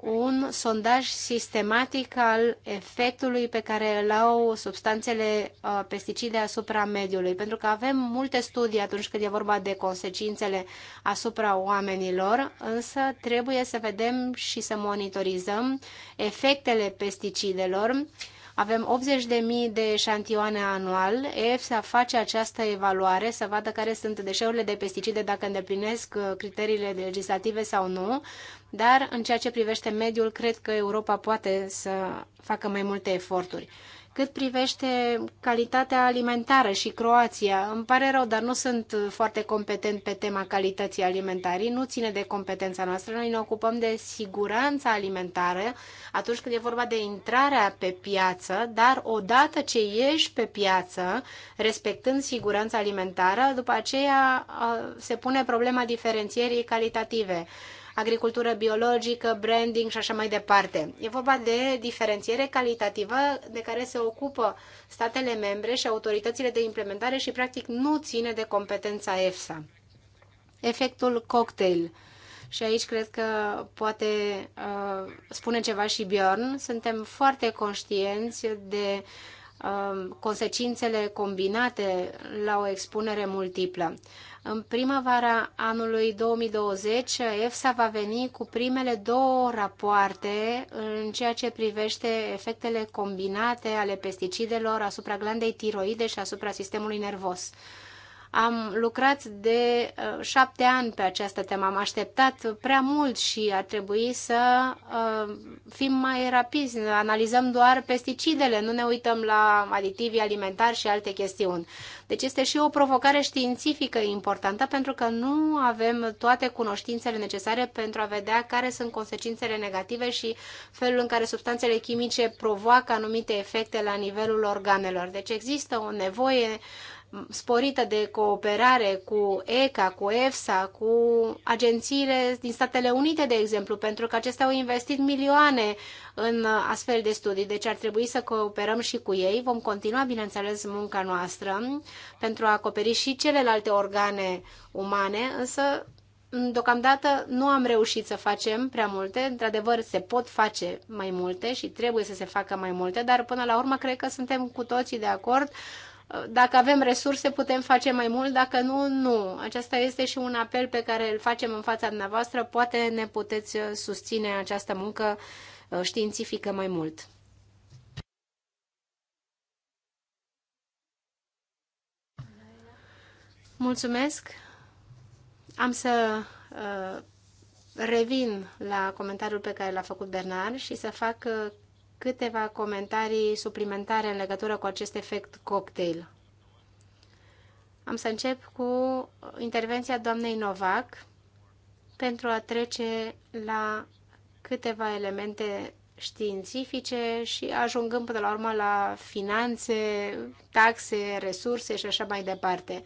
un sondaj sistematic al efectului pe care îl au substanțele uh, pesticide asupra mediului, pentru că avem multe studii atunci când e vorba de consecințele asupra oamenilor, însă trebuie să vedem și să monitorizăm efectele pesticidelor avem 80.000 de eșantioane anual. EFSA face această evaluare să vadă care sunt deșeurile de pesticide, dacă îndeplinesc uh, criteriile legislative sau nu. Dar în ceea ce privește mediul, cred că Europa poate să facă mai multe eforturi. Cât privește calitatea alimentară și Croația, îmi pare rău, dar nu sunt foarte competent pe tema calității alimentarii, nu ține de competența noastră. Noi ne ocupăm de siguranța alimentară atunci când e vorba de intrarea pe piață, dar odată ce ieși pe piață, respectând siguranța alimentară, după aceea se pune problema diferențierii calitative agricultură biologică, branding și așa mai departe. E vorba de diferențiere calitativă de care se ocupă statele membre și autoritățile de implementare și practic nu ține de competența EFSA. Efectul cocktail. Și aici cred că poate uh, spune ceva și Bjorn. Suntem foarte conștienți de uh, consecințele combinate la o expunere multiplă. În primăvara anului 2020, EFSA va veni cu primele două rapoarte în ceea ce privește efectele combinate ale pesticidelor asupra glandei tiroide și asupra sistemului nervos. Am lucrat de uh, șapte ani pe această temă, am așteptat prea mult și ar trebui să uh, fim mai rapizi. Analizăm doar pesticidele, nu ne uităm la aditivii alimentari și alte chestiuni. Deci este și o provocare științifică importantă pentru că nu avem toate cunoștințele necesare pentru a vedea care sunt consecințele negative și felul în care substanțele chimice provoacă anumite efecte la nivelul organelor. Deci există o nevoie sporită de cooperare cu ECA, cu EFSA, cu agențiile din Statele Unite, de exemplu, pentru că acestea au investit milioane în astfel de studii, deci ar trebui să cooperăm și cu ei. Vom continua, bineînțeles, munca noastră pentru a acoperi și celelalte organe umane, însă deocamdată nu am reușit să facem prea multe. Într-adevăr, se pot face mai multe și trebuie să se facă mai multe, dar până la urmă cred că suntem cu toții de acord dacă avem resurse, putem face mai mult, dacă nu, nu. Acesta este și un apel pe care îl facem în fața dumneavoastră. Poate ne puteți uh, susține această muncă uh, științifică mai mult. Mulțumesc. Am să uh, revin la comentariul pe care l-a făcut Bernard și să fac uh, câteva comentarii suplimentare în legătură cu acest efect cocktail. Am să încep cu intervenția doamnei Novak pentru a trece la câteva elemente științifice și ajungând până la urmă la finanțe, taxe, resurse și așa mai departe.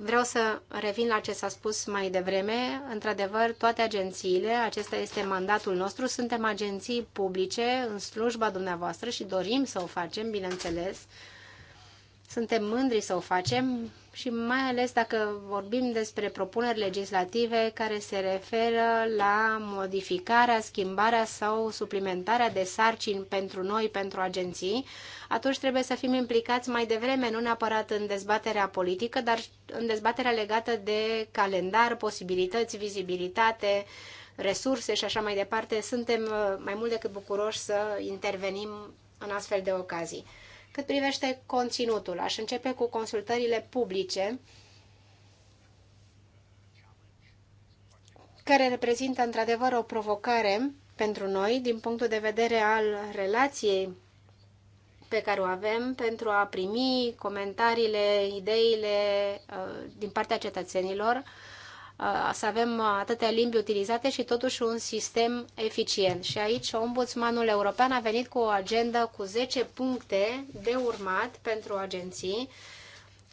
Vreau să revin la ce s-a spus mai devreme. Într-adevăr, toate agențiile, acesta este mandatul nostru, suntem agenții publice în slujba dumneavoastră și dorim să o facem, bineînțeles. Suntem mândri să o facem și mai ales dacă vorbim despre propuneri legislative care se referă la modificarea, schimbarea sau suplimentarea de sarcini pentru noi, pentru agenții, atunci trebuie să fim implicați mai devreme, nu neapărat în dezbaterea politică, dar în dezbaterea legată de calendar, posibilități, vizibilitate, resurse și așa mai departe. Suntem uh, mai mult decât bucuroși să intervenim în astfel de ocazii. Cât privește conținutul, aș începe cu consultările publice, care reprezintă într-adevăr o provocare pentru noi din punctul de vedere al relației pe care o avem pentru a primi comentariile, ideile uh, din partea cetățenilor să avem atâtea limbi utilizate și totuși un sistem eficient. Și aici ombudsmanul european a venit cu o agendă cu 10 puncte de urmat pentru agenții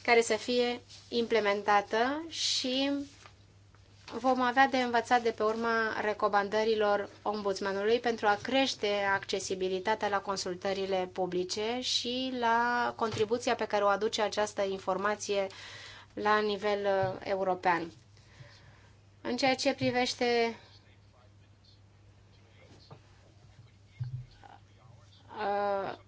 care să fie implementată și vom avea de învățat de pe urma recomandărilor ombudsmanului pentru a crește accesibilitatea la consultările publice și la contribuția pe care o aduce această informație la nivel uh, european. În ceea ce privește uh,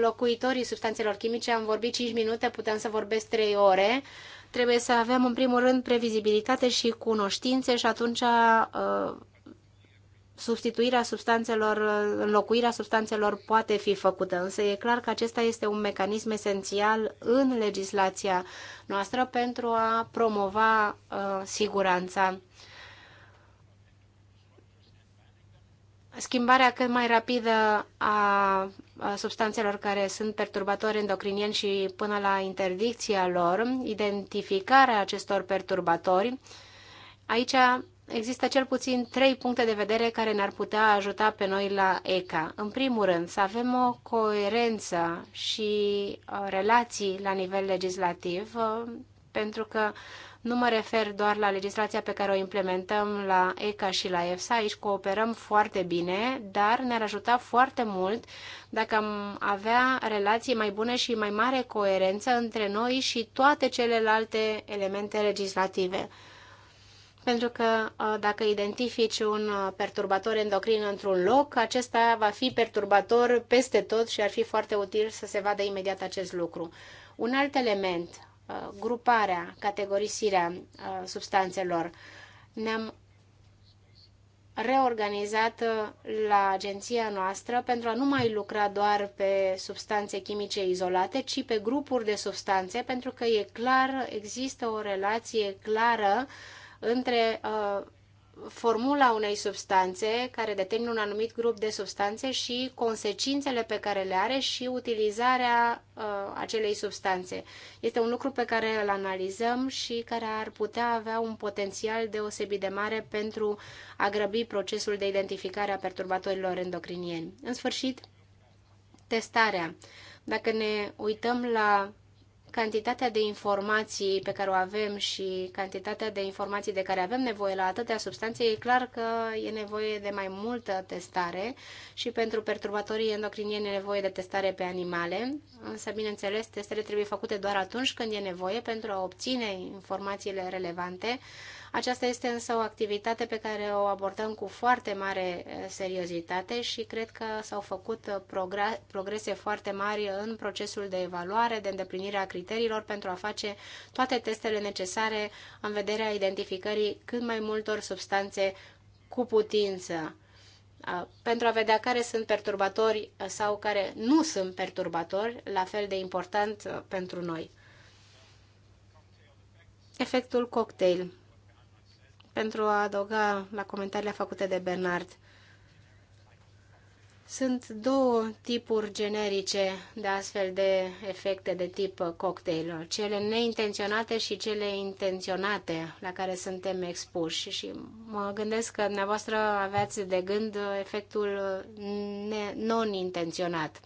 locuitorii substanțelor chimice, am vorbit 5 minute, puteam să vorbesc 3 ore. Trebuie să avem, în primul rând, previzibilitate și cunoștințe și atunci uh, substituirea substanțelor, înlocuirea substanțelor poate fi făcută, însă e clar că acesta este un mecanism esențial în legislația noastră pentru a promova uh, siguranța. Schimbarea cât mai rapidă a substanțelor care sunt perturbatori endocrinieni și până la interdicția lor, identificarea acestor perturbatori, aici există cel puțin trei puncte de vedere care ne-ar putea ajuta pe noi la ECA. În primul rând, să avem o coerență și uh, relații la nivel legislativ, uh, pentru că nu mă refer doar la legislația pe care o implementăm la ECA și la EFSA, aici cooperăm foarte bine, dar ne-ar ajuta foarte mult dacă am avea relații mai bune și mai mare coerență între noi și toate celelalte elemente legislative pentru că uh, dacă identifici un uh, perturbator endocrin într-un loc, acesta va fi perturbator peste tot și ar fi foarte util să se vadă imediat acest lucru. Un alt element, uh, gruparea, categorisirea substanțelor. Ne-am reorganizat la agenția noastră pentru a nu mai lucra doar pe substanțe chimice izolate, ci pe grupuri de substanțe, pentru că e clar, există o relație clară uh, între uh, formula unei substanțe care determină un anumit grup de substanțe și consecințele pe care le are și utilizarea uh, acelei substanțe. Este un lucru pe care îl analizăm și care ar putea avea un potențial deosebit de mare pentru a grăbi procesul de identificare a perturbatorilor endocrinieni. În sfârșit, testarea. Dacă ne uităm la cantitatea de informații pe care o avem și cantitatea de informații de care avem nevoie la atâtea substanțe, e clar că e nevoie de mai multă testare și pentru perturbatorii endocrinieni e nevoie de testare pe animale, însă, bineînțeles, testele trebuie făcute doar atunci când e nevoie pentru a obține informațiile relevante aceasta este însă o activitate pe care o abordăm cu foarte mare eh, seriozitate și cred că s-au făcut eh, progrese foarte mari în procesul de evaluare, de îndeplinire a criteriilor pentru a face toate testele necesare în vederea identificării cât mai multor substanțe cu putință eh, pentru a vedea care sunt perturbatori sau care nu sunt perturbatori, la fel de important pentru noi. Efectul cocktail pentru a adăuga la comentariile făcute de Bernard. Sunt două tipuri generice de astfel de efecte de tip cocktail, cele neintenționate și cele intenționate la care suntem expuși și mă gândesc că dumneavoastră aveați de gând efectul non-intenționat.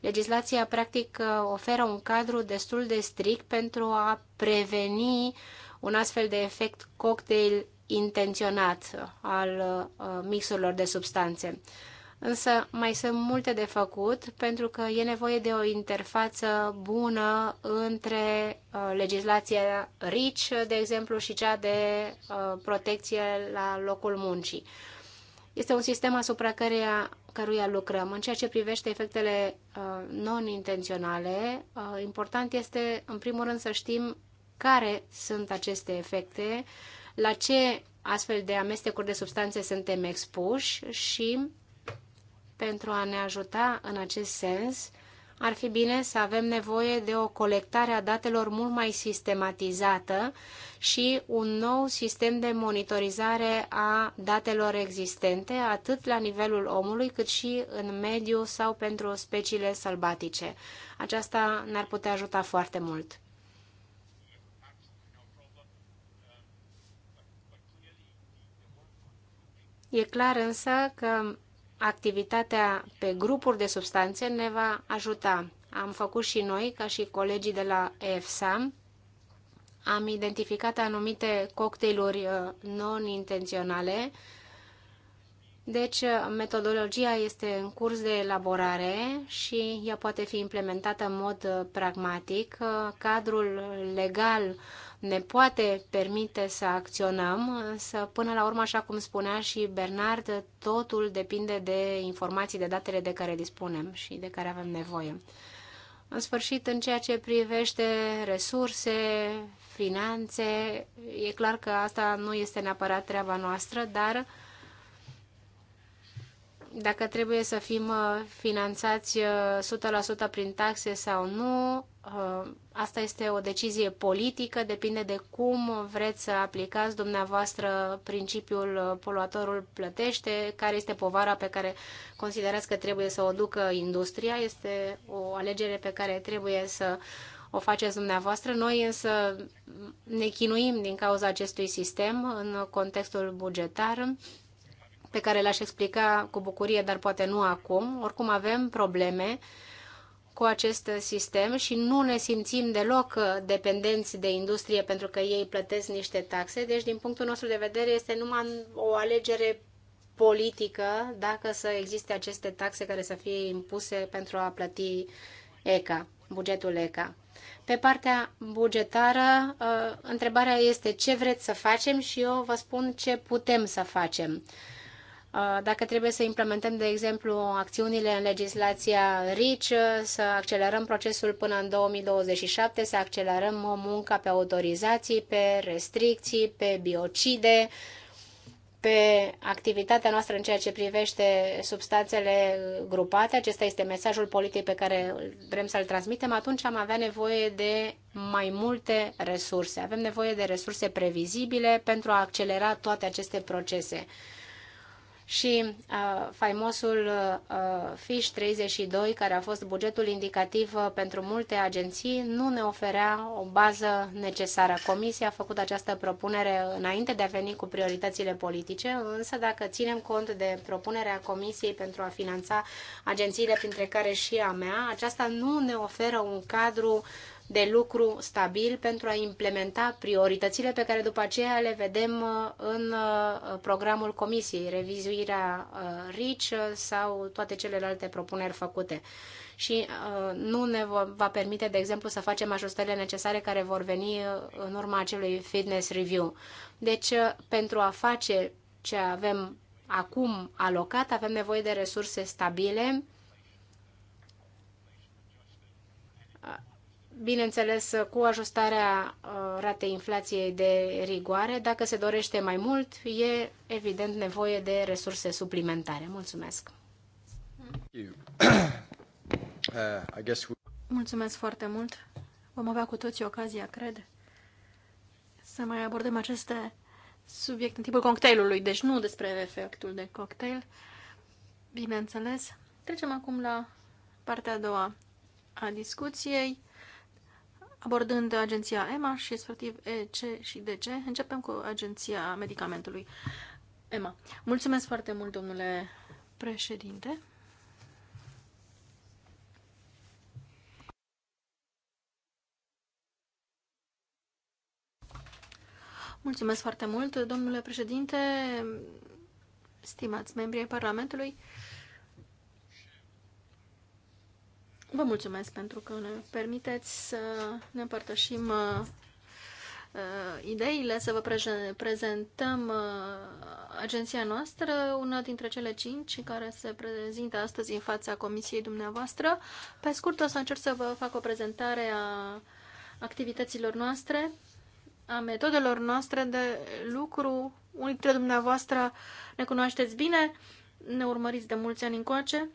Legislația practic oferă un cadru destul de strict pentru a preveni un astfel de efect cocktail intenționat al uh, mixurilor de substanțe. Însă mai sunt multe de făcut pentru că e nevoie de o interfață bună între uh, legislația RIC, de exemplu, și cea de uh, protecție la locul muncii. Este un sistem asupra căreia, căruia lucrăm. În ceea ce privește efectele non-intenționale, important este, în primul rând, să știm care sunt aceste efecte, uh, la ce astfel de amestecuri de substanțe suntem expuși și pentru a ne ajuta în acest sens, ar fi bine să avem nevoie de o colectare a datelor mult mai sistematizată și un nou sistem de monitorizare a datelor existente, atât la nivelul omului, cât și în mediu sau pentru speciile sălbatice. Aceasta ne-ar putea ajuta foarte mult. E clar însă că activitatea pe grupuri de substanțe ne va ajuta. Am făcut și noi, ca și colegii de la EFSA, am identificat anumite cocktailuri uh, non-intenționale. Deci, uh, metodologia este în curs de elaborare și ea poate fi implementată în mod uh, pragmatic. Cadrul legal uh, ne poate permite să acționăm, însă până la urmă, așa cum spunea și Bernard, totul depinde de informații, de datele de care dispunem și de care avem nevoie. În sfârșit, în ceea ce privește resurse, finanțe, e clar că asta nu este neapărat treaba noastră, dar dacă trebuie să fim uh, finanțați 100% uh, prin taxe sau nu, Uh, asta este o decizie politică, depinde de cum vreți să aplicați dumneavoastră principiul uh, poluatorul plătește, care este povara pe care considerați că trebuie să o ducă industria, este o alegere pe care trebuie să o faceți dumneavoastră. Noi însă ne chinuim din cauza acestui sistem în contextul bugetar pe care l-aș explica cu bucurie, dar poate nu acum. Oricum avem probleme uh, cu acest sistem și nu ne simțim deloc uh, dependenți de industrie pentru că ei plătesc niște taxe. Deci, din punctul nostru de vedere, este numai o alegere politică dacă să existe aceste taxe care să fie impuse pentru a plăti ECA, bugetul ECA. Pe partea bugetară, uh, întrebarea este ce vreți să facem și eu vă spun ce putem să facem. Uh, dacă trebuie să implementăm, de exemplu, acțiunile în legislația Rich, să accelerăm procesul până în 2027, să accelerăm munca pe autorizații, pe restricții, pe biocide, pe activitatea noastră în ceea ce privește substanțele grupate, acesta este mesajul politic pe care vrem să-l transmitem, atunci am avea nevoie de mai multe resurse. Avem nevoie de resurse previzibile pentru a accelera toate aceste procese și uh, faimosul uh, FISH 32, care a fost bugetul indicativ uh, pentru multe agenții, nu ne oferea o bază necesară. Comisia a făcut această propunere înainte de a veni cu prioritățile politice, însă dacă ținem cont de propunerea Comisiei pentru a finanța agențiile, printre care și a mea, aceasta nu ne oferă un cadru uh, de lucru stabil pentru a implementa prioritățile pe care după aceea le vedem uh, în uh, programul Comisiei, revizuirea uh, RICI sau toate celelalte propuneri făcute. Și nu ne va permite, de exemplu, să facem ajustările necesare care vor veni în urma acelui fitness review. Deci, pentru a face ce avem acum alocat, avem nevoie de resurse stabile bineînțeles, cu ajustarea uh, ratei inflației de rigoare, dacă se dorește mai mult, e evident nevoie de resurse suplimentare. Mulțumesc! Uh, Mulțumesc foarte mult! Vom avea cu toții ocazia, cred, să mai abordăm aceste subiecte în timpul cocktailului, deci nu despre efectul de cocktail, bineînțeles. Trecem acum la partea a doua a discuției abordând agenția EMA și respectiv EC și DC. Începem cu agenția medicamentului EMA. Mulțumesc foarte mult, domnule președinte. Mulțumesc foarte mult, domnule președinte, stimați membri ai Parlamentului. Vă mulțumesc pentru că ne permiteți să ne împărtășim uh, uh, ideile, să vă prezentăm uh, agenția noastră, una dintre cele cinci care se prezintă astăzi în fața comisiei dumneavoastră. Pe scurt, o să încerc să vă fac o prezentare a activităților noastre, a metodelor noastre de lucru. Unii dintre dumneavoastră ne cunoașteți bine, ne urmăriți de mulți ani încoace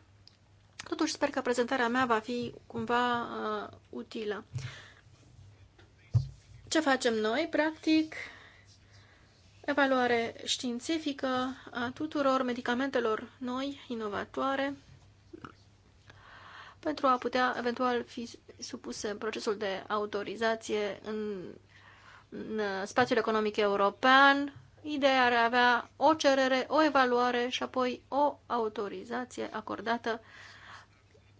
Totuși, sper că prezentarea mea va fi cumva uh, utilă. Ce facem noi? Practic, evaluare științifică a tuturor medicamentelor noi, inovatoare, pentru a putea eventual fi supuse în procesul de autorizație în, în spațiul economic european. Ideea ar avea o cerere, o evaluare și apoi o autorizație acordată uh,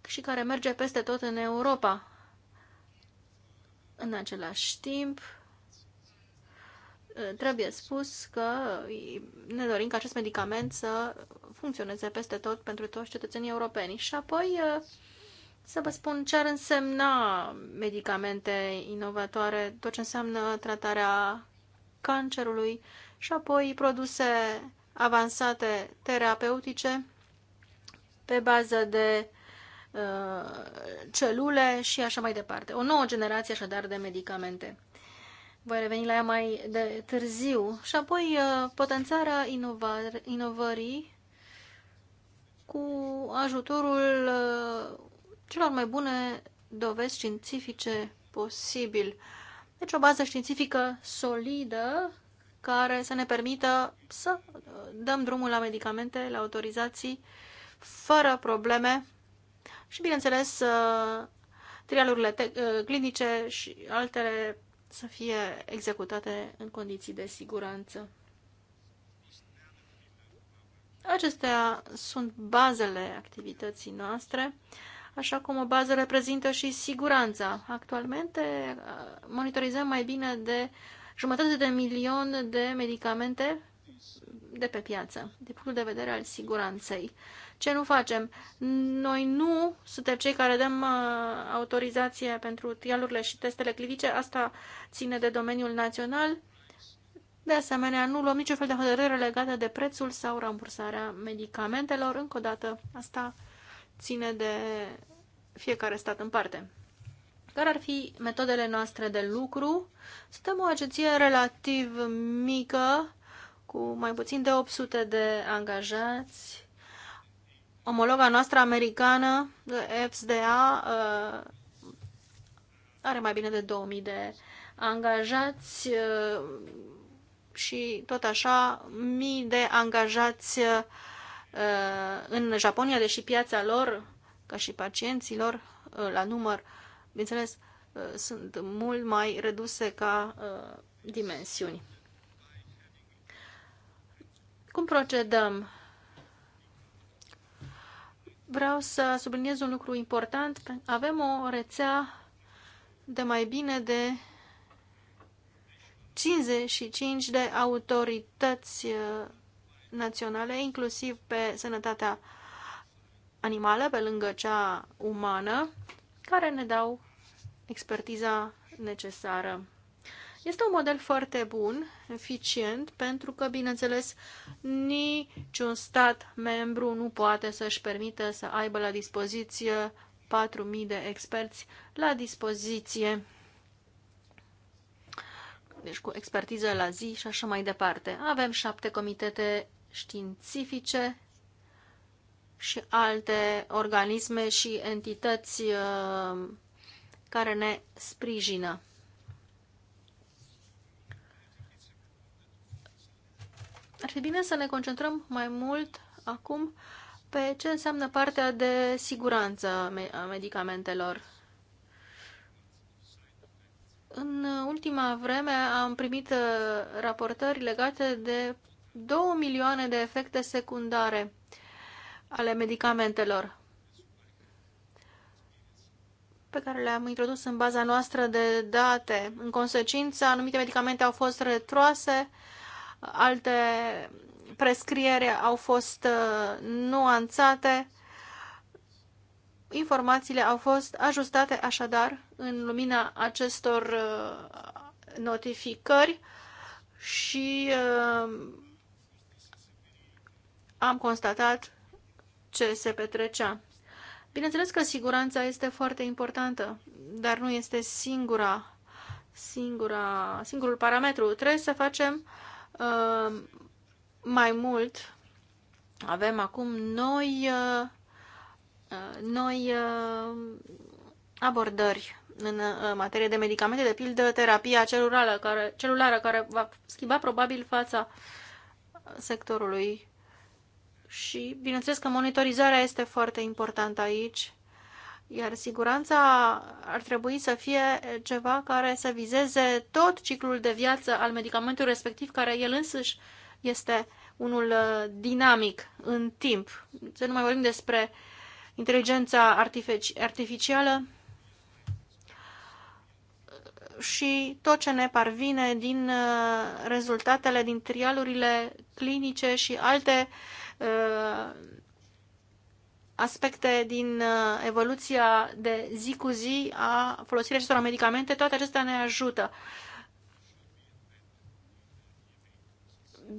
și care merge peste tot în Europa. În același timp, eh, trebuie spus că ne dorim ca acest medicament să funcționeze peste tot pentru toți cetățenii europeni. Și apoi eh, să vă spun ce ar însemna medicamente inovatoare, tot ce înseamnă tratarea cancerului și apoi produse avansate terapeutice pe bază de Uh, celule și așa mai departe. O nouă generație așadar de medicamente. Voi reveni la ea mai de târziu. Și apoi uh, potențarea inovar, inovării cu ajutorul uh, celor mai bune dovezi științifice posibil. Deci o bază științifică solidă care să ne permită să dăm drumul la medicamente, la autorizații, fără probleme și, bineînțeles, trialurile ă, clinice și altele să fie executate în condiții de siguranță. Acestea sunt bazele activității noastre, așa cum o bază reprezintă și siguranța. Actualmente ă, monitorizăm mai bine de jumătate de milion de medicamente de pe piață, din punctul de vedere al siguranței. Ce nu facem? Noi nu suntem cei care dăm uh, autorizație pentru trialurile și testele clinice, asta ține de domeniul național. De asemenea, nu luăm niciun fel de hotărâre legată de prețul sau rambursarea medicamentelor. Încă o dată, asta ține de fiecare stat în parte. Care ar fi metodele noastre de lucru? Suntem o agenție relativ mică, cu mai puțin de 800 de angajați. Omologa noastră americană, FSDA, uh, are mai bine de 2000 de angajați uh, și tot așa mii de angajați uh, în Japonia, deși piața lor, ca și pacienților, la număr, bineînțeles, sunt mult mai reduse ca dimensiuni. Cum procedăm? Vreau să subliniez un lucru important. Avem o rețea de mai bine de 55 de autorități uh, naționale, inclusiv pe sănătatea animală, pe lângă cea umană, care ne dau expertiza necesară. Este un model foarte bun, eficient, pentru că, bineînțeles, niciun stat membru nu poate să-și permită să aibă la dispoziție 4.000 de experți la dispoziție, deci cu expertiză la zi și așa mai departe. Avem șapte comitete științifice și alte organisme și entități uh, care ne sprijină. ar fi bine să ne concentrăm mai mult acum pe ce înseamnă partea de siguranță a medicamentelor. În ultima vreme am primit uh, raportări legate de 2 milioane de efecte secundare ale medicamentelor pe care le-am introdus în baza noastră de date. În consecință, anumite medicamente au fost retroase, alte prescriere au fost uh, nuanțate, informațiile au fost ajustate așadar în lumina acestor uh, notificări și uh, am constatat ce se petrecea. Bineînțeles că siguranța este foarte importantă, dar nu este singura, singura, singurul parametru. Trebuie să facem uh, Ehm, mai mult, avem acum noi, eh, eh, noi eh, abordări în materie de medicamente, de pildă terapia celulară care, celulară, care va schimba probabil fața sectorului. Și bineînțeles că monitorizarea este foarte importantă aici iar siguranța ar trebui să fie ceva care să vizeze tot ciclul de viață al medicamentului respectiv, care el însuși este unul uh, dinamic în timp. Să nu mai vorbim despre inteligența artifici artificială și tot ce ne parvine din uh, rezultatele din trialurile clinice și alte uh, aspecte din uh, evoluția de zi cu zi a folosirii acestor medicamente, toate acestea ne ajută.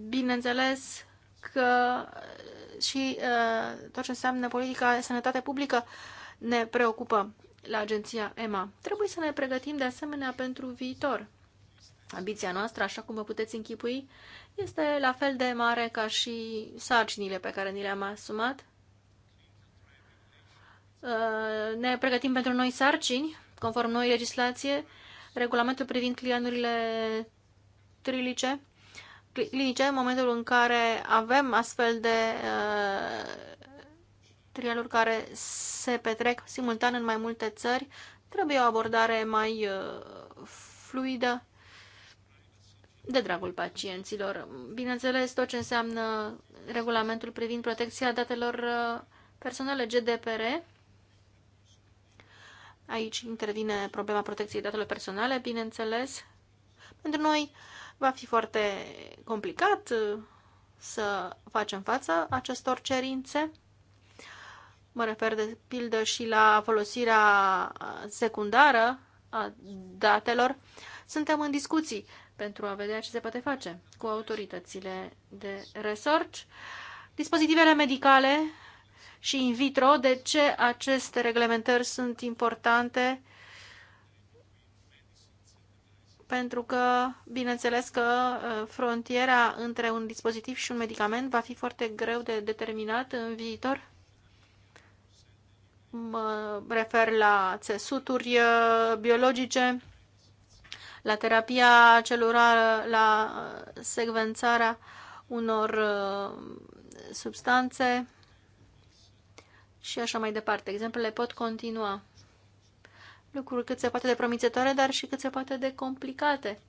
Bineînțeles că uh, și uh, tot ce înseamnă politica de sănătate publică ne preocupă la agenția EMA. Trebuie să ne pregătim de asemenea pentru viitor. Ambiția noastră, așa cum vă puteți închipui, este la fel de mare ca și sarcinile pe care ni le-am asumat Uh, ne pregătim pentru noi sarcini, conform noi legislație, regulamentul privind clienurile trilice, clinice, în momentul în care avem astfel de uh, trialuri care se petrec simultan în mai multe țări, trebuie o abordare mai uh, fluidă de dragul pacienților. Bineînțeles, tot ce înseamnă regulamentul privind protecția datelor uh, personale GDPR, Aici intervine problema protecției datelor personale, bineînțeles. Pentru noi va fi foarte complicat uh, să facem față acestor cerințe. Mă refer de pildă și la folosirea secundară a datelor. Suntem în discuții pentru a vedea ce se poate face cu autoritățile de research. Dispozitivele medicale și in vitro, de ce aceste reglementări sunt importante pentru că, bineînțeles că uh, frontiera între un dispozitiv și un medicament va fi foarte greu de determinat în viitor. Mă refer la țesuturi uh, biologice, la terapia celulară, la uh, secvențarea unor substanțe și așa mai departe. Exemplele pot continua. Lucruri cât se poate de promițătoare, dar și cât se poate de complicate.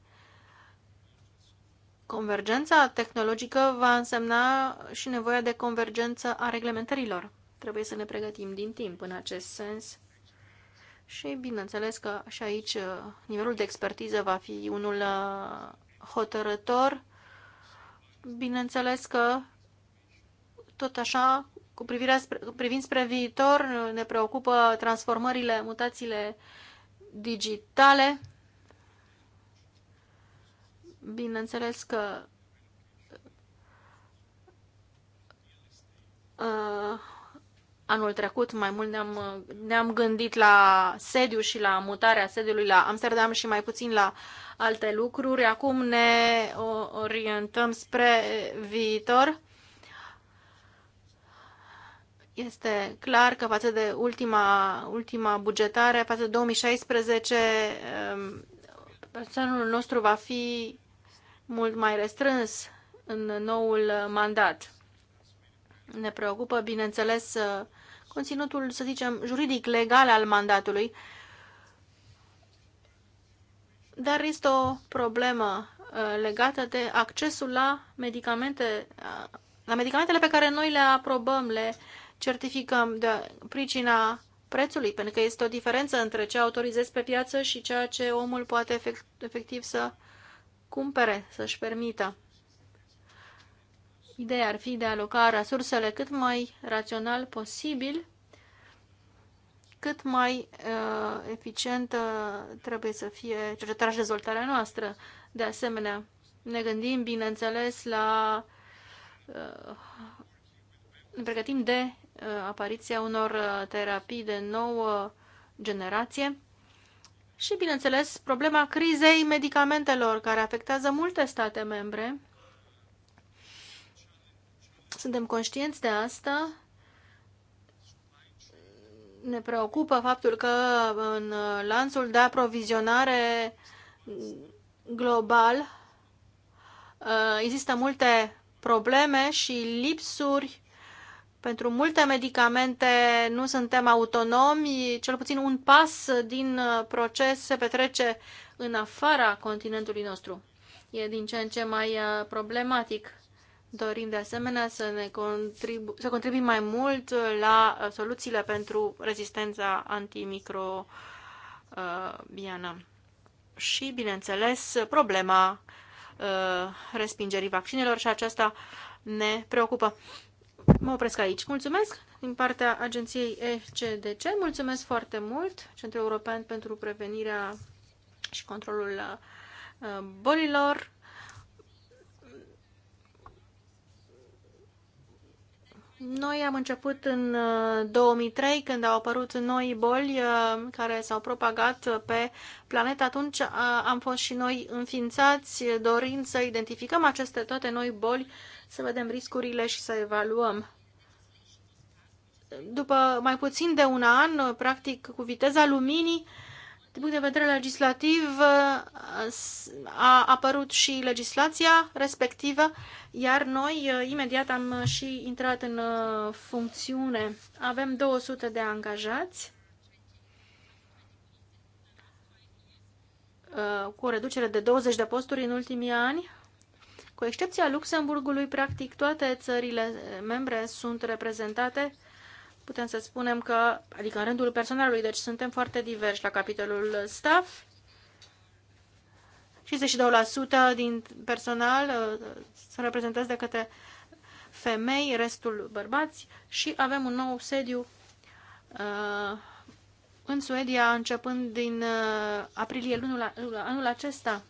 Convergența tehnologică va însemna și nevoia de convergență a reglementărilor. Trebuie să ne pregătim din timp în acest sens. Și bineînțeles că și aici uh, nivelul de expertiză va fi unul uh, hotărător. Bineînțeles că tot așa cu privire spre, privind spre viitor, ne preocupă transformările, mutațiile digitale. Bineînțeles că uh, anul trecut mai mult ne-am, ne-am gândit la sediu și la mutarea sediului la Amsterdam și mai puțin la alte lucruri. Acum ne uh, orientăm spre viitor este clar că față de ultima, ultima bugetare, față de 2016, um, personalul nostru va fi mult mai restrâns în noul mandat. Ne preocupă, bineînțeles, uh, conținutul, să zicem, juridic, legal al mandatului, dar este o problemă uh, legată de accesul la medicamente, uh, la medicamentele pe care noi le aprobăm, le uh, certificăm de pricina prețului, pentru că este o diferență între ce autorizezi pe piață și ceea ce omul poate efectiv să cumpere, să-și permită. Ideea ar fi de a aloca resursele cât mai rațional posibil, cât mai uh, eficientă uh, trebuie să fie cercetarea dezvoltarea noastră. De asemenea, ne gândim, bineînțeles, la uh, ne pregătim de Uh, apariția unor uh, terapii de nouă generație și, bineînțeles, problema crizei medicamentelor, care afectează multe state membre. Suntem conștienți de asta. Ne preocupă faptul că în lanțul de aprovizionare global uh, există multe probleme și lipsuri pentru multe medicamente nu suntem autonomi, cel puțin un pas din uh, proces se petrece în afara continentului nostru. E din ce în ce mai uh, problematic. Dorim de asemenea să, ne contribu- să contribuim mai mult uh, la soluțiile pentru rezistența antimicrobiană. Și, bineînțeles, problema respingerii vaccinelor și aceasta ne preocupă. Mă opresc aici. Mulțumesc din partea agenției FCDC. Mulțumesc foarte mult Centrul European pentru Prevenirea și Controlul uh, Bolilor. Noi am început în 2003 uh, când au apărut noi boli uh, care s-au propagat pe planetă. Atunci am fost și noi înființați dorind să identificăm aceste toate noi boli să vedem riscurile și să evaluăm. După mai puțin de un an, practic cu viteza luminii, din punct de vedere legislativ, a apărut și legislația respectivă, iar noi uh, imediat am și intrat în uh, funcțiune. Avem 200 de angajați uh, cu o reducere de 20 de posturi în ultimii ani excepția Luxemburgului, practic toate țările membre sunt reprezentate, putem să spunem că, adică în rândul personalului, deci suntem foarte diversi la capitolul staff. 62% din personal uh, sunt reprezentați de către femei, restul bărbați și avem un nou sediu uh, în Suedia începând din uh, aprilie lunul, anul acesta.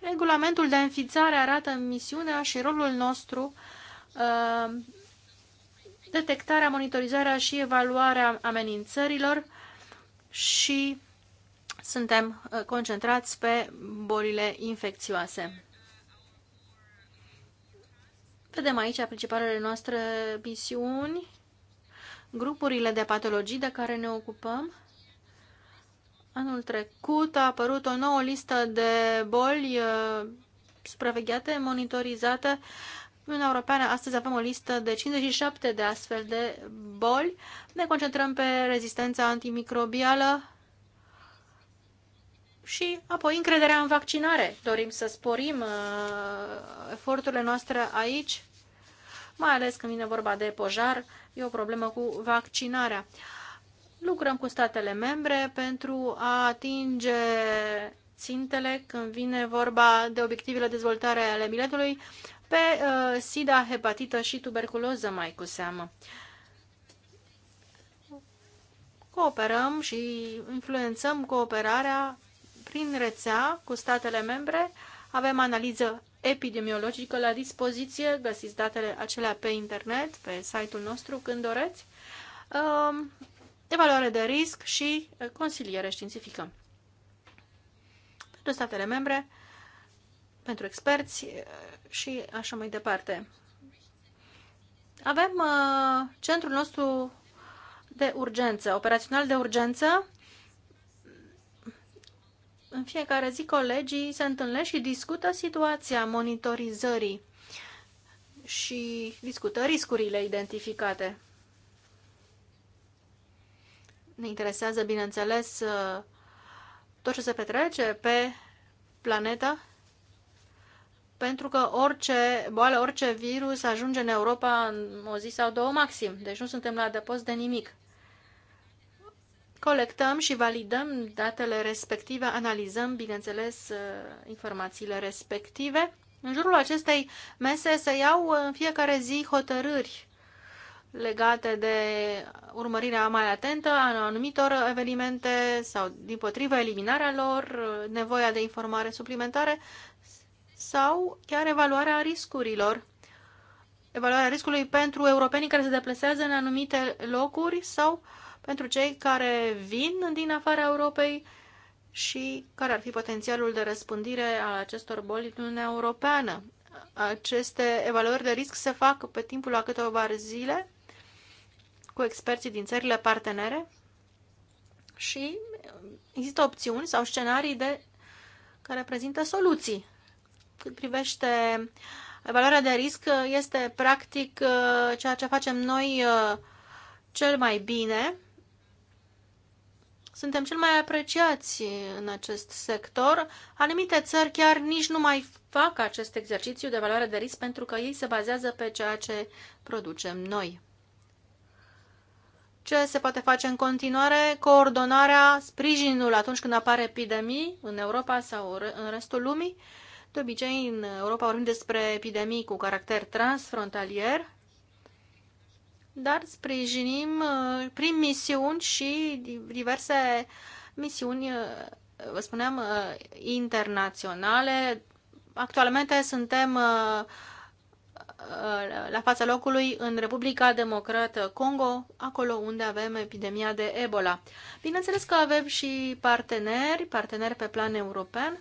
Regulamentul de înfițare arată misiunea și rolul nostru, uh, detectarea, monitorizarea și evaluarea amenințărilor și suntem uh, concentrați pe bolile infecțioase. Vedem aici principalele noastre misiuni, grupurile de patologii de care ne ocupăm, Anul trecut a apărut o nouă listă de boli uh, supravegheate, monitorizate. În Europeană astăzi avem o listă de 57 de astfel de boli. Ne concentrăm pe rezistența antimicrobială și apoi încrederea în vaccinare. Dorim să sporim uh, eforturile noastre aici, mai ales când vine vorba de pojar, e o problemă cu vaccinarea. Lucrăm cu statele membre pentru a atinge țintele când vine vorba de obiectivele de dezvoltare ale miletului pe uh, sida, hepatită și tuberculoză mai cu seamă. Cooperăm și influențăm cooperarea prin rețea cu statele membre. Avem analiză epidemiologică la dispoziție. Găsiți datele acelea pe internet, pe site-ul nostru, când doreți. Uh, evaluare de risc și consiliere științifică. Pentru statele membre, pentru experți și așa mai departe. Avem uh, centrul nostru de urgență, operațional de urgență. În fiecare zi colegii se întâlnesc și discută situația monitorizării și discută riscurile identificate. Ne interesează, bineînțeles, uh, tot ce se petrece pe planetă, pentru că orice boală, orice virus ajunge în Europa în o zi sau două maxim. Deci nu suntem la adăpost de nimic. Colectăm și validăm datele respective, analizăm, bineînțeles, uh, informațiile respective. În jurul acestei mese se iau uh, în fiecare zi hotărâri legate de urmărirea mai atentă a anumitor evenimente sau, din potrivă, eliminarea lor, nevoia de informare suplimentare sau chiar evaluarea riscurilor. Evaluarea riscului pentru europenii care se deplasează în anumite locuri sau pentru cei care vin din afara Europei și care ar fi potențialul de răspândire a acestor boli în Uniunea Europeană aceste evaluări de risc se fac pe timpul a câteva zile cu experții din țările partenere și există opțiuni sau scenarii de, care prezintă soluții. Cât privește uh, evaluarea de risc, uh, este practic uh, ceea ce facem noi cel mai bine. Suntem cel mai apreciați în acest sector. Anumite țări chiar nici nu mai fac acest exercițiu de valoare de risc pentru că ei se bazează pe ceea ce producem noi ce se poate face în continuare, coordonarea, sprijinul atunci când apare epidemii în Europa sau în restul lumii. De obicei, în Europa vorbim despre epidemii cu caracter transfrontalier, dar sprijinim uh, prin misiuni și diverse misiuni, uh, vă spuneam, uh, internaționale. Actualmente suntem Uh, la fața locului în Republica Democrată Congo, acolo unde avem epidemia de Ebola. Bineînțeles că avem și parteneri, parteneri pe plan european,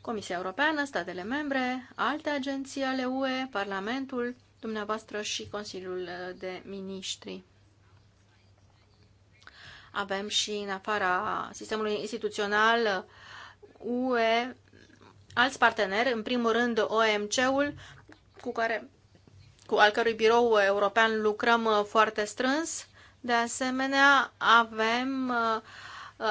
Comisia Europeană, statele membre, alte agenții ale UE, Parlamentul, dumneavoastră și Consiliul de Ministri. Avem și în afara sistemului instituțional UE alți parteneri, în primul rând OMC-ul, cu, care, cu al cărui birou european lucrăm uh, foarte strâns. De asemenea, avem uh,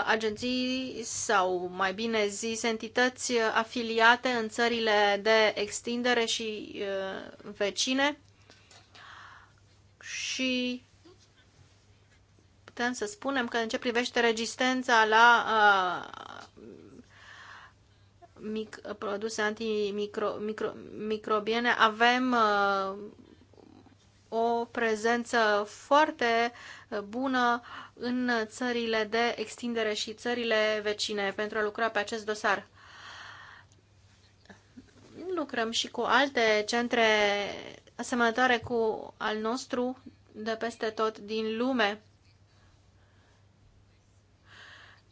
agenții sau, mai bine zis, entități uh, afiliate în țările de extindere și vecine și putem să spunem că în ce privește rezistența la mic, uh, produse antimicrobiene, micro, avem uh, o prezență foarte uh, bună în țările de extindere și țările vecine pentru a lucra pe acest dosar. Lucrăm și cu alte centre asemănătoare cu al nostru de peste tot din lume.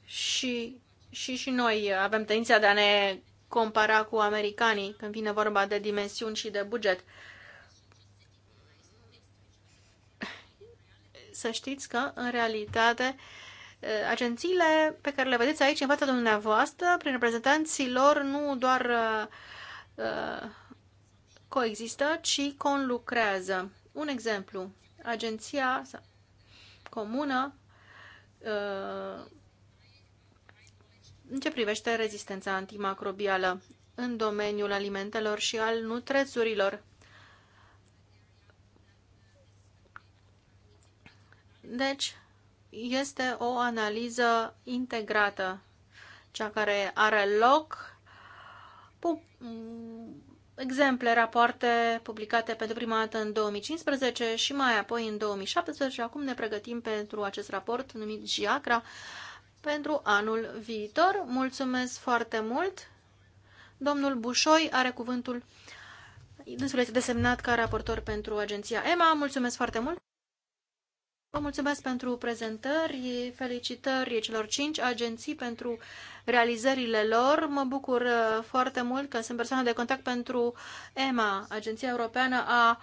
Și și și noi avem tendința de a ne compara cu americanii când vine vorba de dimensiuni și de buget. Să știți că, în realitate, agențiile pe care le vedeți aici în fața dumneavoastră, prin reprezentanții lor, nu doar uh, uh coexistă, ci conlucrează. Un exemplu, agenția comună uh, în ce privește rezistența antimacrobială în domeniul alimentelor și al nutrețurilor. Deci, este o analiză integrată, cea care are loc cu exemple, rapoarte publicate pentru prima dată în 2015 și mai apoi în 2017. și Acum ne pregătim pentru acest raport numit GIACRA, pentru anul viitor. Mulțumesc foarte mult! Domnul Bușoi are cuvântul. Dânsul este desemnat ca raportor pentru agenția EMA. Mulțumesc foarte mult! Vă mulțumesc pentru prezentări, felicitări celor cinci agenții pentru realizările lor. Mă bucur uh, foarte mult că sunt persoană de contact pentru EMA, Agenția Europeană a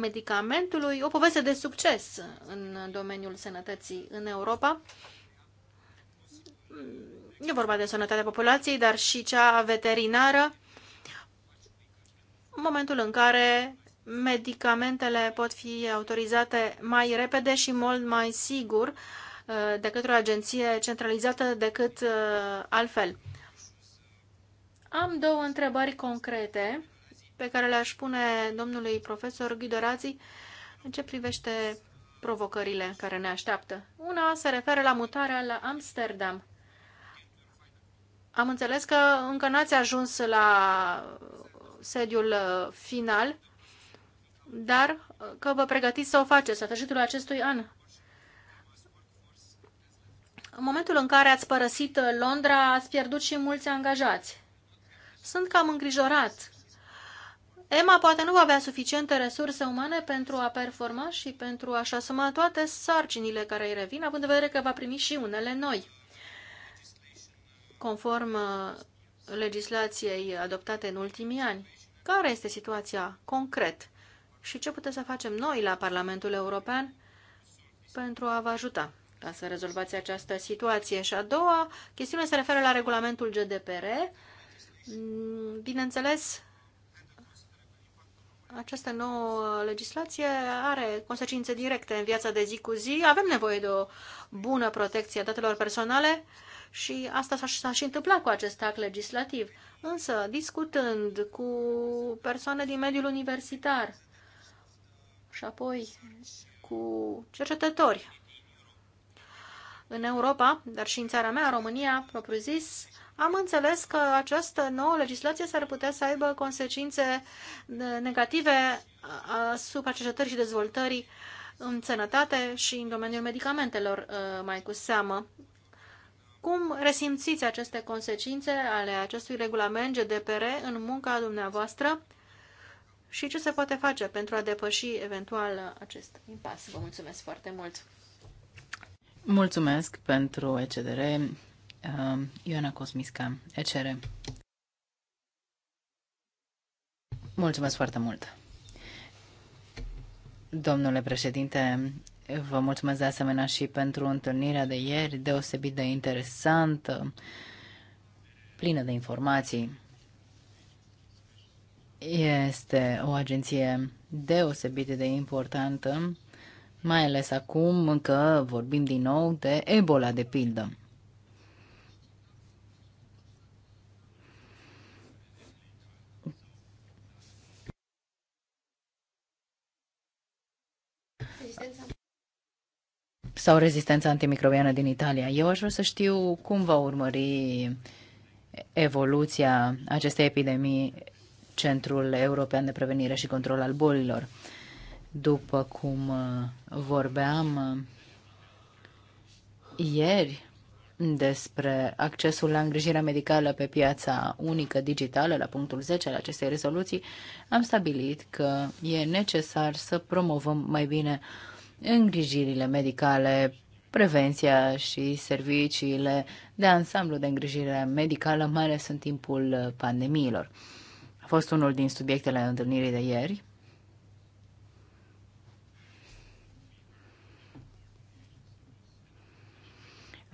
Medicamentului, o poveste de succes în domeniul sănătății în Europa e vorba de sănătatea populației, dar și cea veterinară, în momentul în care medicamentele pot fi autorizate mai repede și mult mai sigur uh, de către o agenție centralizată decât uh, altfel. Am două întrebări concrete pe care le-aș pune domnului profesor Ghidorații în ce privește provocările care ne așteaptă. Una se referă la mutarea la Amsterdam. Am înțeles că încă n-ați ajuns la sediul uh, final, dar uh, că vă pregătiți să o faceți la sfârșitul acestui an. În momentul în care ați părăsit uh, Londra, ați pierdut și mulți angajați. Sunt cam îngrijorat. Emma poate nu va avea suficiente resurse umane pentru a performa și pentru a-și asuma toate sarcinile care îi revin, având în vedere că va primi și unele noi conform uh, legislației adoptate în ultimii ani. Care este situația concret și ce putem să facem noi la Parlamentul European pentru a vă ajuta ca să rezolvați această situație? Și a doua chestiune se referă la regulamentul GDPR. Mm, bineînțeles, această nouă legislație are consecințe directe în viața de zi cu zi. Avem nevoie de o bună protecție a datelor personale și asta s-a și întâmplat cu acest act legislativ. Însă, discutând cu persoane din mediul universitar și apoi cu cercetători în Europa, dar și în țara mea, România, propriu-zis, am înțeles că această nouă legislație s-ar putea să aibă consecințe uh, negative uh, asupra cercetării și dezvoltării în sănătate și în domeniul medicamentelor uh, mai cu seamă. Cum resimțiți aceste consecințe ale acestui regulament GDPR în munca dumneavoastră și ce se poate face pentru a depăși eventual acest impas? Vă mulțumesc foarte mult! Mulțumesc pentru ECDR, uh, Ioana Cosmisca, ECR. Mulțumesc foarte mult! Domnule președinte, Vă mulțumesc de asemenea și pentru întâlnirea de ieri, deosebit de interesantă, plină de informații. Este o agenție deosebit de importantă, mai ales acum că vorbim din nou de Ebola, de pildă. sau rezistența antimicrobiană din Italia. Eu aș vrea să știu cum va urmări evoluția acestei epidemii Centrul European de Prevenire și Control al Bolilor. După cum uh, vorbeam uh, ieri despre accesul la îngrijirea medicală pe piața unică digitală, la punctul 10 al acestei rezoluții, am stabilit că e necesar să promovăm mai bine uh, îngrijirile medicale, prevenția și serviciile de ansamblu de îngrijire medicală, mai ales în timpul pandemiilor. A fost unul din subiectele întâlnirii de ieri.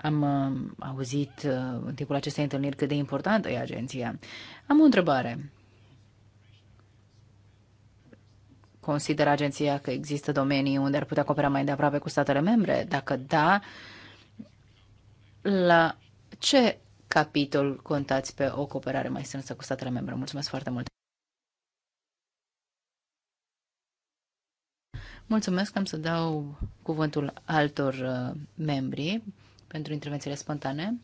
Am uh, auzit uh, în timpul acestei întâlniri cât de importantă e agenția. Am o întrebare. Consideră agenția că există domenii unde ar putea coopera mai de aproape cu statele membre? Dacă da, la ce capitol contați pe o cooperare mai strânsă cu statele membre? Mulțumesc foarte mult! Mulțumesc, am să dau cuvântul altor uh, membri pentru intervențiile spontane.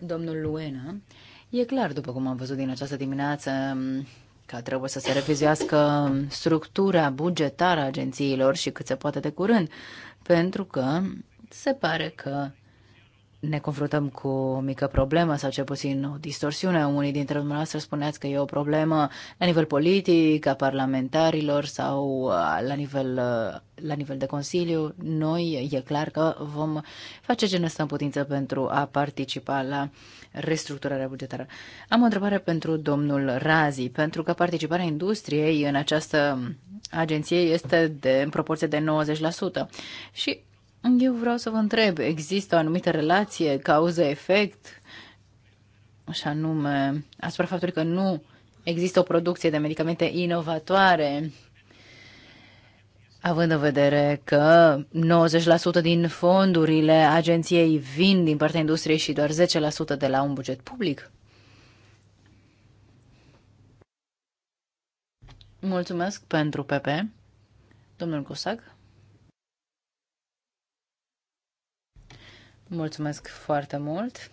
Domnul Luena, E clar, după cum am văzut din această dimineață, că trebuie să se revizuiască structura bugetară a agențiilor și cât se poate de curând, pentru că se pare că ne confruntăm cu o mică problemă sau cel puțin o distorsiune. Unii dintre dumneavoastră spuneați că e o problemă la nivel politic, a parlamentarilor sau uh, la nivel, uh, la nivel de Consiliu. Noi e clar că vom face ce ne stăm în putință pentru a participa la restructurarea bugetară. Am o întrebare pentru domnul Razi, pentru că participarea industriei în această agenție este de, în proporție de 90% și eu vreau să vă întreb, există o anumită relație cauză-efect și anume asupra faptului că nu există o producție de medicamente inovatoare având în vedere că 90% din fondurile agenției vin din partea industriei și doar 10% de la un buget public? Mulțumesc pentru PP. Domnul Cusac. Mulțumesc foarte mult.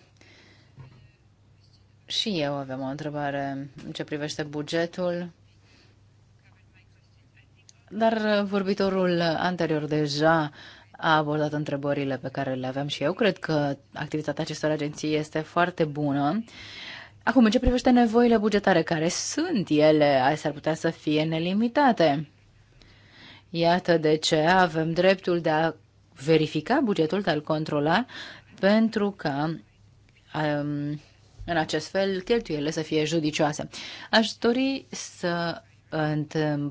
Și eu aveam o întrebare în ce privește bugetul. Dar vorbitorul anterior deja a abordat întrebările pe care le aveam și eu. Cred că activitatea acestor agenții este foarte bună. Acum, în ce privește nevoile bugetare, care sunt ele, s-ar putea să fie nelimitate. Iată de ce avem dreptul de a verifica bugetul, de a-l controla, pentru ca um, în acest fel cheltuielile să fie judicioase. Aș dori să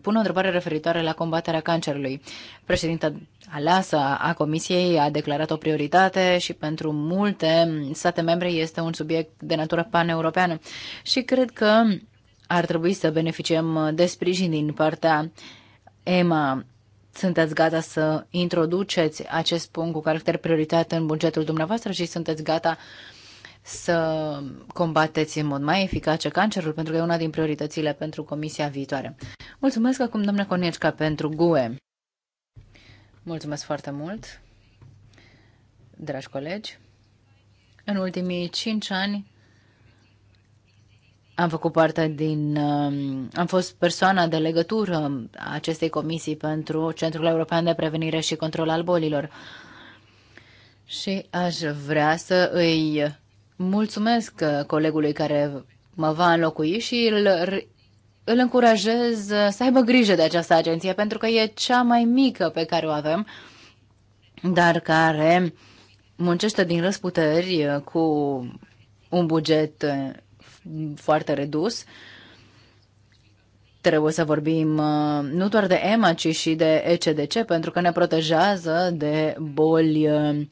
pun o întrebare referitoare la combaterea cancerului. Președinta aleasă a Comisiei a declarat o prioritate și pentru multe state membre este un subiect de natură paneuropeană și cred că ar trebui să beneficiem de sprijin din partea EMA sunteți gata să introduceți acest punct cu caracter prioritate în bugetul dumneavoastră și sunteți gata să combateți în mod mai eficace cancerul, pentru că e una din prioritățile pentru comisia viitoare. Mulțumesc acum, doamna Coniecica, pentru GUE. Mulțumesc foarte mult, dragi colegi. În ultimii cinci ani, am făcut parte din. Um, am fost persoana de legătură a acestei comisii pentru Centrul European de Prevenire și Control al Bolilor. Și aș vrea să îi mulțumesc colegului care mă va înlocui și îl, îl încurajez să aibă grijă de această agenție, pentru că e cea mai mică pe care o avem, dar care muncește din răsputeri cu un buget foarte redus. Trebuie să vorbim uh, nu doar de EMA, ci și de ECDC, pentru că ne protejează de boli uh,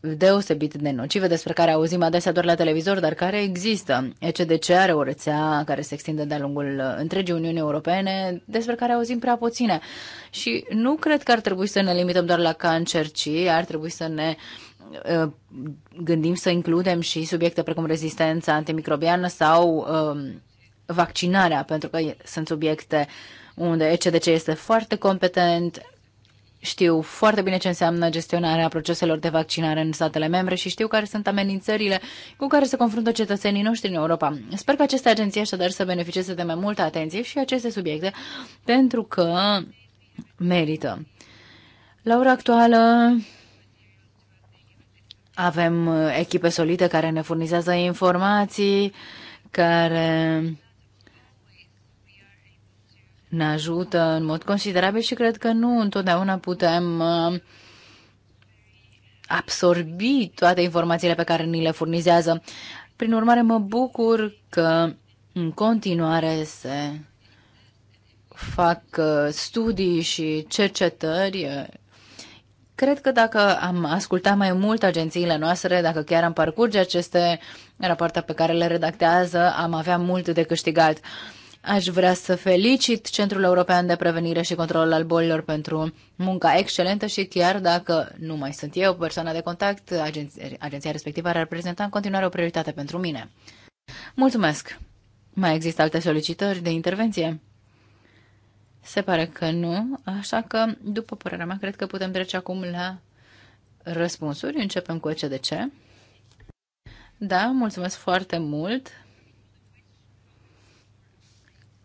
deosebit de nocive, despre care auzim adesea doar la televizor, dar care există. ECDC are o rețea care se extinde de-a lungul uh, întregii Uniuni Europene, despre care auzim prea puține. Și nu cred că ar trebui să ne limităm doar la cancer, ci ar trebui să ne Uh, gândim să includem și subiecte precum rezistența antimicrobiană sau um, vaccinarea, pentru că sunt subiecte unde ECDC este foarte competent, știu foarte bine ce înseamnă gestionarea proceselor de vaccinare în statele membre și știu care sunt amenințările cu care se confruntă cetățenii noștri în Europa. Sper că aceste agenții așadar să beneficieze de mai multă atenție și aceste subiecte, pentru că merită. La ora actuală, avem uh, echipe solide care ne furnizează informații, care ne ajută în mod considerabil și cred că nu întotdeauna putem uh, absorbi toate informațiile pe care ni le furnizează. Prin urmare, mă bucur că în continuare se fac uh, studii și cercetări Cred că dacă am ascultat mai mult agențiile noastre, dacă chiar am parcurge aceste rapoarte pe care le redactează, am avea mult de câștigat. Aș vrea să felicit Centrul European de Prevenire și Control al Bolilor pentru munca excelentă și chiar dacă nu mai sunt eu persoana de contact, agenția, agenția respectivă ar reprezenta în continuare o prioritate pentru mine. Mulțumesc! Mai există alte solicitări de intervenție? Se pare că nu, așa că, după părerea mea, cred că putem trece acum la răspunsuri. Începem cu ce de ce. Da, mulțumesc foarte mult.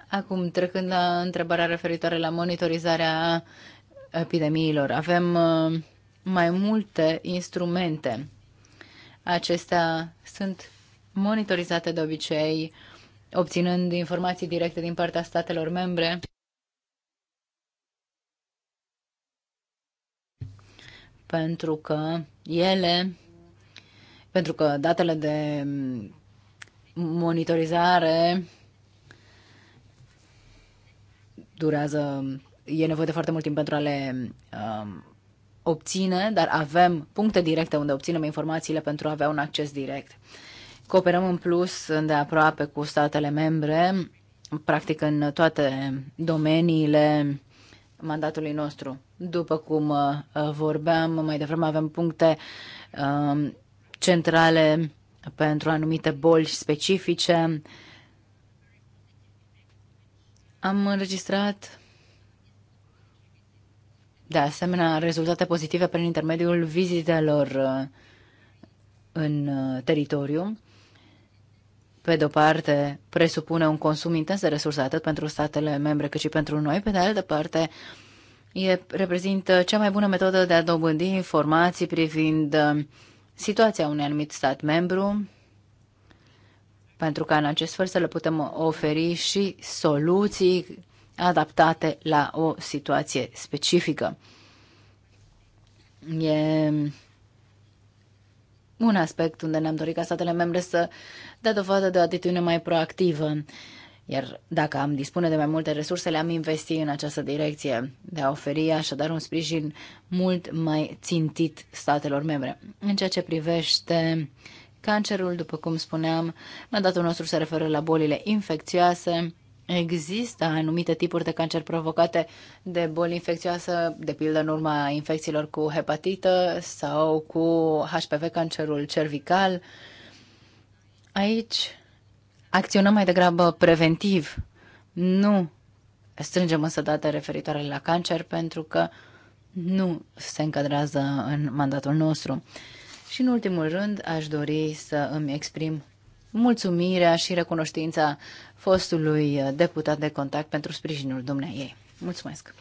Acum, trecând la întrebarea referitoare la monitorizarea epidemiilor, avem uh, mai multe instrumente. Acestea sunt monitorizate de obicei, obținând informații directe din partea statelor membre. pentru că ele, pentru că datele de monitorizare durează, e nevoie de foarte mult timp pentru a le um, obține, dar avem puncte directe unde obținem informațiile pentru a avea un acces direct. Cooperăm în plus de aproape cu statele membre, practic în toate domeniile mandatului nostru. După cum uh, vorbeam mai devreme, avem puncte um, centrale pentru anumite boli specifice. Am înregistrat de asemenea rezultate pozitive prin intermediul vizitelor uh, în uh, teritoriu pe de-o parte, presupune un consum intens de resurse atât pentru statele membre cât și pentru noi, pe de altă parte, e, reprezintă cea mai bună metodă de a dobândi informații privind uh, situația unui anumit stat membru, pentru ca în acest fel să le putem oferi și soluții adaptate la o situație specifică. E un aspect unde ne-am dorit ca statele membre să dea dovadă de o atitudine mai proactivă. Iar dacă am dispune de mai multe resurse, le-am investi în această direcție, de a oferi așadar un sprijin mult mai țintit statelor membre. În ceea ce privește cancerul, după cum spuneam, mandatul nostru se referă la bolile infecțioase, Există anumite tipuri de cancer provocate de boli infecțioase, de pildă în urma infecțiilor cu hepatită sau cu HPV, cancerul cervical. Aici acționăm mai degrabă preventiv. Nu strângem însă date referitoare la cancer pentru că nu se încadrează în mandatul nostru. Și în ultimul rând aș dori să îmi exprim mulțumirea și recunoștința fostului deputat de contact pentru sprijinul dumneai. Mulțumesc!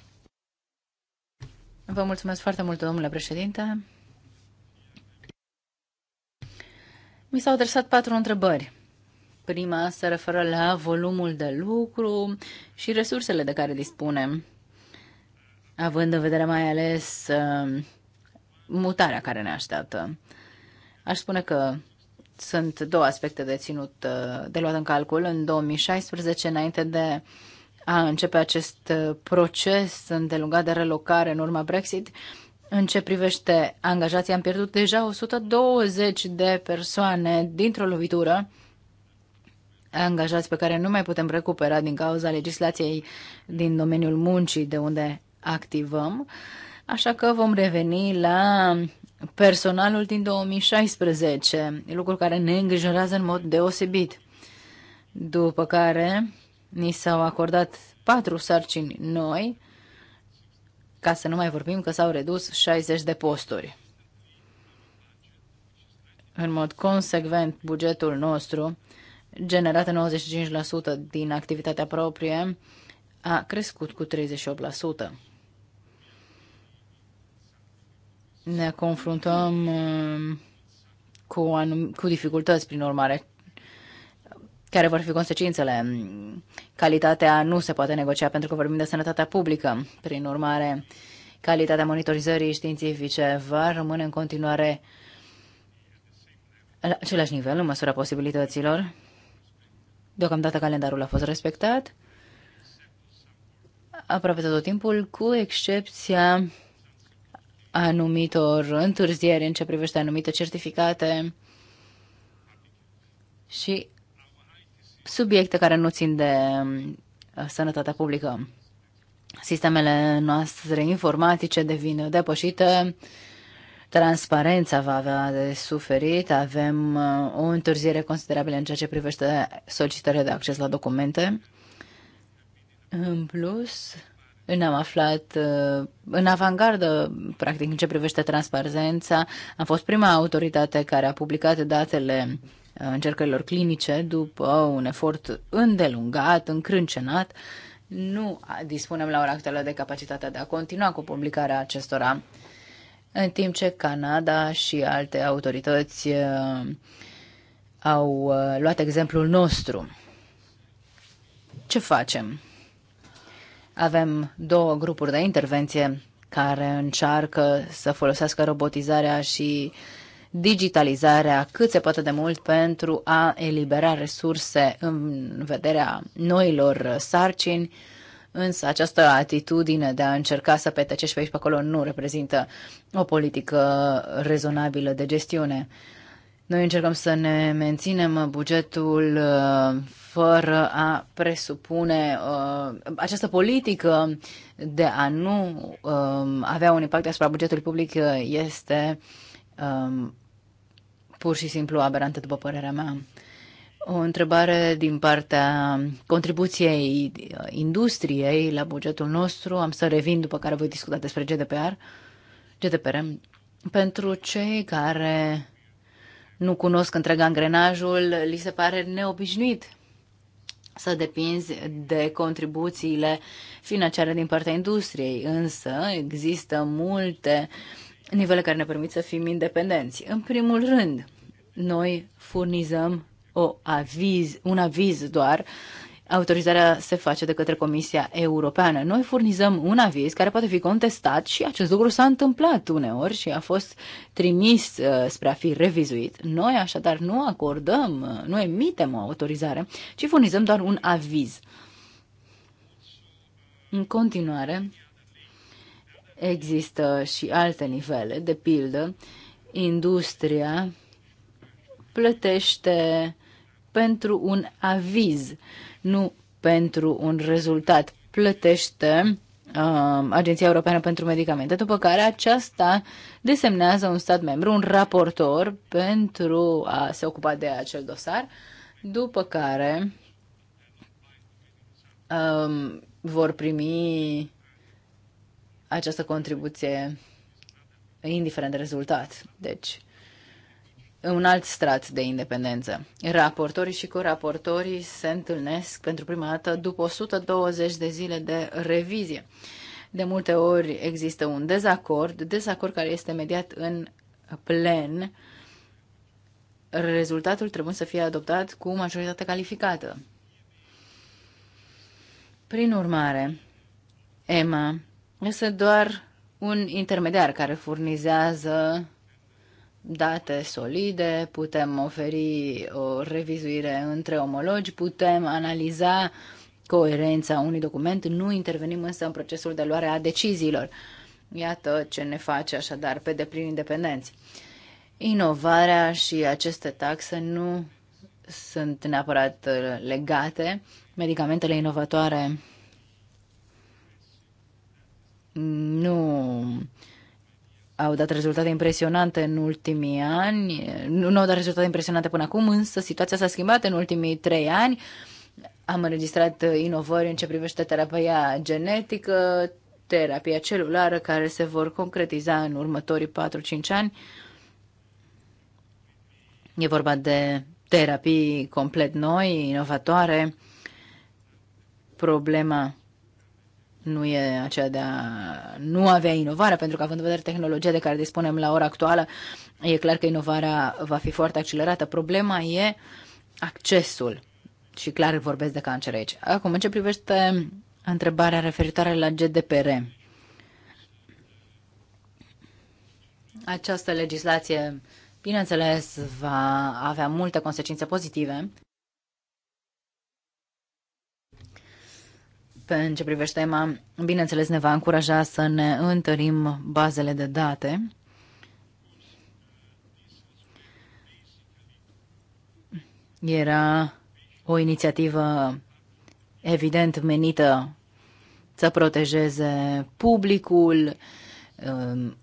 Vă mulțumesc foarte mult, domnule președinte. Mi s-au adresat patru întrebări. Prima se referă la volumul de lucru și resursele de care dispunem, având în vedere mai ales uh, mutarea care ne așteaptă. Aș spune că sunt două aspecte de ținut, uh, de luat în calcul. În 2016, înainte de a începe acest uh, proces îndelungat de relocare în urma Brexit, în ce privește angajații, am pierdut deja 120 de persoane dintr-o lovitură, angajați pe care nu mai putem recupera din cauza legislației din domeniul muncii de unde activăm. Uh, Așa că vom reveni la personalul din 2016, lucru care ne îngrijorează în mod deosebit. După care ni s-au acordat patru sarcini noi, ca să nu mai vorbim că s-au redus 60 de posturi. În mod consecvent, bugetul nostru, generat 95% din activitatea proprie, a crescut cu 38%. ne confruntăm um, cu, anum- cu dificultăți, prin urmare, care vor fi consecințele. Calitatea nu se poate negocia pentru că vorbim de sănătatea publică. Prin urmare, calitatea monitorizării științifice va rămâne în continuare la același nivel, în măsura posibilităților. Deocamdată calendarul a fost respectat aproape tot timpul, cu excepția anumitor întârzieri în ce privește anumite certificate și subiecte care nu țin de um, sănătatea publică. Sistemele noastre informatice devin depășite, transparența va avea de suferit, avem uh, o întârziere considerabilă în ceea ce privește solicitarea de acces la documente. În plus, ne-am aflat uh, în avangardă, practic, în ce privește transparența. Am fost prima autoritate care a publicat datele uh, încercărilor clinice după un efort îndelungat, încrâncenat. Nu dispunem la ora actuală de capacitatea de a continua cu publicarea acestora, în timp ce Canada și alte autorități uh, au luat exemplul nostru. Ce facem? Avem două grupuri de intervenție care încearcă să folosească robotizarea și digitalizarea cât se poate de mult pentru a elibera resurse în vederea noilor sarcini, însă această atitudine de a încerca să petecești pe aici pe acolo nu reprezintă o politică rezonabilă de gestiune. Noi încercăm să ne menținem bugetul uh, fără a presupune uh, această politică de a nu um, avea un impact asupra bugetului public uh, este um, pur și simplu aberantă, după părerea mea. O întrebare din partea contribuției industriei la bugetul nostru. Am să revin după care voi discuta despre GDPR. GDPR. Pentru cei care nu cunosc întreg angrenajul, li se pare neobișnuit să depinzi de contribuțiile financiare din partea industriei, însă există multe nivele care ne permit să fim independenți. În primul rând, noi furnizăm o aviz, un aviz doar Autorizarea se face de către Comisia Europeană. Noi furnizăm un aviz care poate fi contestat și acest lucru s-a întâmplat uneori și a fost trimis uh, spre a fi revizuit. Noi așadar nu acordăm, uh, nu emitem o autorizare, ci furnizăm doar un aviz. În continuare, există și alte nivele, de pildă, industria plătește pentru un aviz, nu pentru un rezultat. Plătește uh, Agenția Europeană pentru Medicamente, după care aceasta desemnează un stat membru, un raportor pentru a se ocupa de acel dosar, după care uh, vor primi această contribuție indiferent de rezultat. Deci, un alt strat de independență. Raportorii și coraportorii se întâlnesc pentru prima dată după 120 de zile de revizie. De multe ori există un dezacord, dezacord care este mediat în plen, rezultatul trebuie să fie adoptat cu majoritate calificată. Prin urmare, Emma, este doar un intermediar care furnizează date solide, putem oferi o revizuire între omologi, putem analiza coerența unui document, nu intervenim însă în procesul de luare a deciziilor. Iată ce ne face așadar pe deplin independenți. Inovarea și aceste taxe nu sunt neapărat uh, legate. Medicamentele inovatoare nu au dat rezultate impresionante în ultimii ani, nu au dat rezultate impresionante până acum, însă situația s-a schimbat în ultimii trei ani. Am înregistrat uh, inovări în ce privește terapia genetică, terapia celulară, care se vor concretiza în următorii 4-5 ani. E vorba de terapii complet noi, inovatoare. Problema nu e aceea de a nu avea inovare, pentru că având în vedere tehnologia de care dispunem la ora actuală, e clar că inovarea va fi foarte accelerată. Problema e accesul. Și clar vorbesc de cancer aici. Acum, în ce privește întrebarea referitoare la GDPR, această legislație, bineînțeles, va avea multe consecințe pozitive. Pe în ce privește EMA, bineînțeles, ne va încuraja să ne întărim bazele de date. Era o inițiativă evident menită să protejeze publicul, um,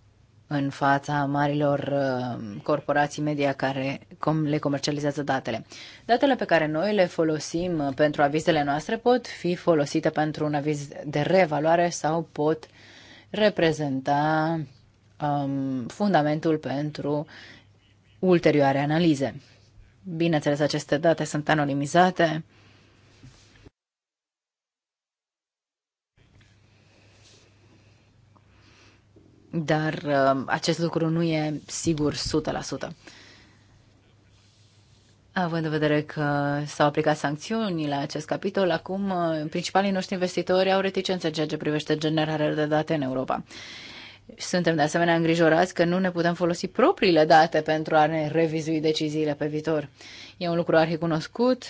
în fața marilor uh, corporații media care le comercializează datele. Datele pe care noi le folosim uh, pentru avizele noastre pot fi folosite pentru un aviz de reevaluare sau pot reprezenta um, fundamentul pentru ulterioare analize. Bineînțeles, aceste date sunt anonimizate dar uh, acest lucru nu e sigur 100%. Având în vedere că s-au aplicat sancțiuni la acest capitol, acum uh, principalii noștri investitori au reticențe în ceea ce privește generarea de date în Europa. Suntem de asemenea îngrijorați că nu ne putem folosi propriile date pentru a ne revizui deciziile pe viitor. E un lucru arhicunoscut.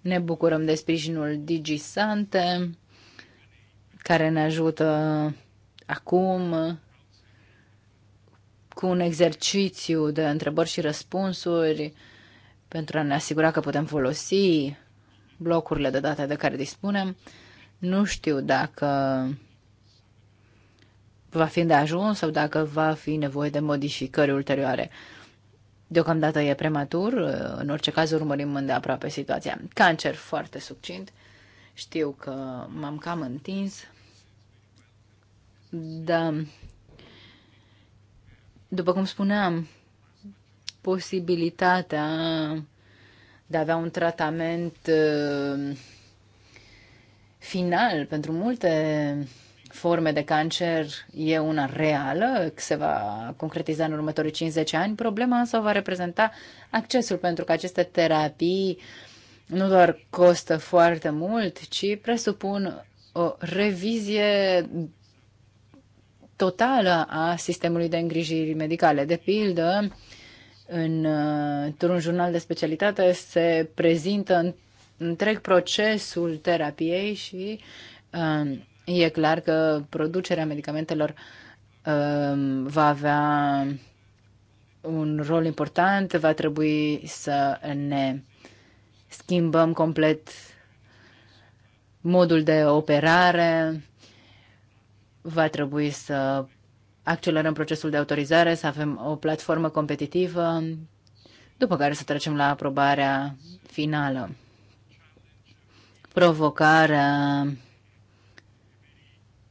Ne bucurăm de sprijinul DigiSante, care ne ajută acum cu un exercițiu de întrebări și răspunsuri pentru a ne asigura că putem folosi blocurile de date de care dispunem. Nu știu dacă va fi de ajuns sau dacă va fi nevoie de modificări ulterioare. Deocamdată e prematur, în orice caz urmărim îndeaproape situația. Cancer foarte succint. Știu că m-am cam întins. Da. După cum spuneam, posibilitatea de a avea un tratament uh, final pentru multe forme de cancer e una reală, se va concretiza în următorii 50 ani. Problema însă va reprezenta accesul, pentru că aceste terapii nu doar costă foarte mult, ci presupun o revizie totală a sistemului de îngrijiri medicale. De pildă, în, într-un jurnal de specialitate se prezintă întreg procesul terapiei și um, e clar că producerea medicamentelor um, va avea un rol important, va trebui să ne schimbăm complet modul de operare, va trebui să accelerăm procesul de autorizare, să avem o platformă competitivă, după care să trecem la aprobarea finală. Provocarea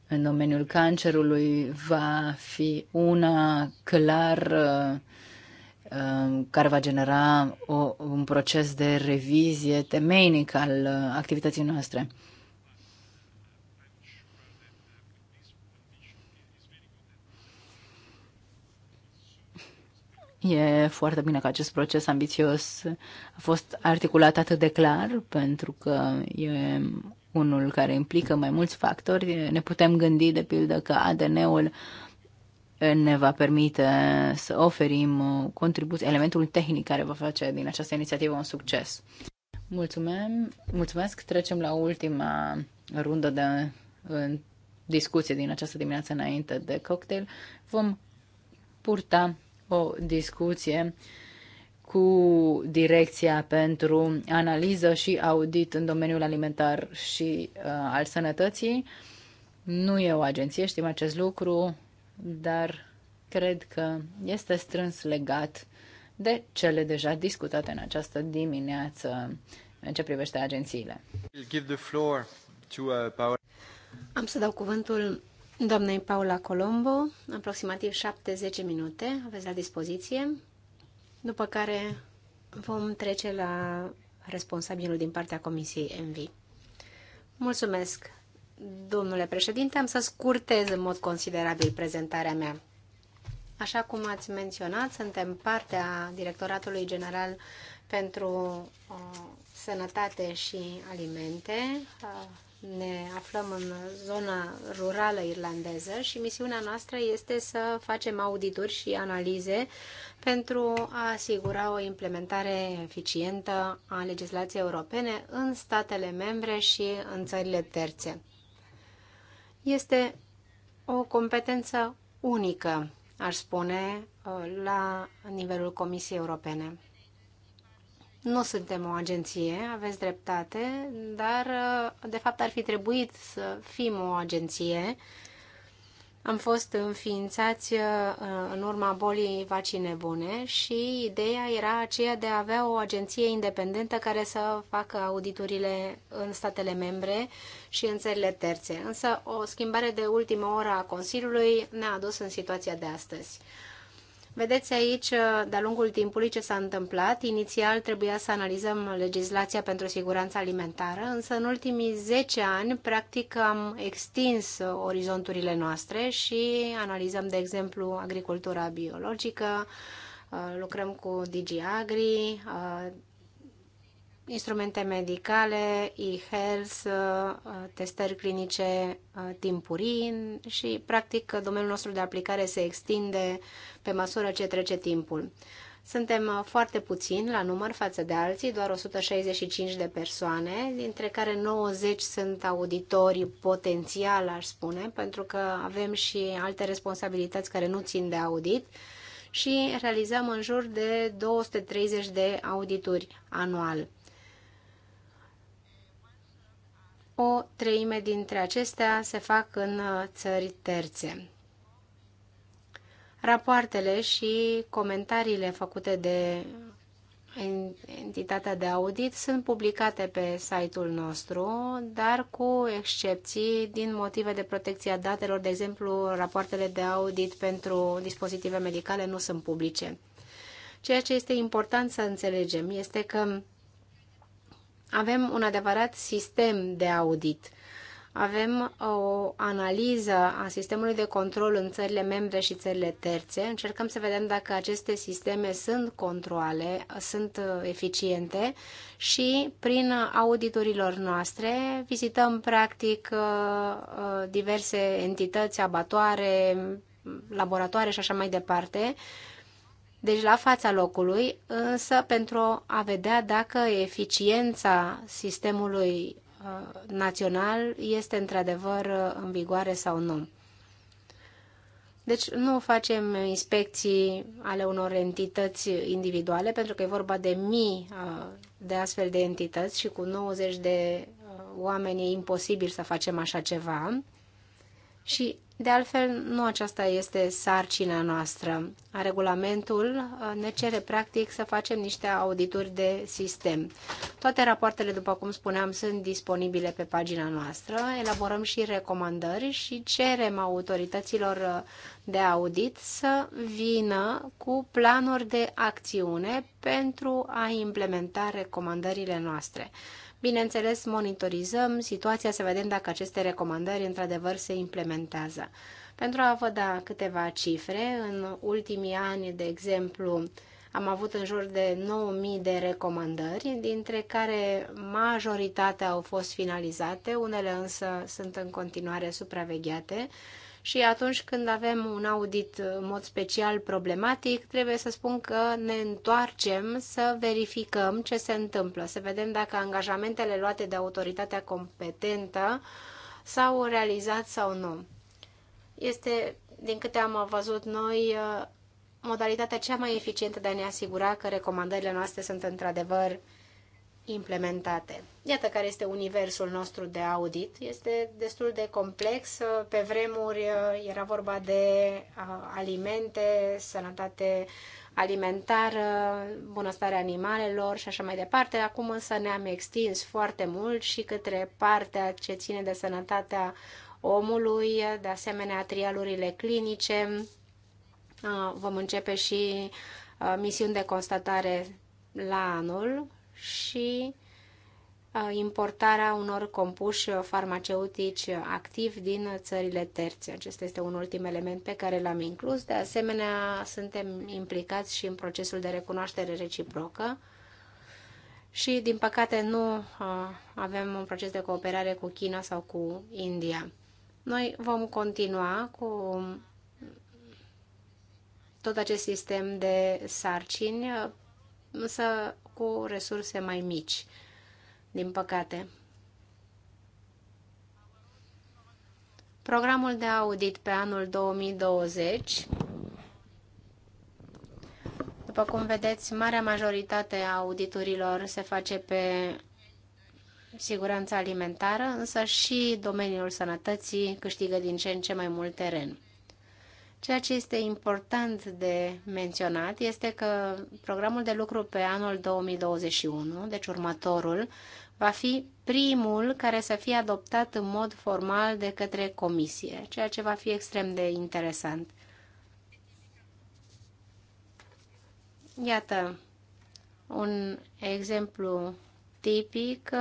în domeniul cancerului va fi una clar uh, care va genera o, un proces de revizie temeinic al uh, activității noastre. E foarte bine că acest proces ambițios a fost articulat atât de clar, pentru că e unul care implică mai mulți factori. Ne putem gândi, de pildă, că ADN-ul ne va permite să oferim contribuții, elementul tehnic care va face din această inițiativă un succes. Mulțumim, mulțumesc. Trecem la ultima rundă de discuție din această dimineață înainte de cocktail. Vom purta o discuție cu direcția pentru analiză și audit în domeniul alimentar și uh, al sănătății. Nu e o agenție, știm acest lucru, dar cred că este strâns legat de cele deja discutate în această dimineață în ce privește agențiile. Uh, Am să dau cuvântul doamnei Paula Colombo, aproximativ 7-10 minute aveți la dispoziție, după care vom trece la responsabilul din partea Comisiei ENVI. Mulțumesc, domnule președinte, am să scurtez în mod considerabil prezentarea mea. Așa cum ați menționat, suntem partea Directoratului General pentru uh, Sănătate și Alimente, uh, ne aflăm în zona rurală irlandeză și misiunea noastră este să facem audituri și analize pentru a asigura o implementare eficientă a legislației europene în statele membre și în țările terțe. Este o competență unică, aș spune, la nivelul Comisiei Europene. Nu suntem o agenție, aveți dreptate, dar de fapt ar fi trebuit să fim o agenție. Am fost înființați uh, în urma bolii vaccine bune și ideea era aceea de a avea o agenție independentă care să facă auditurile în statele membre și în țările terțe. Însă o schimbare de ultimă oră a Consiliului ne-a adus în situația de astăzi. Vedeți aici, uh, de-a lungul timpului, ce s-a întâmplat. Inițial trebuia să analizăm legislația pentru siguranța alimentară, însă în ultimii 10 ani, practic, am extins uh, orizonturile noastre și analizăm, de exemplu, agricultura biologică, uh, lucrăm cu DigiAgri, instrumente medicale, e-health, uh, testări clinice uh, timpurii și, practic, domeniul nostru de aplicare se extinde pe măsură ce trece timpul. Suntem uh, foarte puțini la număr față de alții, doar 165 de persoane, dintre care 90 sunt auditori potențial, aș spune, pentru că avem și alte responsabilități care nu țin de audit și realizăm în jur de 230 de audituri anual o treime dintre acestea se fac în uh, țări terțe. Rapoartele și comentariile făcute de entitatea de audit sunt publicate pe site-ul nostru, dar cu excepții din motive de protecție a datelor, de exemplu, rapoartele de audit pentru dispozitive medicale nu sunt publice. Ceea ce este important să înțelegem este că avem un adevărat sistem de audit. Avem uh, o analiză a sistemului de control în țările membre și țările terțe. Încercăm să vedem dacă aceste sisteme sunt controle, sunt uh, eficiente și prin auditorilor noastre vizităm practic uh, diverse entități, abatoare, laboratoare și așa mai departe deci la fața locului, însă pentru a vedea dacă eficiența sistemului uh, național este într-adevăr uh, în vigoare sau nu. Deci nu facem inspecții ale unor entități individuale, pentru că e vorba de mii uh, de astfel de entități și cu 90 de oameni e imposibil să facem așa ceva. Și, de altfel, nu aceasta este sarcina noastră. Regulamentul uh, ne cere, practic, să facem niște audituri de sistem. Toate rapoartele, după cum spuneam, sunt disponibile pe pagina noastră. Elaborăm și recomandări și cerem autorităților uh, de audit să vină cu planuri de acțiune pentru a implementa recomandările noastre. Bineînțeles, monitorizăm situația să vedem dacă aceste recomandări într-adevăr se implementează. Pentru a vă da câteva cifre, în ultimii ani, de exemplu, am avut în jur de 9.000 de recomandări, dintre care majoritatea au fost finalizate, unele însă sunt în continuare supravegheate și atunci când avem un audit uh, în mod special problematic, trebuie să spun că ne întoarcem să verificăm ce se întâmplă, să vedem dacă angajamentele luate de autoritatea competentă s-au realizat sau nu. Este, din câte am văzut noi, uh, modalitatea cea mai eficientă de a ne asigura că recomandările noastre sunt într-adevăr implementate. Iată care este universul nostru de audit. Este destul de complex. Pe vremuri uh, era vorba de uh, alimente, sănătate alimentară, bunăstarea animalelor și așa mai departe. Acum însă ne-am extins foarte mult și către partea ce ține de sănătatea omului, de asemenea trialurile clinice. Uh, vom începe și misiuni de constatare la anul și uh, importarea unor compuși farmaceutici activi din țările terțe. Acesta este un ultim element pe care l-am inclus. De asemenea, suntem implicați și în procesul de recunoaștere reciprocă și, din păcate, nu uh, avem un proces de cooperare cu China sau cu India. Noi vom continua cu tot acest sistem de sarcini, însă cu resurse mai mici, din păcate. Programul de audit pe anul 2020 după cum vedeți, marea majoritate a auditurilor se face pe siguranța alimentară, însă și domeniul sănătății câștigă din ce în ce mai mult teren. Ceea ce este important de menționat este că programul de lucru pe anul 2021, deci următorul, va fi primul care să fie adoptat în mod formal de către comisie, ceea ce va fi extrem de interesant. Iată un exemplu tipic uh,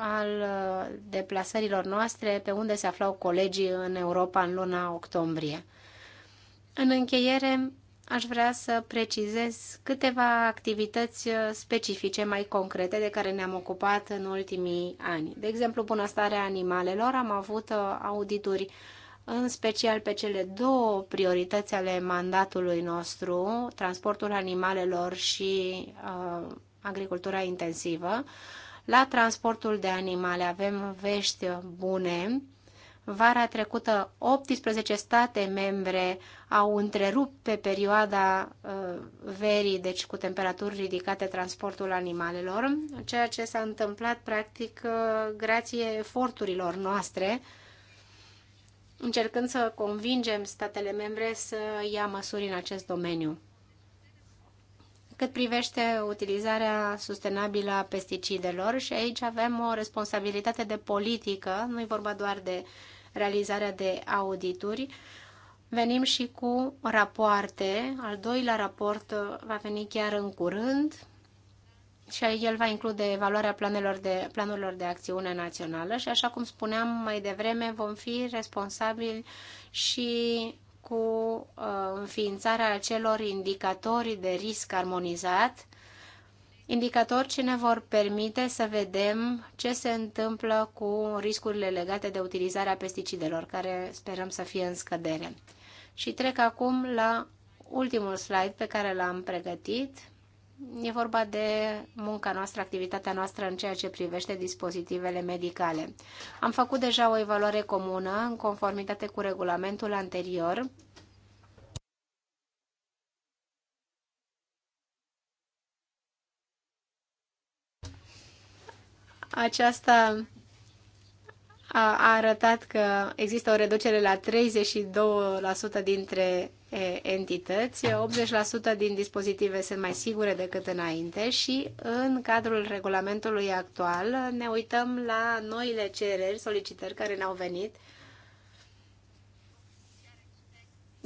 al uh, deplasărilor noastre pe unde se aflau colegii în Europa în luna octombrie. În încheiere, aș vrea să precizez câteva activități uh, specifice mai concrete de care ne-am ocupat în ultimii ani. De exemplu, bunăstarea animalelor. Am avut uh, audituri în special pe cele două priorități ale mandatului nostru, transportul animalelor și uh, agricultura intensivă. La transportul de animale avem vești bune Vara trecută, 18 state membre au întrerupt pe perioada uh, verii, deci cu temperaturi ridicate, transportul animalelor, ceea ce s-a întâmplat practic uh, grație eforturilor noastre, încercând să convingem statele membre să ia măsuri în acest domeniu. Cât privește utilizarea sustenabilă a pesticidelor și aici avem o responsabilitate de politică, nu e vorba doar de uh, realizarea de audituri, venim și cu rapoarte. Al doilea raport uh, va veni chiar în curând și el va include evaluarea planelor de, planurilor de acțiune națională și, așa cum spuneam mai devreme, vom fi responsabili și cu uh, înființarea acelor indicatori de risc armonizat indicatori ce ne vor permite să vedem ce se întâmplă cu riscurile legate de utilizarea pesticidelor, care sperăm să fie în scădere. Și trec acum la ultimul slide pe care l-am pregătit. E vorba de munca noastră, activitatea noastră în ceea ce privește dispozitivele medicale. Am făcut deja o evaluare comună în conformitate cu regulamentul anterior Aceasta a arătat că există o reducere la 32% dintre entități, 80% din dispozitive sunt mai sigure decât înainte și în cadrul regulamentului actual ne uităm la noile cereri, solicitări care ne-au venit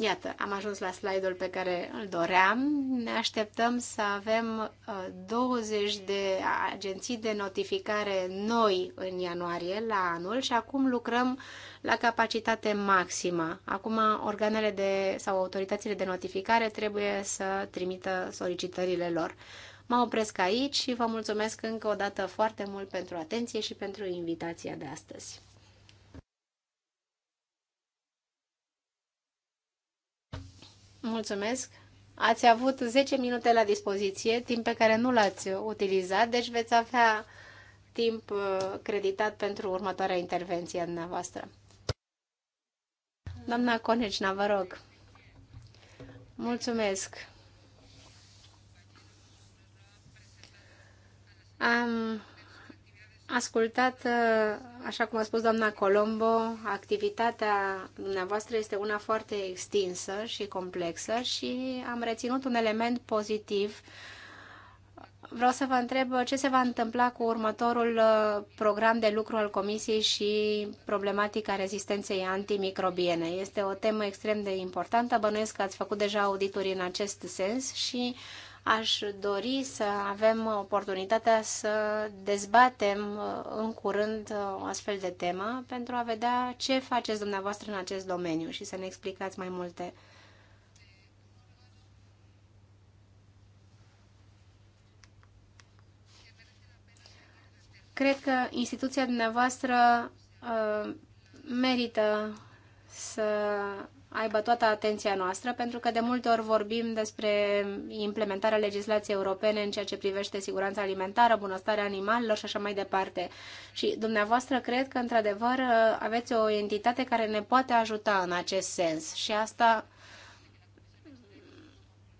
Iată, am ajuns la slide-ul pe care îl doream. Ne așteptăm să avem 20 uh, de agenții de notificare noi în ianuarie la anul și acum lucrăm la capacitate maximă. Acum organele de, sau autoritățile de notificare trebuie să trimită solicitările lor. Mă opresc aici și vă mulțumesc încă o dată foarte mult pentru atenție și pentru invitația de astăzi. Mulțumesc. Ați avut 10 minute la dispoziție, timp pe care nu l-ați utilizat, deci veți avea timp uh, creditat pentru următoarea intervenție a dumneavoastră. Doamna Conecina, vă rog. Mulțumesc. Am ascultat, uh, așa cum a spus doamna Colombo, activitatea dumneavoastră este una foarte extinsă și complexă și am reținut un element pozitiv. Vreau să vă întreb ce se va întâmpla cu următorul uh, program de lucru al Comisiei și problematica rezistenței antimicrobiene. Este o temă extrem de importantă. Bănuiesc că ați făcut deja audituri în acest sens și Aș dori să avem oportunitatea să dezbatem uh, în curând uh, o astfel de temă pentru a vedea ce faceți dumneavoastră în acest domeniu și să ne explicați mai multe. Cred că instituția dumneavoastră uh, merită să aibă toată atenția noastră, pentru că de multe ori vorbim despre implementarea legislației europene în ceea ce privește siguranța alimentară, bunăstarea animalelor și așa mai departe. Și dumneavoastră cred că, într-adevăr, aveți o entitate care ne poate ajuta în acest sens și asta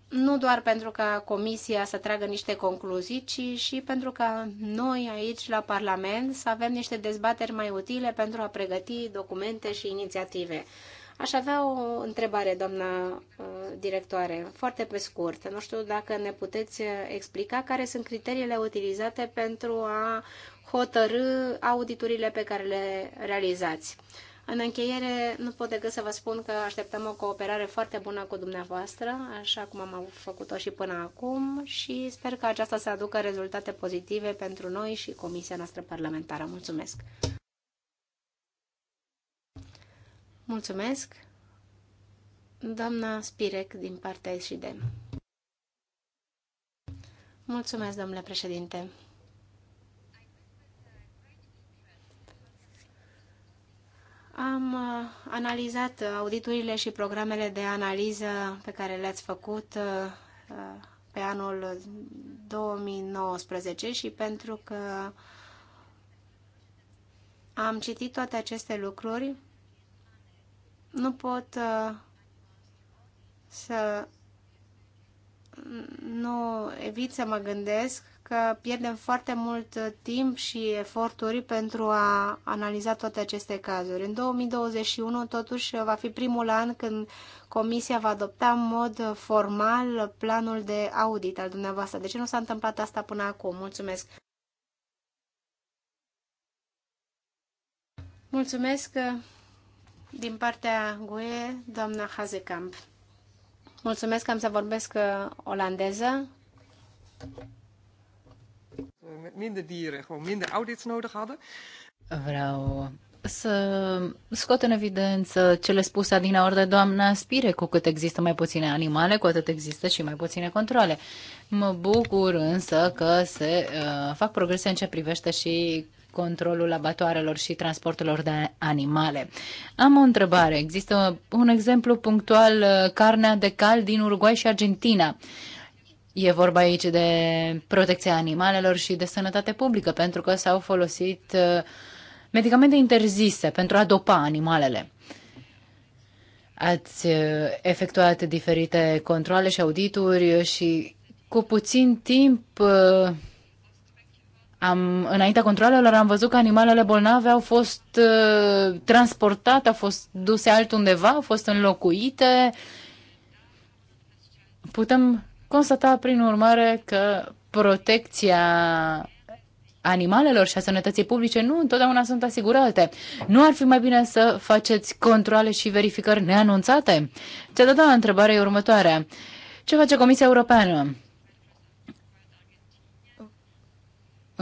nu doar pentru ca Comisia să tragă niște concluzii, ci și pentru ca noi aici la Parlament să avem niște dezbateri mai utile pentru a pregăti documente și inițiative. Aș avea o întrebare, doamna uh, directoare, foarte pe scurt. Nu știu dacă ne puteți uh, explica care sunt criteriile utilizate pentru a hotărâ auditurile pe care le realizați. În încheiere, nu pot decât să vă spun că așteptăm o cooperare foarte bună cu dumneavoastră, așa cum am făcut-o și până acum și sper că aceasta să aducă rezultate pozitive pentru noi și Comisia noastră parlamentară. Mulțumesc! Mulțumesc. Doamna Spirec, din partea SID. Mulțumesc, domnule președinte. Am uh, analizat auditurile și programele de analiză pe care le-ați făcut uh, pe anul 2019 și pentru că am citit toate aceste lucruri, nu pot uh, să nu evit să mă gândesc că pierdem foarte mult uh, timp și eforturi pentru a analiza toate aceste cazuri. În 2021, totuși, uh, va fi primul an când Comisia va adopta în mod formal planul de audit al dumneavoastră. De ce nu s-a întâmplat asta până acum? Mulțumesc! Mulțumesc! Din partea GUE, doamna Hazekamp. Mulțumesc că am să vorbesc uh, olandeză. Minder dieren, gewoon minder audits nodig hadden. Vreau să scot în evidență cele spuse adineori de doamna Spire, cu cât există mai puține animale, cu atât există și mai puține controle. Mă bucur însă că se uh, fac progrese în ce privește și controlul abatoarelor și transportelor de animale. Am o întrebare. Există un exemplu punctual, uh, carnea de cal din Uruguay și Argentina. E vorba aici de protecția animalelor și de sănătate publică, pentru că s-au folosit uh, medicamente interzise pentru a dopa animalele. Ați uh, efectuat diferite controle și audituri și cu puțin timp am, înaintea controlelor am văzut că animalele bolnave au fost uh, transportate, au fost duse altundeva, au fost înlocuite. Putem constata, prin urmare, că protecția animalelor și a sănătății publice nu întotdeauna sunt asigurate. Nu ar fi mai bine să faceți controle și verificări neanunțate? Cea de-a doua întrebare e următoarea. Ce face Comisia Europeană?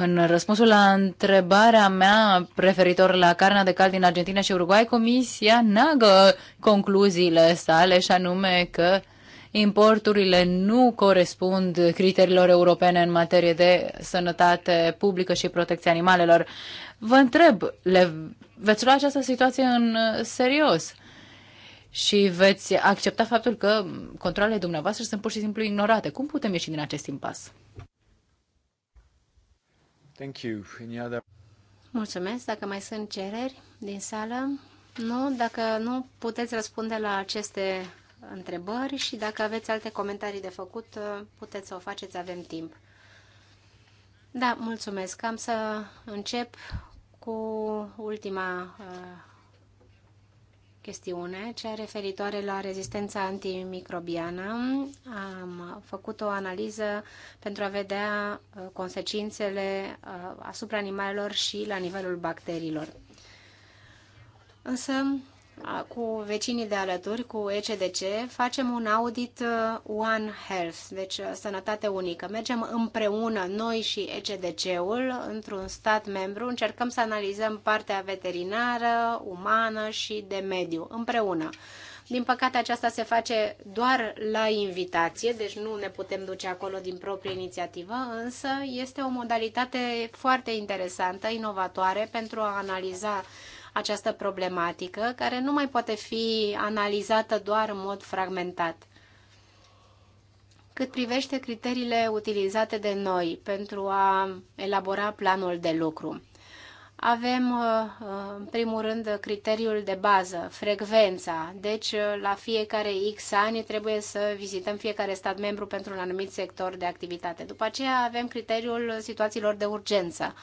În răspunsul la întrebarea mea referitor la carnea de cal din Argentina și Uruguay, Comisia neagă concluziile sale și anume că importurile nu corespund criteriilor europene în materie de sănătate publică și protecție animalelor. Vă întreb, le, veți lua această situație în serios? Și veți accepta faptul că controlele dumneavoastră sunt pur și simplu ignorate. Cum putem ieși din acest impas? Mulțumesc. Dacă mai sunt cereri din sală, nu, dacă nu puteți răspunde la aceste întrebări și dacă aveți alte comentarii de făcut, puteți să o faceți, avem timp. Da, mulțumesc. Am să încep cu ultima uh, chestiune, cea referitoare la rezistența antimicrobiană. Am făcut o analiză pentru a vedea uh, consecințele uh, asupra animalelor și la nivelul bacteriilor. Însă cu vecinii de alături, cu ECDC, facem un audit uh, One Health, deci uh, sănătate unică. Mergem împreună, noi și ECDC-ul, într-un stat membru, încercăm să analizăm partea veterinară, umană și de mediu, împreună. Din păcate, aceasta se face doar la invitație, deci nu ne putem duce acolo din proprie inițiativă, însă este o modalitate foarte interesantă, inovatoare pentru a analiza această problematică, care nu mai poate fi analizată doar în mod fragmentat. Cât privește criteriile utilizate de noi pentru a elabora planul de lucru, avem, uh, în primul rând, criteriul de bază, frecvența. Deci, uh, la fiecare X ani trebuie să vizităm fiecare stat membru pentru un anumit sector de activitate. După aceea avem criteriul situațiilor de urgență.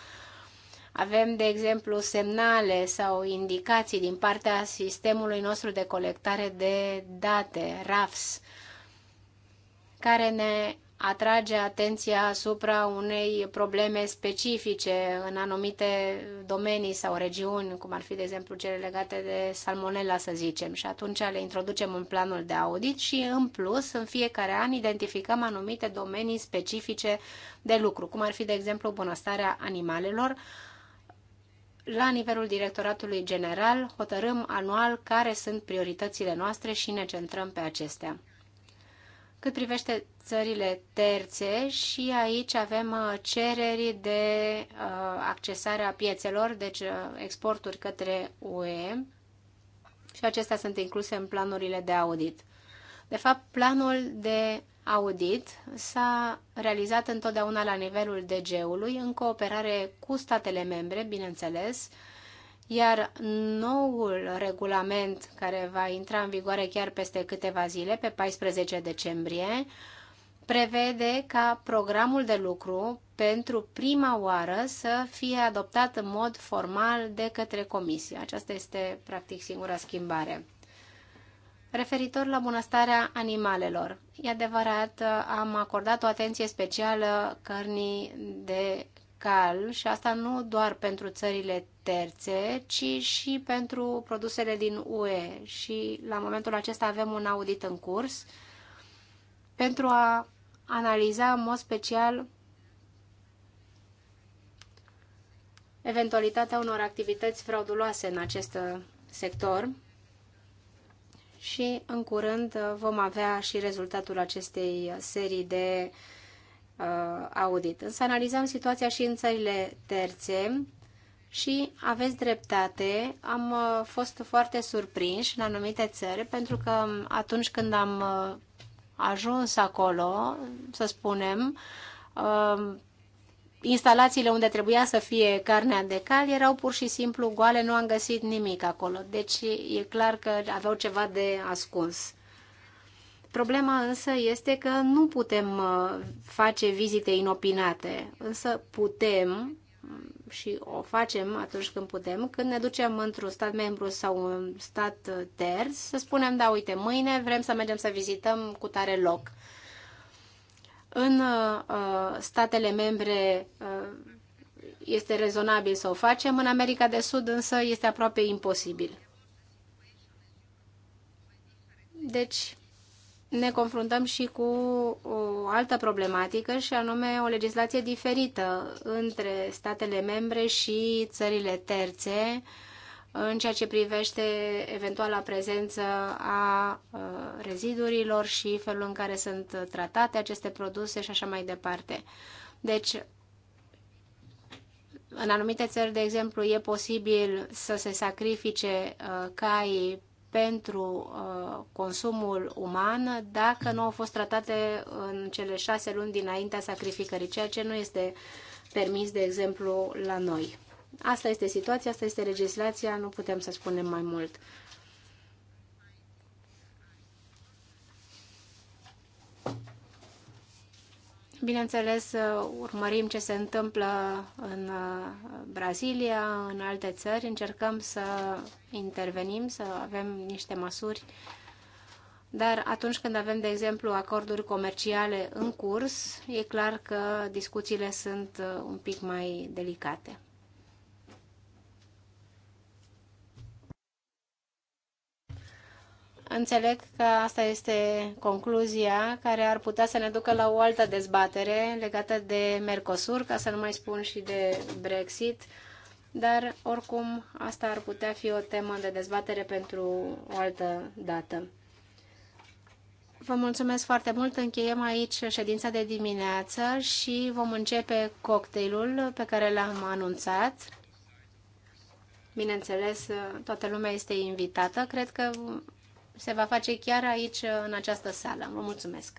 Avem, de exemplu, semnale sau indicații din partea sistemului nostru de colectare de date, RAFS, care ne atrage atenția asupra unei probleme specifice în anumite domenii sau regiuni, cum ar fi, de exemplu, cele legate de salmonella, să zicem, și atunci le introducem în planul de audit și, în plus, în fiecare an identificăm anumite domenii specifice de lucru, cum ar fi, de exemplu, bunăstarea animalelor, la nivelul directoratului general hotărâm anual care sunt prioritățile noastre și ne centrăm pe acestea. Cât privește țările terțe și aici avem uh, cereri de uh, accesare a piețelor, deci uh, exporturi către UE și acestea sunt incluse în planurile de audit. De fapt, planul de audit s-a realizat întotdeauna la nivelul DG-ului, în cooperare cu statele membre, bineînțeles, iar noul regulament care va intra în vigoare chiar peste câteva zile, pe 14 decembrie, prevede ca programul de lucru pentru prima oară să fie adoptat în mod formal de către comisie. Aceasta este practic singura schimbare. Referitor la bunăstarea animalelor, e adevărat, am acordat o atenție specială cărnii de cal și asta nu doar pentru țările terțe, ci și pentru produsele din UE și la momentul acesta avem un audit în curs pentru a analiza în mod special eventualitatea unor activități frauduloase în acest sector și în curând uh, vom avea și rezultatul acestei uh, serii de uh, audit. Însă analizăm situația și în țările terțe și aveți dreptate, am uh, fost foarte surprinși în anumite țări pentru că um, atunci când am ajuns acolo, să spunem, um, instalațiile unde trebuia să fie carnea de cal erau pur și simplu goale, nu am găsit nimic acolo. Deci e clar că aveau ceva de ascuns. Problema însă este că nu putem uh, face vizite inopinate, însă putem mm, și o facem atunci când putem, când ne ducem într-un stat membru sau un stat uh, terț, să spunem, da, uite, mâine vrem să mergem să vizităm cu tare loc. În uh, uh, statele membre uh, este rezonabil să o facem, în America de Sud însă este aproape imposibil. Deci, ne confruntăm și cu o altă problematică și anume o legislație diferită între statele membre și țările terțe în ceea ce privește eventuala prezență a uh, rezidurilor și felul în care sunt tratate aceste produse și așa mai departe. Deci, în anumite țări, de exemplu, e posibil să se sacrifice uh, caii pentru uh, consumul uman dacă nu au fost tratate în cele șase luni dinaintea sacrificării, ceea ce nu este permis, de exemplu, la noi. Asta este situația, asta este legislația, nu putem să spunem mai mult. Bineînțeles, urmărim ce se întâmplă în uh, Brazilia, în alte țări, încercăm să intervenim, să avem niște măsuri, dar atunci când avem, de exemplu, acorduri comerciale în curs, e clar că discuțiile sunt uh, un pic mai delicate. Înțeleg că asta este concluzia care ar putea să ne ducă la o altă dezbatere legată de Mercosur, ca să nu mai spun și de Brexit, dar oricum asta ar putea fi o temă de dezbatere pentru o altă dată. Vă mulțumesc foarte mult. Încheiem aici ședința de dimineață și vom începe cocktailul pe care l-am anunțat. Bineînțeles, toată lumea este invitată. Cred că se va face chiar aici, în această sală. Vă mulțumesc!